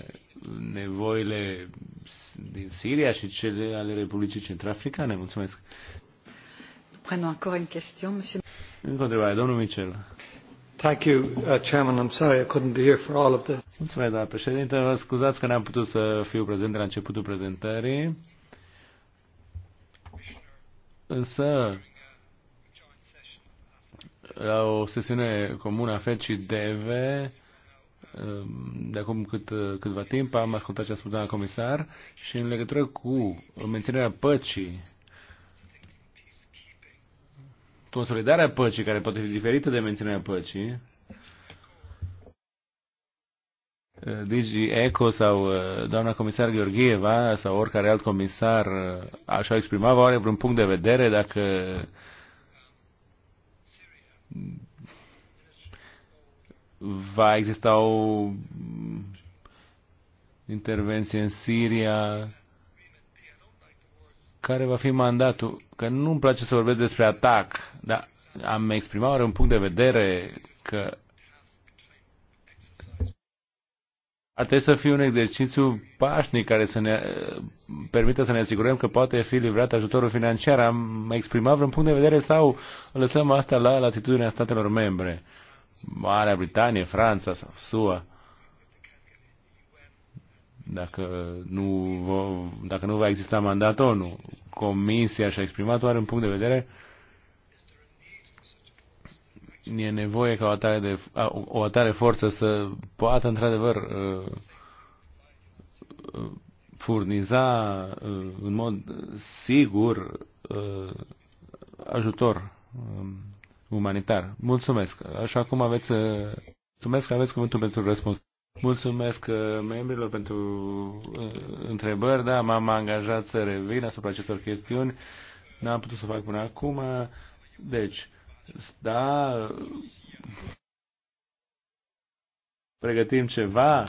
S2: nevoile din Siria și cele ale Republicii Centrafricane. Mulțumesc. Încă o întrebare, domnul Michel.
S4: Mulțumesc,
S2: doamnă președinte. Vă scuzați că n-am putut să fiu prezent de la începutul prezentării. Însă, la o sesiune comună a FED și DV, um, de acum cât, câtva timp am ascultat ce a spus doamna comisar și în legătură cu menținerea păcii consolidarea păcii, care poate fi diferită de menținerea păcii, uh, Digi Eco sau uh, doamna comisar Gheorgheva sau oricare alt comisar uh, așa exprimava, oare vreun punct de vedere dacă va exista o intervenție în Siria care va fi mandatul. Că nu mi place să vorbesc despre atac, dar am exprimat oare un punct de vedere că ar trebui să fie un exercițiu pașnic care să ne permită să ne asigurăm că poate fi livrat ajutorul financiar. Am exprimat vreun punct de vedere sau lăsăm asta la latitudinea statelor membre? Marea Britanie, Franța sau SUA? dacă nu, va, dacă nu va exista mandatul, nu. Comisia și-a exprimat oare în punct de vedere e nevoie ca o atare, de, o atare forță să poată într-adevăr uh, uh, furniza uh, în mod sigur ajutor um, umanitar. Mulțumesc. Așa cum aveți, mulțumesc că aveți cuvântul pentru răspuns. Mulțumesc uh, membrilor pentru uh, întrebări. Da, m-am angajat să revin asupra acestor chestiuni. N-am putut să fac până acum. Deci, da, pregătim ceva.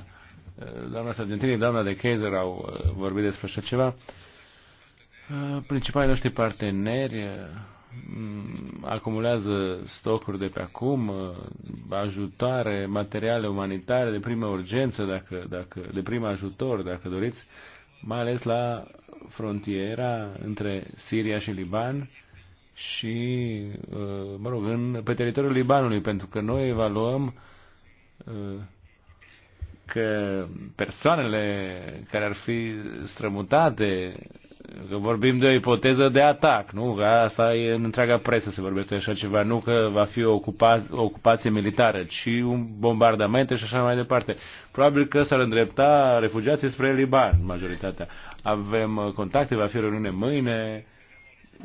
S2: Uh, doamna Sargentini, doamna de Kaiser au vorbit despre așa ceva. Principalii noștri parteneri Mm, acumulează stocuri de pe acum, uh, ajutoare, materiale umanitare de primă urgență, dacă, dacă, de prim ajutor, dacă doriți, mai ales la frontiera între Siria și Liban și, uh, mă rog, în, pe teritoriul Libanului, pentru că noi evaluăm uh, că persoanele care ar fi strămutate Că vorbim de o ipoteză de atac, nu? Că asta e în întreaga presă se vorbește așa ceva, nu că va fi o, ocupa, o ocupație militară, ci un bombardament și așa mai departe. Probabil că s-ar îndrepta refugiații spre Liban, majoritatea. Avem uh, contacte, va fi o reuniune mâine,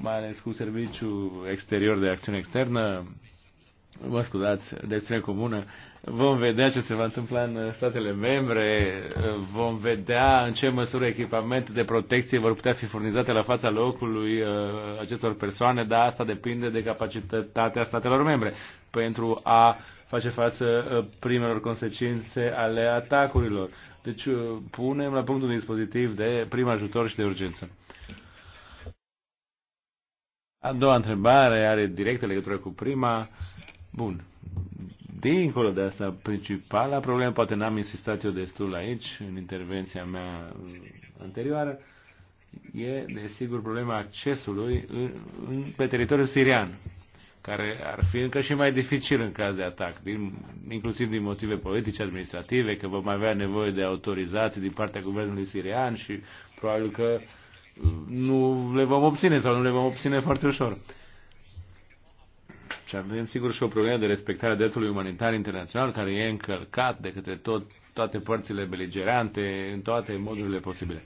S2: mai ales cu Serviciul Exterior de Acțiune Externă, mă scuzați, de comună, vom vedea ce se va întâmpla în statele membre, vom vedea în ce măsură echipamente de protecție vor putea fi furnizate la fața locului uh, acestor persoane, dar asta depinde de capacitatea statelor membre pentru a face față uh, primelor consecințe ale atacurilor. Deci uh, punem la punct un dispozitiv de prim ajutor și de urgență. A doua întrebare are directă legătură cu prima. Bun. Dincolo de asta, principala problemă, poate n-am insistat eu destul aici, în intervenția mea anterioară, e, desigur, problema accesului în, în, pe teritoriul sirian, care ar fi încă și mai dificil în caz de atac, din, inclusiv din motive politice, administrative, că vom avea nevoie de autorizații din partea guvernului sirian și probabil că nu le vom obține sau nu le vom obține foarte ușor. Deci avem sigur și o problemă de respectare a dreptului umanitar internațional care e încălcat de către tot, toate părțile beligerante în toate modurile posibile.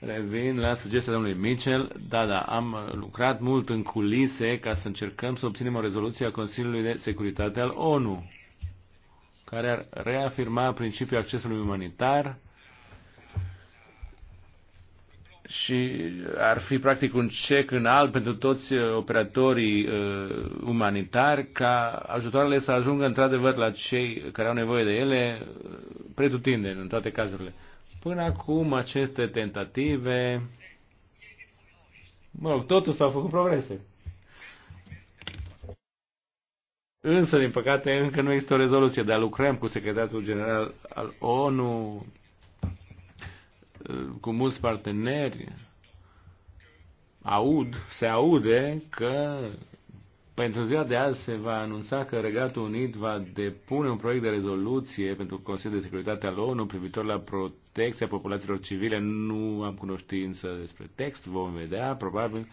S2: Revin la sugestia domnului Mitchell. Da, da, am lucrat mult în culise ca să încercăm să obținem o rezoluție a Consiliului de Securitate al ONU, care ar reafirma principiul accesului umanitar și ar fi practic un cec în alb pentru toți uh, operatorii uh, umanitari ca ajutoarele să ajungă într-adevăr la cei care au nevoie de ele uh, pretutindeni în toate cazurile. Până acum aceste tentative, mă rog, totul s-au făcut progrese. Însă, din păcate, încă nu există o rezoluție, dar lucrăm cu Secretarul General al ONU Uh, cu mulți parteneri aud, se aude că pentru ziua de azi se va anunța că Regatul Unit va depune un proiect de rezoluție pentru Consiliul de Securitate al ONU privitor la protecția populațiilor civile. Nu am cunoștință despre text, vom vedea, probabil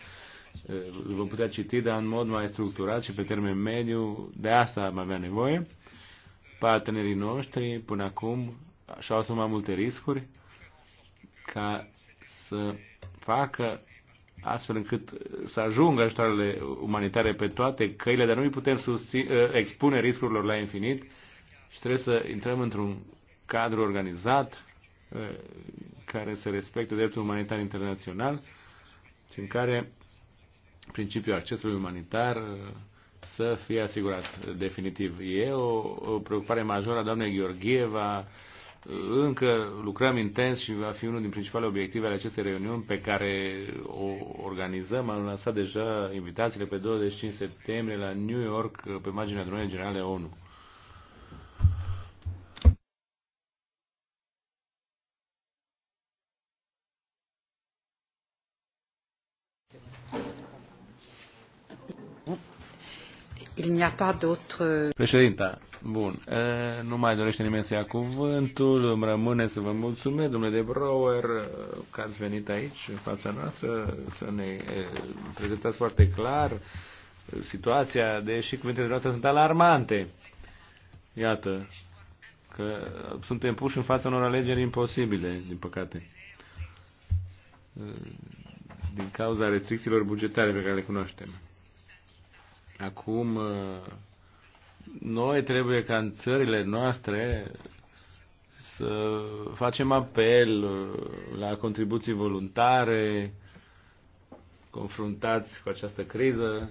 S2: uh, vom putea citi, dar în mod mai structurat și pe termen mediu, de asta am avea nevoie. Partenerii noștri până acum și-au asumat multe riscuri ca să facă astfel încât să ajungă ajutoarele umanitare pe toate căile, dar nu îi putem susține, uh, expune riscurilor la infinit și trebuie să intrăm într-un cadru organizat uh, care să respecte dreptul umanitar internațional și în care principiul accesului umanitar uh, să fie asigurat definitiv. E o, o preocupare majoră a doamnei Gheorgheva, încă lucrăm intens și va fi unul din principalele obiective ale acestei reuniuni pe care o organizăm. Am lansat deja invitațiile pe 25 septembrie la New York pe marginea drumului generale ONU.
S1: Euh,
S2: Președinta, bun, nu mai dorește nimeni să ia cuvântul, îmi rămâne să vă mulțumesc, domnule de Brouwer, că ați venit aici, în fața noastră, să ne prezentați foarte clar situația, deși cuvintele noastre sunt alarmante. Iată, că suntem puși în fața unor alegeri imposibile, din păcate. Din cauza restricțiilor bugetare pe care le cunoaștem. Acum, uh, noi trebuie ca în țările noastre să facem apel uh, la contribuții voluntare, confruntați cu această criză.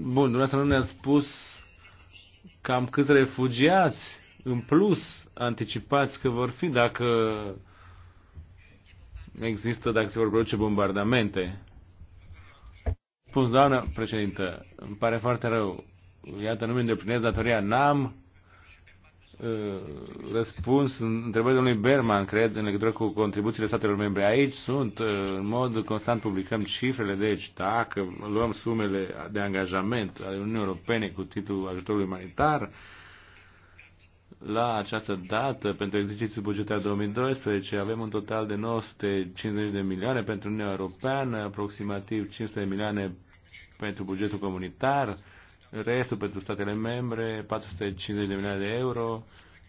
S2: Bun, dumneavoastră nu ne-a spus cam câți refugiați în plus anticipați că vor fi dacă există, dacă se vor produce bombardamente spus, doamnă președintă, îmi pare foarte rău, iată, nu mi îndeplinesc datoria, n-am uh, răspuns întrebării domnului Berman, cred, în legătură cu contribuțiile statelor membre. Aici sunt, uh, în mod constant publicăm cifrele, deci dacă luăm sumele de angajament ale Uniunii Europene cu titlul ajutorului umanitar, la această dată, pentru exercițiul bugetar 2012, avem un total de 950 de milioane pentru Uniunea Europeană, aproximativ 500 de milioane pentru bugetul comunitar, restul pentru statele membre, 450 de milioane de euro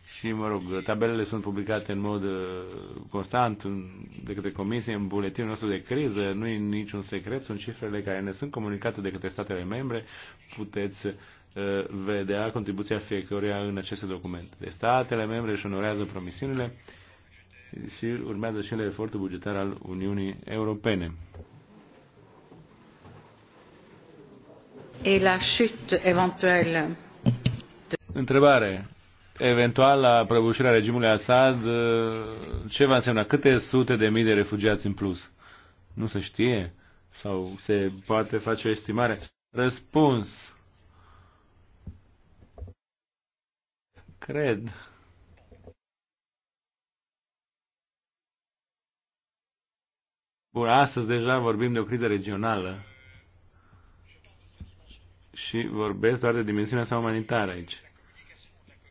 S2: și, mă rog, tabelele sunt publicate în mod uh, constant de către comisie în buletinul nostru de criză, nu e niciun secret, sunt cifrele care ne sunt comunicate de către statele membre, puteți uh, vedea contribuția fiecăruia în aceste documente. De deci, statele membre își onorează promisiunile și urmează și efortul bugetar al Uniunii Europene. Întrebare. Eventuala prăbușirea regimului Assad, ce va însemna? Câte sute de mii de refugiați în plus? Nu se știe? Sau se poate face o estimare? Răspuns. Cred. Bun, astăzi deja vorbim de o criză regională și vorbesc doar de dimensiunea sa umanitară aici.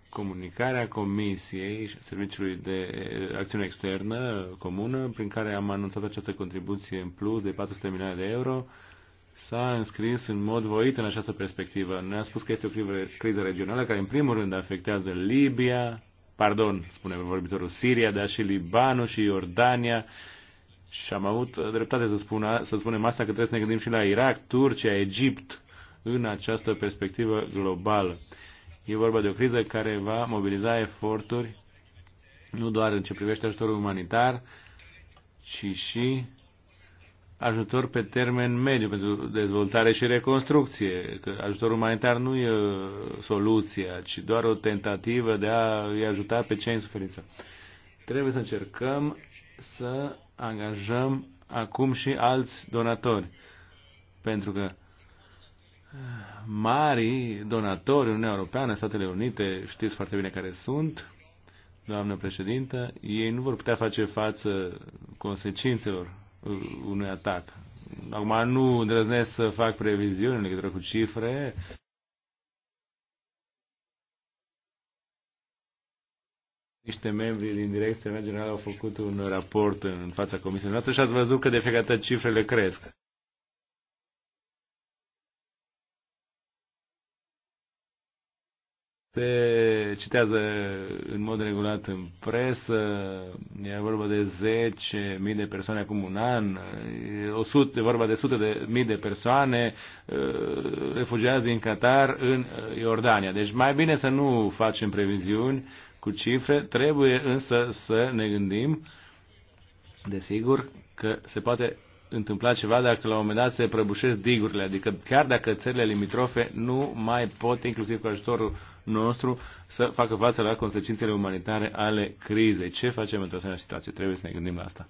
S2: Comunicarea Comisiei și Serviciului de Acțiune Externă Comună, prin care am anunțat această contribuție în plus de 400 milioane de euro, s-a înscris în mod voit în această perspectivă. Ne-a spus că este o criză regională care, în primul rând, afectează Libia, pardon, spune vorbitorul, Siria, dar și Libanul și Iordania. Și am avut dreptate să, spun, să spunem asta, că trebuie să ne gândim și la Irak, Turcia, Egipt, în această perspectivă globală. E vorba de o criză care va mobiliza eforturi nu doar în ce privește ajutorul umanitar, ci și ajutor pe termen mediu pentru dezvoltare și reconstrucție. Că ajutorul umanitar nu e uh, soluția, ci doar o tentativă de a îi ajuta pe cei în suferință. Trebuie să încercăm să angajăm acum și alți donatori. Pentru că mari donatori, Uniunea Europeană, Statele Unite, știți foarte bine care sunt, doamnă președintă, ei nu vor putea face față consecințelor uh, unui atac. Acum nu îndrăznesc să fac previziuni în legătură cu cifre, niște membri din direcția mea generală au făcut un raport în fața comisiei noastre și ați văzut că de fiecare dată cifrele cresc. se citează în mod regulat în presă, e vorba de 10.000 de persoane acum un an, 100, e vorba de sute de mii de persoane refugiați din Qatar în Iordania. Deci mai bine să nu facem previziuni cu cifre, trebuie însă să ne gândim, desigur, că se poate întâmpla ceva dacă la un moment dat se prăbușesc digurile, adică chiar dacă țările limitrofe nu mai pot, inclusiv cu ajutorul nostru, să facă față la consecințele umanitare ale crizei. Ce facem într-o asemenea situație? Trebuie să ne gândim la asta.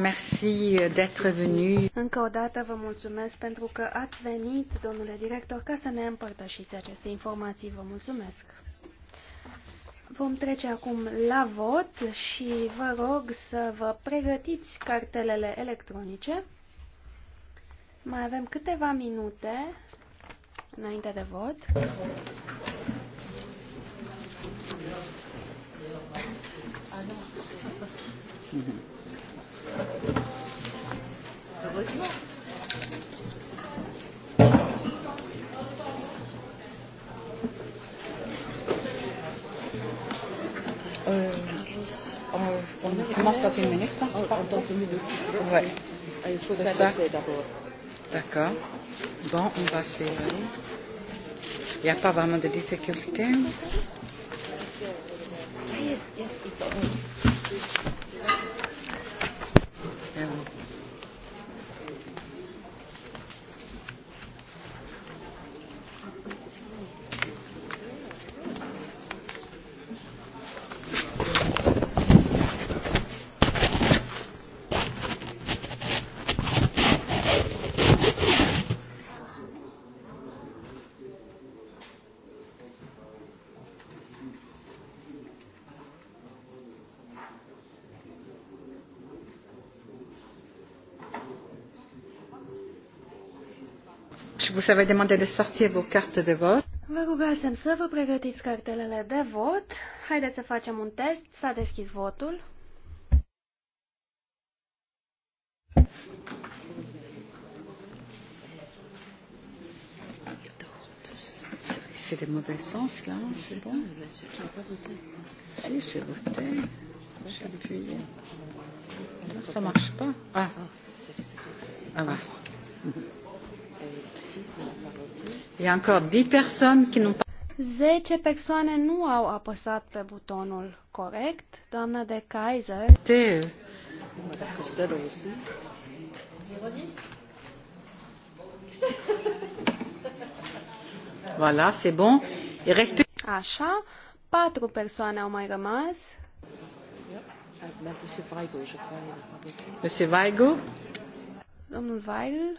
S3: Merci
S1: d'être venu.
S3: Încă o dată vă mulțumesc pentru că ați venit, domnule director, ca să ne împărtășiți aceste informații. Vă mulțumesc. Vom trece acum la vot și vă rog să vă pregătiți cartelele electronice. Mai avem câteva minute înainte de vot. Mm-hmm.
S1: commence dans une minute, hein, c'est pas Dans
S4: une minute. Ouais. Da. ça.
S1: D'accord. Bon, on va Da. Il n'y a pas vraiment de difficulté. Yes, yes, it's vous avez demandé de sortir vos cartes de vote.
S3: Vă rugasem să vă pregătiți cartelele de vot. Haideți să facem un test. S-a deschis votul.
S1: C'est de mauvais sens là,
S4: c'est bon Si, j'ai voté. appuyé. Ça marche pas. Ah. Ah bah. Il încă 10
S1: persoane
S3: care n'ont 10 persoane nu au apăsat pe butonul corect. Doamna de Kaiser. Te. Voilà, c'est bon. Il reste... Așa, patru persoane au mai rămas.
S4: Monsieur Weigel.
S3: Domnul Weigel.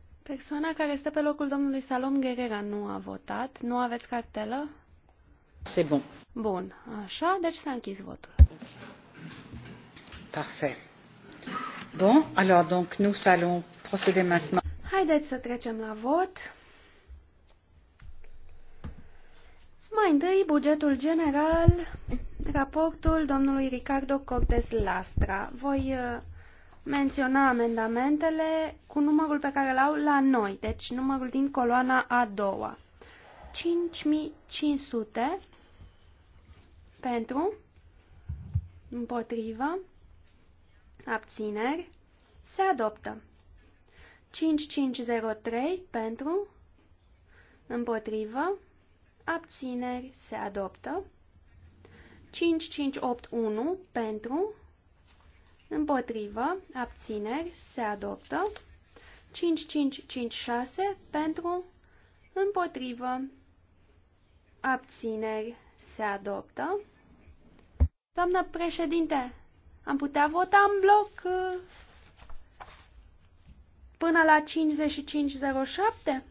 S3: Persoana care stă pe locul domnului Salom Gherera nu a votat. Nu aveți cartelă? Se bun. Bun. Așa, deci s-a închis votul.
S1: Parfait. Bun, alors donc nous allons procéder maintenant.
S3: Haideți să trecem la vot. Mai întâi, bugetul general, raportul domnului Ricardo Cortez Lastra. Voi uh, menționa amendamentele cu numărul pe care îl au la noi, deci numărul din coloana a doua. 5500 pentru, împotrivă, abțineri, se adoptă. 5503 pentru, împotrivă, abțineri, se adoptă. 5581 pentru, Împotrivă, abțineri, se adoptă. 5556 pentru, împotrivă, abțineri, se adoptă. Doamnă președinte, am putea vota în bloc uh, până la 5507?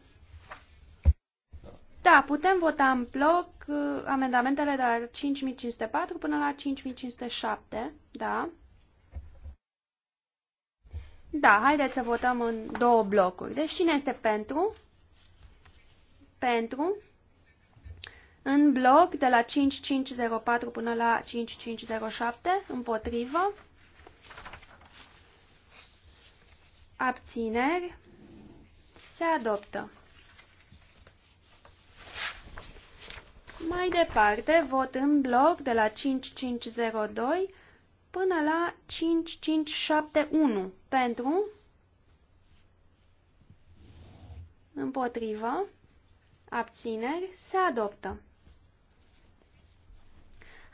S3: Da, putem vota în bloc uh, amendamentele de la 5504 până la 5507, da. Da, haideți să votăm în două blocuri. Deci cine este pentru? Pentru. În bloc de la 5504 până la 5507. Împotrivă. Abțineri. Se adoptă. Mai departe, vot în bloc de la 5502 până la 5571 pentru împotrivă abțineri se adoptă.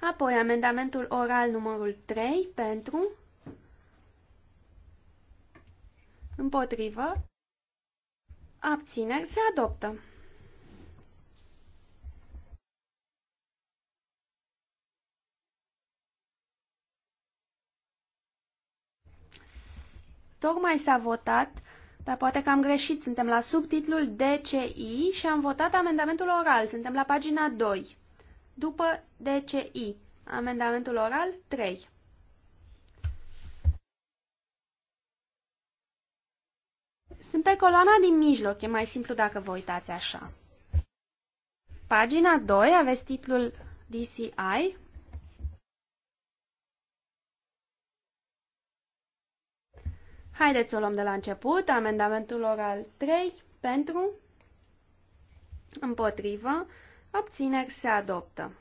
S3: Apoi amendamentul oral numărul 3 pentru împotrivă abțineri se adoptă. Tocmai s-a votat, dar poate că am greșit, suntem la subtitlul DCI și am votat amendamentul oral, suntem la pagina 2. După DCI, amendamentul oral 3. Sunt pe coloana din mijloc, e mai simplu dacă vă uitați așa. Pagina 2 aveți titlul DCI, Haideți să o luăm de la început. Amendamentul oral 3 pentru, împotrivă, obțineri se adoptă.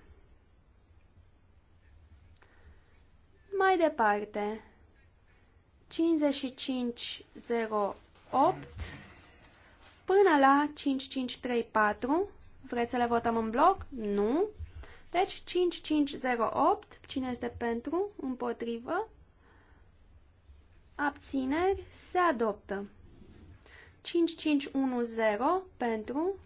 S3: Mai departe, 5508 până la 5534. Vreți să le votăm în bloc? Nu. Deci 5508, cine este pentru, împotrivă, abțineri, se adoptă. 5510 pentru,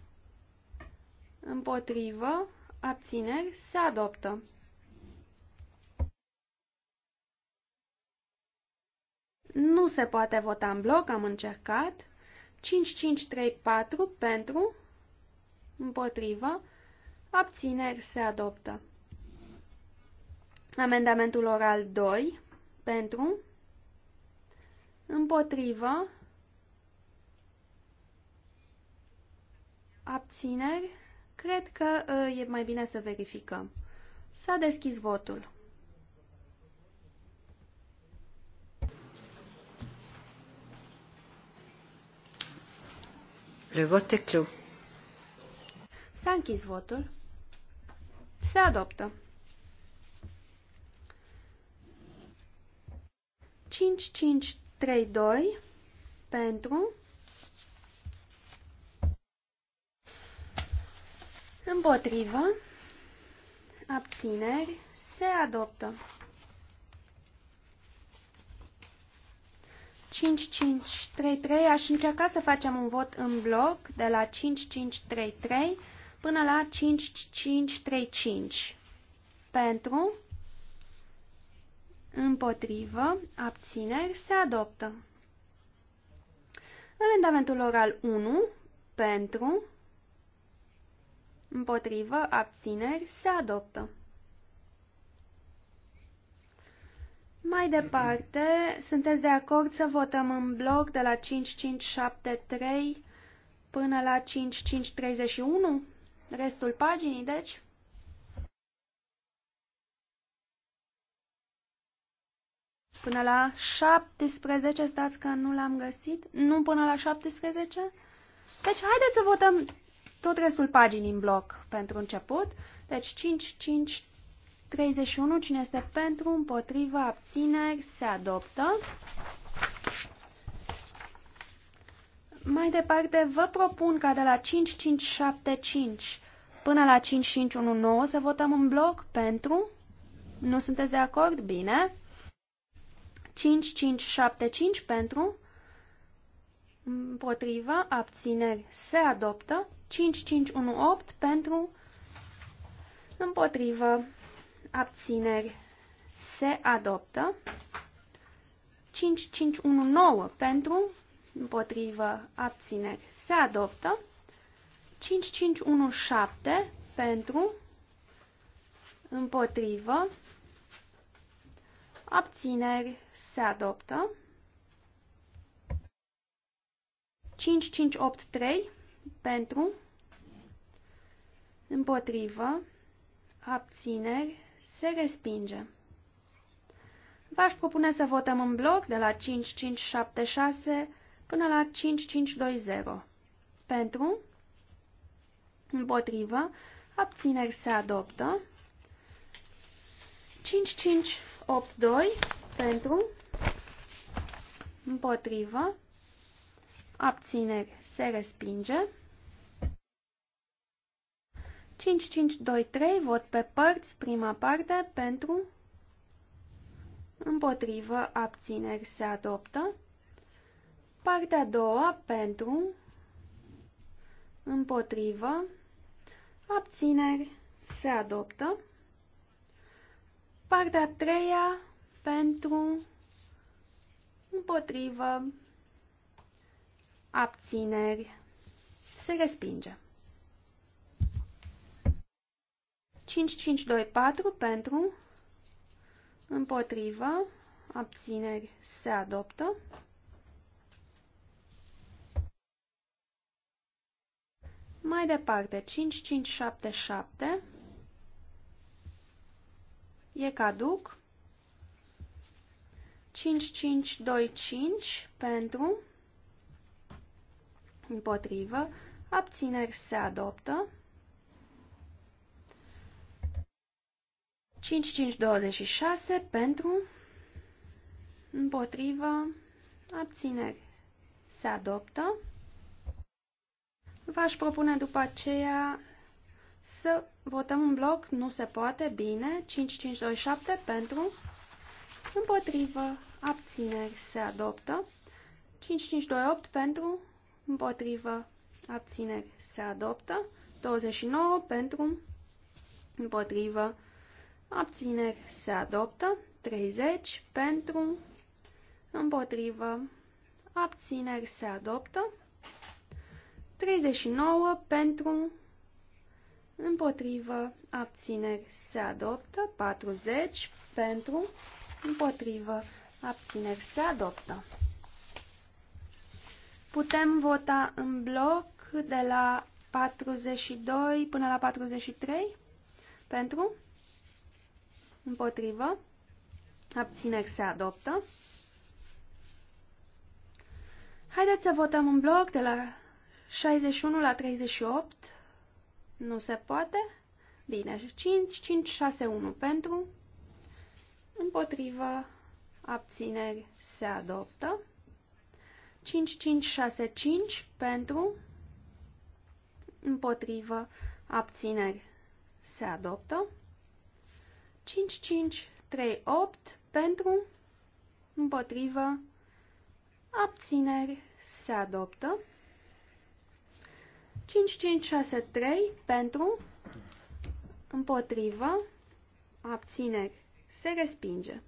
S3: împotrivă, abțineri, se adoptă. Nu se poate vota în bloc, am încercat. 5534 pentru, împotrivă, abțineri, se adoptă. Amendamentul oral 2 pentru, împotrivă, abțineri, cred că ă, e mai bine să verificăm. S-a deschis votul.
S1: Le vote clou.
S3: S-a închis votul. Se adoptă. 5 5 3-2 pentru împotrivă abțineri se adoptă 5533 aș încerca să facem un vot în bloc de la 5533 până la 5535 pentru Împotrivă, abțineri, se adoptă. Amendamentul oral 1, pentru, împotrivă, abțineri, se adoptă. Mai departe, sunteți de acord să votăm în bloc de la 5573 până la 5531? Restul paginii, deci? Până la 17, stați că nu l-am găsit. Nu până la 17? Deci haideți să votăm tot restul paginii în bloc pentru început. Deci 5, 5, 31, cine este pentru, împotriva, abțineri, se adoptă. Mai departe, vă propun ca de la 5, 5, 7, 5 până la 5, 5, 1, 9 să votăm în bloc pentru. Nu sunteți de acord? Bine. 5575 pentru, împotriva, abțineri, se adoptă. 5518 pentru, împotrivă, abțineri, se adoptă. 5519 pentru, împotrivă, abțineri, se adoptă. 5517 pentru, împotrivă, Abțineri se adoptă. 5583 pentru, împotrivă, abțineri se respinge. V-aș propune să votăm în bloc de la 5576 până la 5520. Pentru, împotrivă, abțineri se adoptă. 55 8-2 pentru, împotrivă, abțineri se respinge. 5523 vot pe părți, prima parte, pentru, împotrivă, abțineri se adoptă. Partea a doua, pentru, împotrivă, abțineri se adoptă. Partea a treia pentru, împotrivă, abțineri, se respinge. 5524 pentru, împotrivă, abțineri, se adoptă. Mai departe, 5577 E caduc. 5525 pentru, împotrivă, abțineri se adoptă. 5526 pentru, împotrivă, abțineri se adoptă. V-aș propune după aceea să votăm un bloc, nu se poate, bine, 5527 pentru, împotrivă, abțineri se adoptă, 5528 pentru, împotrivă, abțineri se adoptă, 29 pentru, împotrivă, abțineri se adoptă, 30 pentru, împotrivă, abțineri se adoptă, 39 pentru, împotrivă, abțineri se adoptă, 40 pentru, împotrivă, abțineri se adoptă. Putem vota în bloc de la 42 până la 43 pentru, împotrivă, abțineri se adoptă. Haideți să votăm în bloc de la 61 la 38 nu se poate? Bine, 5, 5, 6, 1 pentru, împotrivă, abțineri, se adoptă. 5, 5, 6, 5 pentru, împotrivă, abțineri, se adoptă. 5, 5, 3, 8 pentru, împotrivă, abțineri, se adoptă. 5563 pentru, împotrivă, abțineri, se respinge.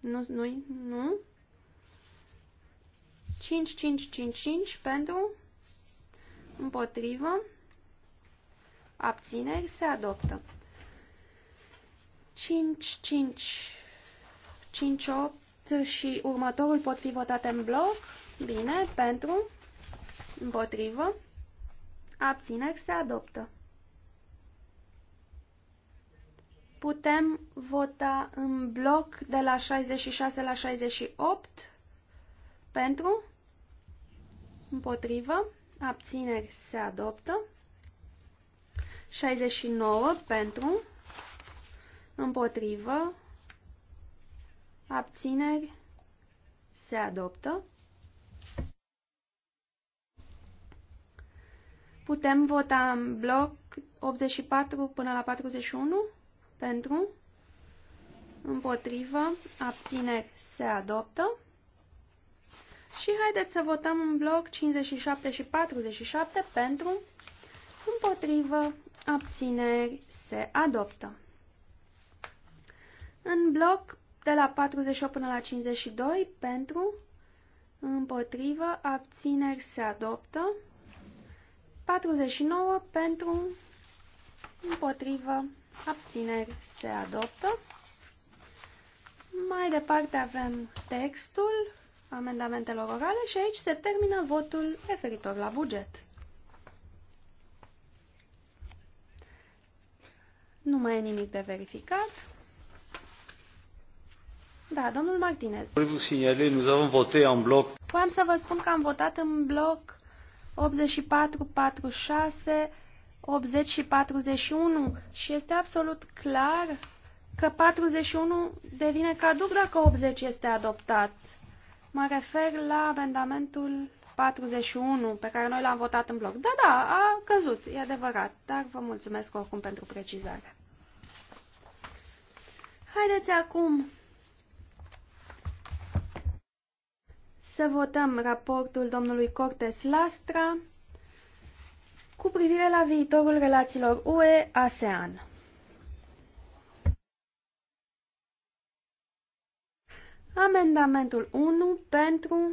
S3: Nu, nu, nu. 5555 pentru, împotrivă, abțineri, se adoptă. 5, 5, 5, 8 și următorul pot fi votate în bloc. Bine, pentru, împotrivă, abțineri se adoptă. Putem vota în bloc de la 66 la 68 pentru, împotrivă, abțineri se adoptă. 69 pentru, împotrivă, abțineri se adoptă. Putem vota în bloc 84 până la 41 pentru, împotrivă, abțineri se adoptă. Și haideți să votăm în bloc 57 și 47 pentru, împotrivă, abțineri se adoptă. În bloc de la 48 până la 52 pentru, împotrivă, abțineri se adoptă. 49 pentru, împotrivă, abțineri se adoptă. Mai departe avem textul amendamentelor orale și aici se termină votul referitor la buget. Nu mai e nimic de verificat. Da, domnul Martinez. Vreau să vă spun că am votat în bloc 84, 46, 80 și 41 și este absolut clar că 41 devine caduc dacă 80 este adoptat. Mă refer la amendamentul 41 pe care noi l-am votat în bloc. Da, da, a căzut, e adevărat, dar vă mulțumesc oricum pentru precizare. Haideți acum să votăm raportul domnului Cortes Lastra cu privire la viitorul relațiilor UE-ASEAN. Amendamentul 1 pentru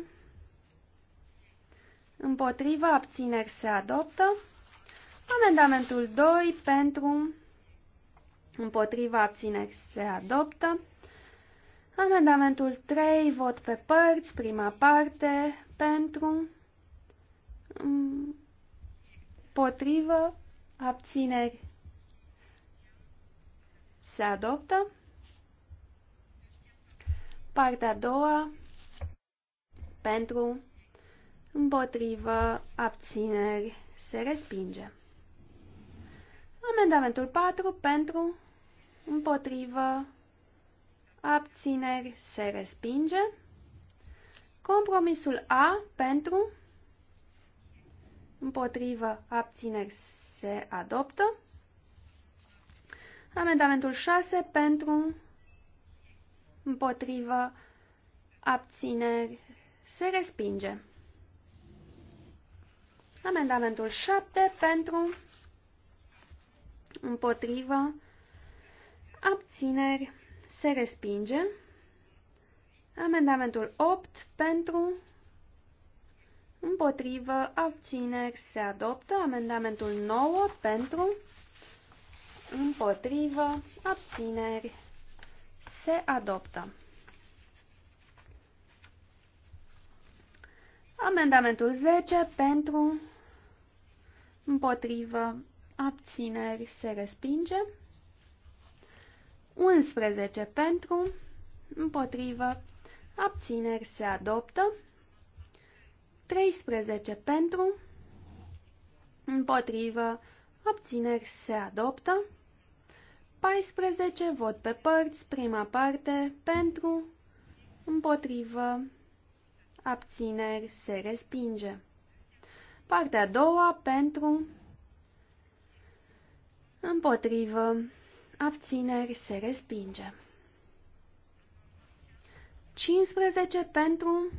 S3: împotriva abțineri se adoptă. Amendamentul 2 pentru împotriva abțineri se adoptă. Amendamentul 3, vot pe părți, prima parte, pentru, mm, potrivă, abțineri, se adoptă. Partea a doua, pentru, împotrivă, abțineri, se respinge. Amendamentul 4, pentru, împotrivă, abțineri, se respinge. Compromisul A pentru, împotrivă, abțineri, se adoptă. Amendamentul 6 pentru, împotrivă, abțineri, se respinge. Amendamentul 7 pentru, împotrivă, abțineri, se respinge. Amendamentul 8 pentru, împotrivă, abțineri se adoptă. Amendamentul 9 pentru, împotrivă, abțineri se adoptă. Amendamentul 10 pentru, împotrivă, abțineri se respinge. 11 pentru, împotrivă, abțineri se adoptă, 13 pentru, împotrivă, abțineri se adoptă, 14 vot pe părți, prima parte, pentru, împotrivă, abțineri se respinge. Partea a doua, pentru, împotrivă, abțineri, se respinge. 15 pentru,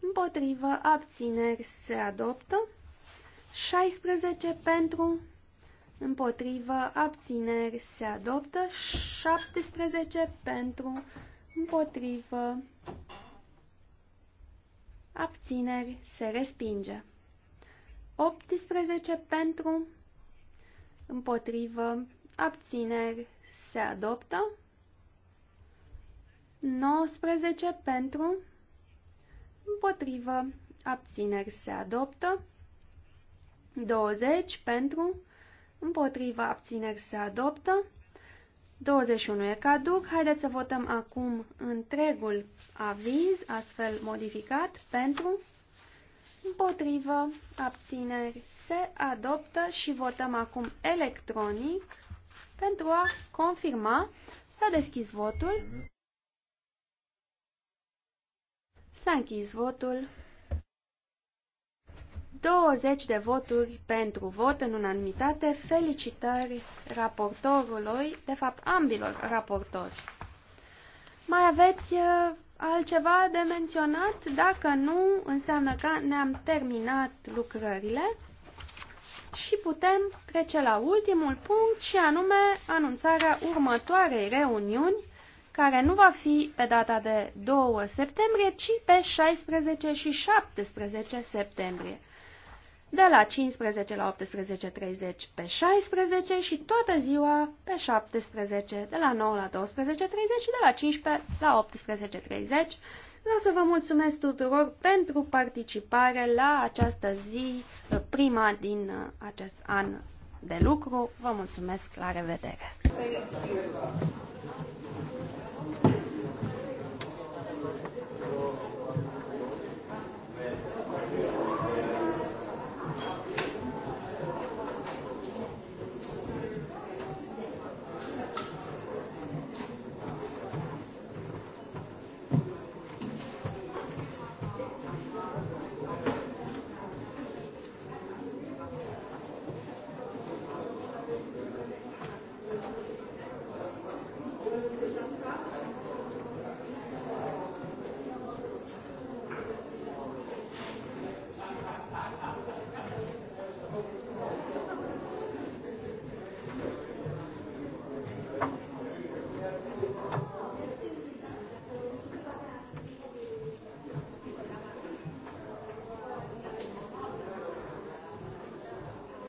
S3: împotrivă, abțineri, se adoptă. 16 pentru, împotrivă, abțineri, se adoptă. 17 pentru, împotrivă, abțineri, se respinge. 18 pentru, împotrivă, abțineri se adoptă, 19 pentru, împotrivă, abțineri se adoptă, 20 pentru, împotriva abțineri se adoptă, 21 e caduc, haideți să votăm acum întregul aviz, astfel modificat, pentru, împotrivă, abțineri se adoptă și votăm acum electronic pentru a confirma. S-a deschis votul. S-a închis votul. 20 de voturi pentru vot în unanimitate. Felicitări raportorului, de fapt ambilor raportori. Mai aveți uh, altceva de menționat? Dacă nu, înseamnă că ne-am terminat lucrările. Și putem trece la ultimul punct și anume anunțarea următoarei reuniuni, care nu va fi pe data de 2 septembrie, ci pe 16 și 17 septembrie. De la 15 la 18.30 pe 16 și toată ziua pe 17, de la 9 la 12.30 și de la 15 la 18.30 Vreau să vă mulțumesc tuturor pentru participare la această zi, prima din uh, acest an de lucru. Vă mulțumesc, la revedere!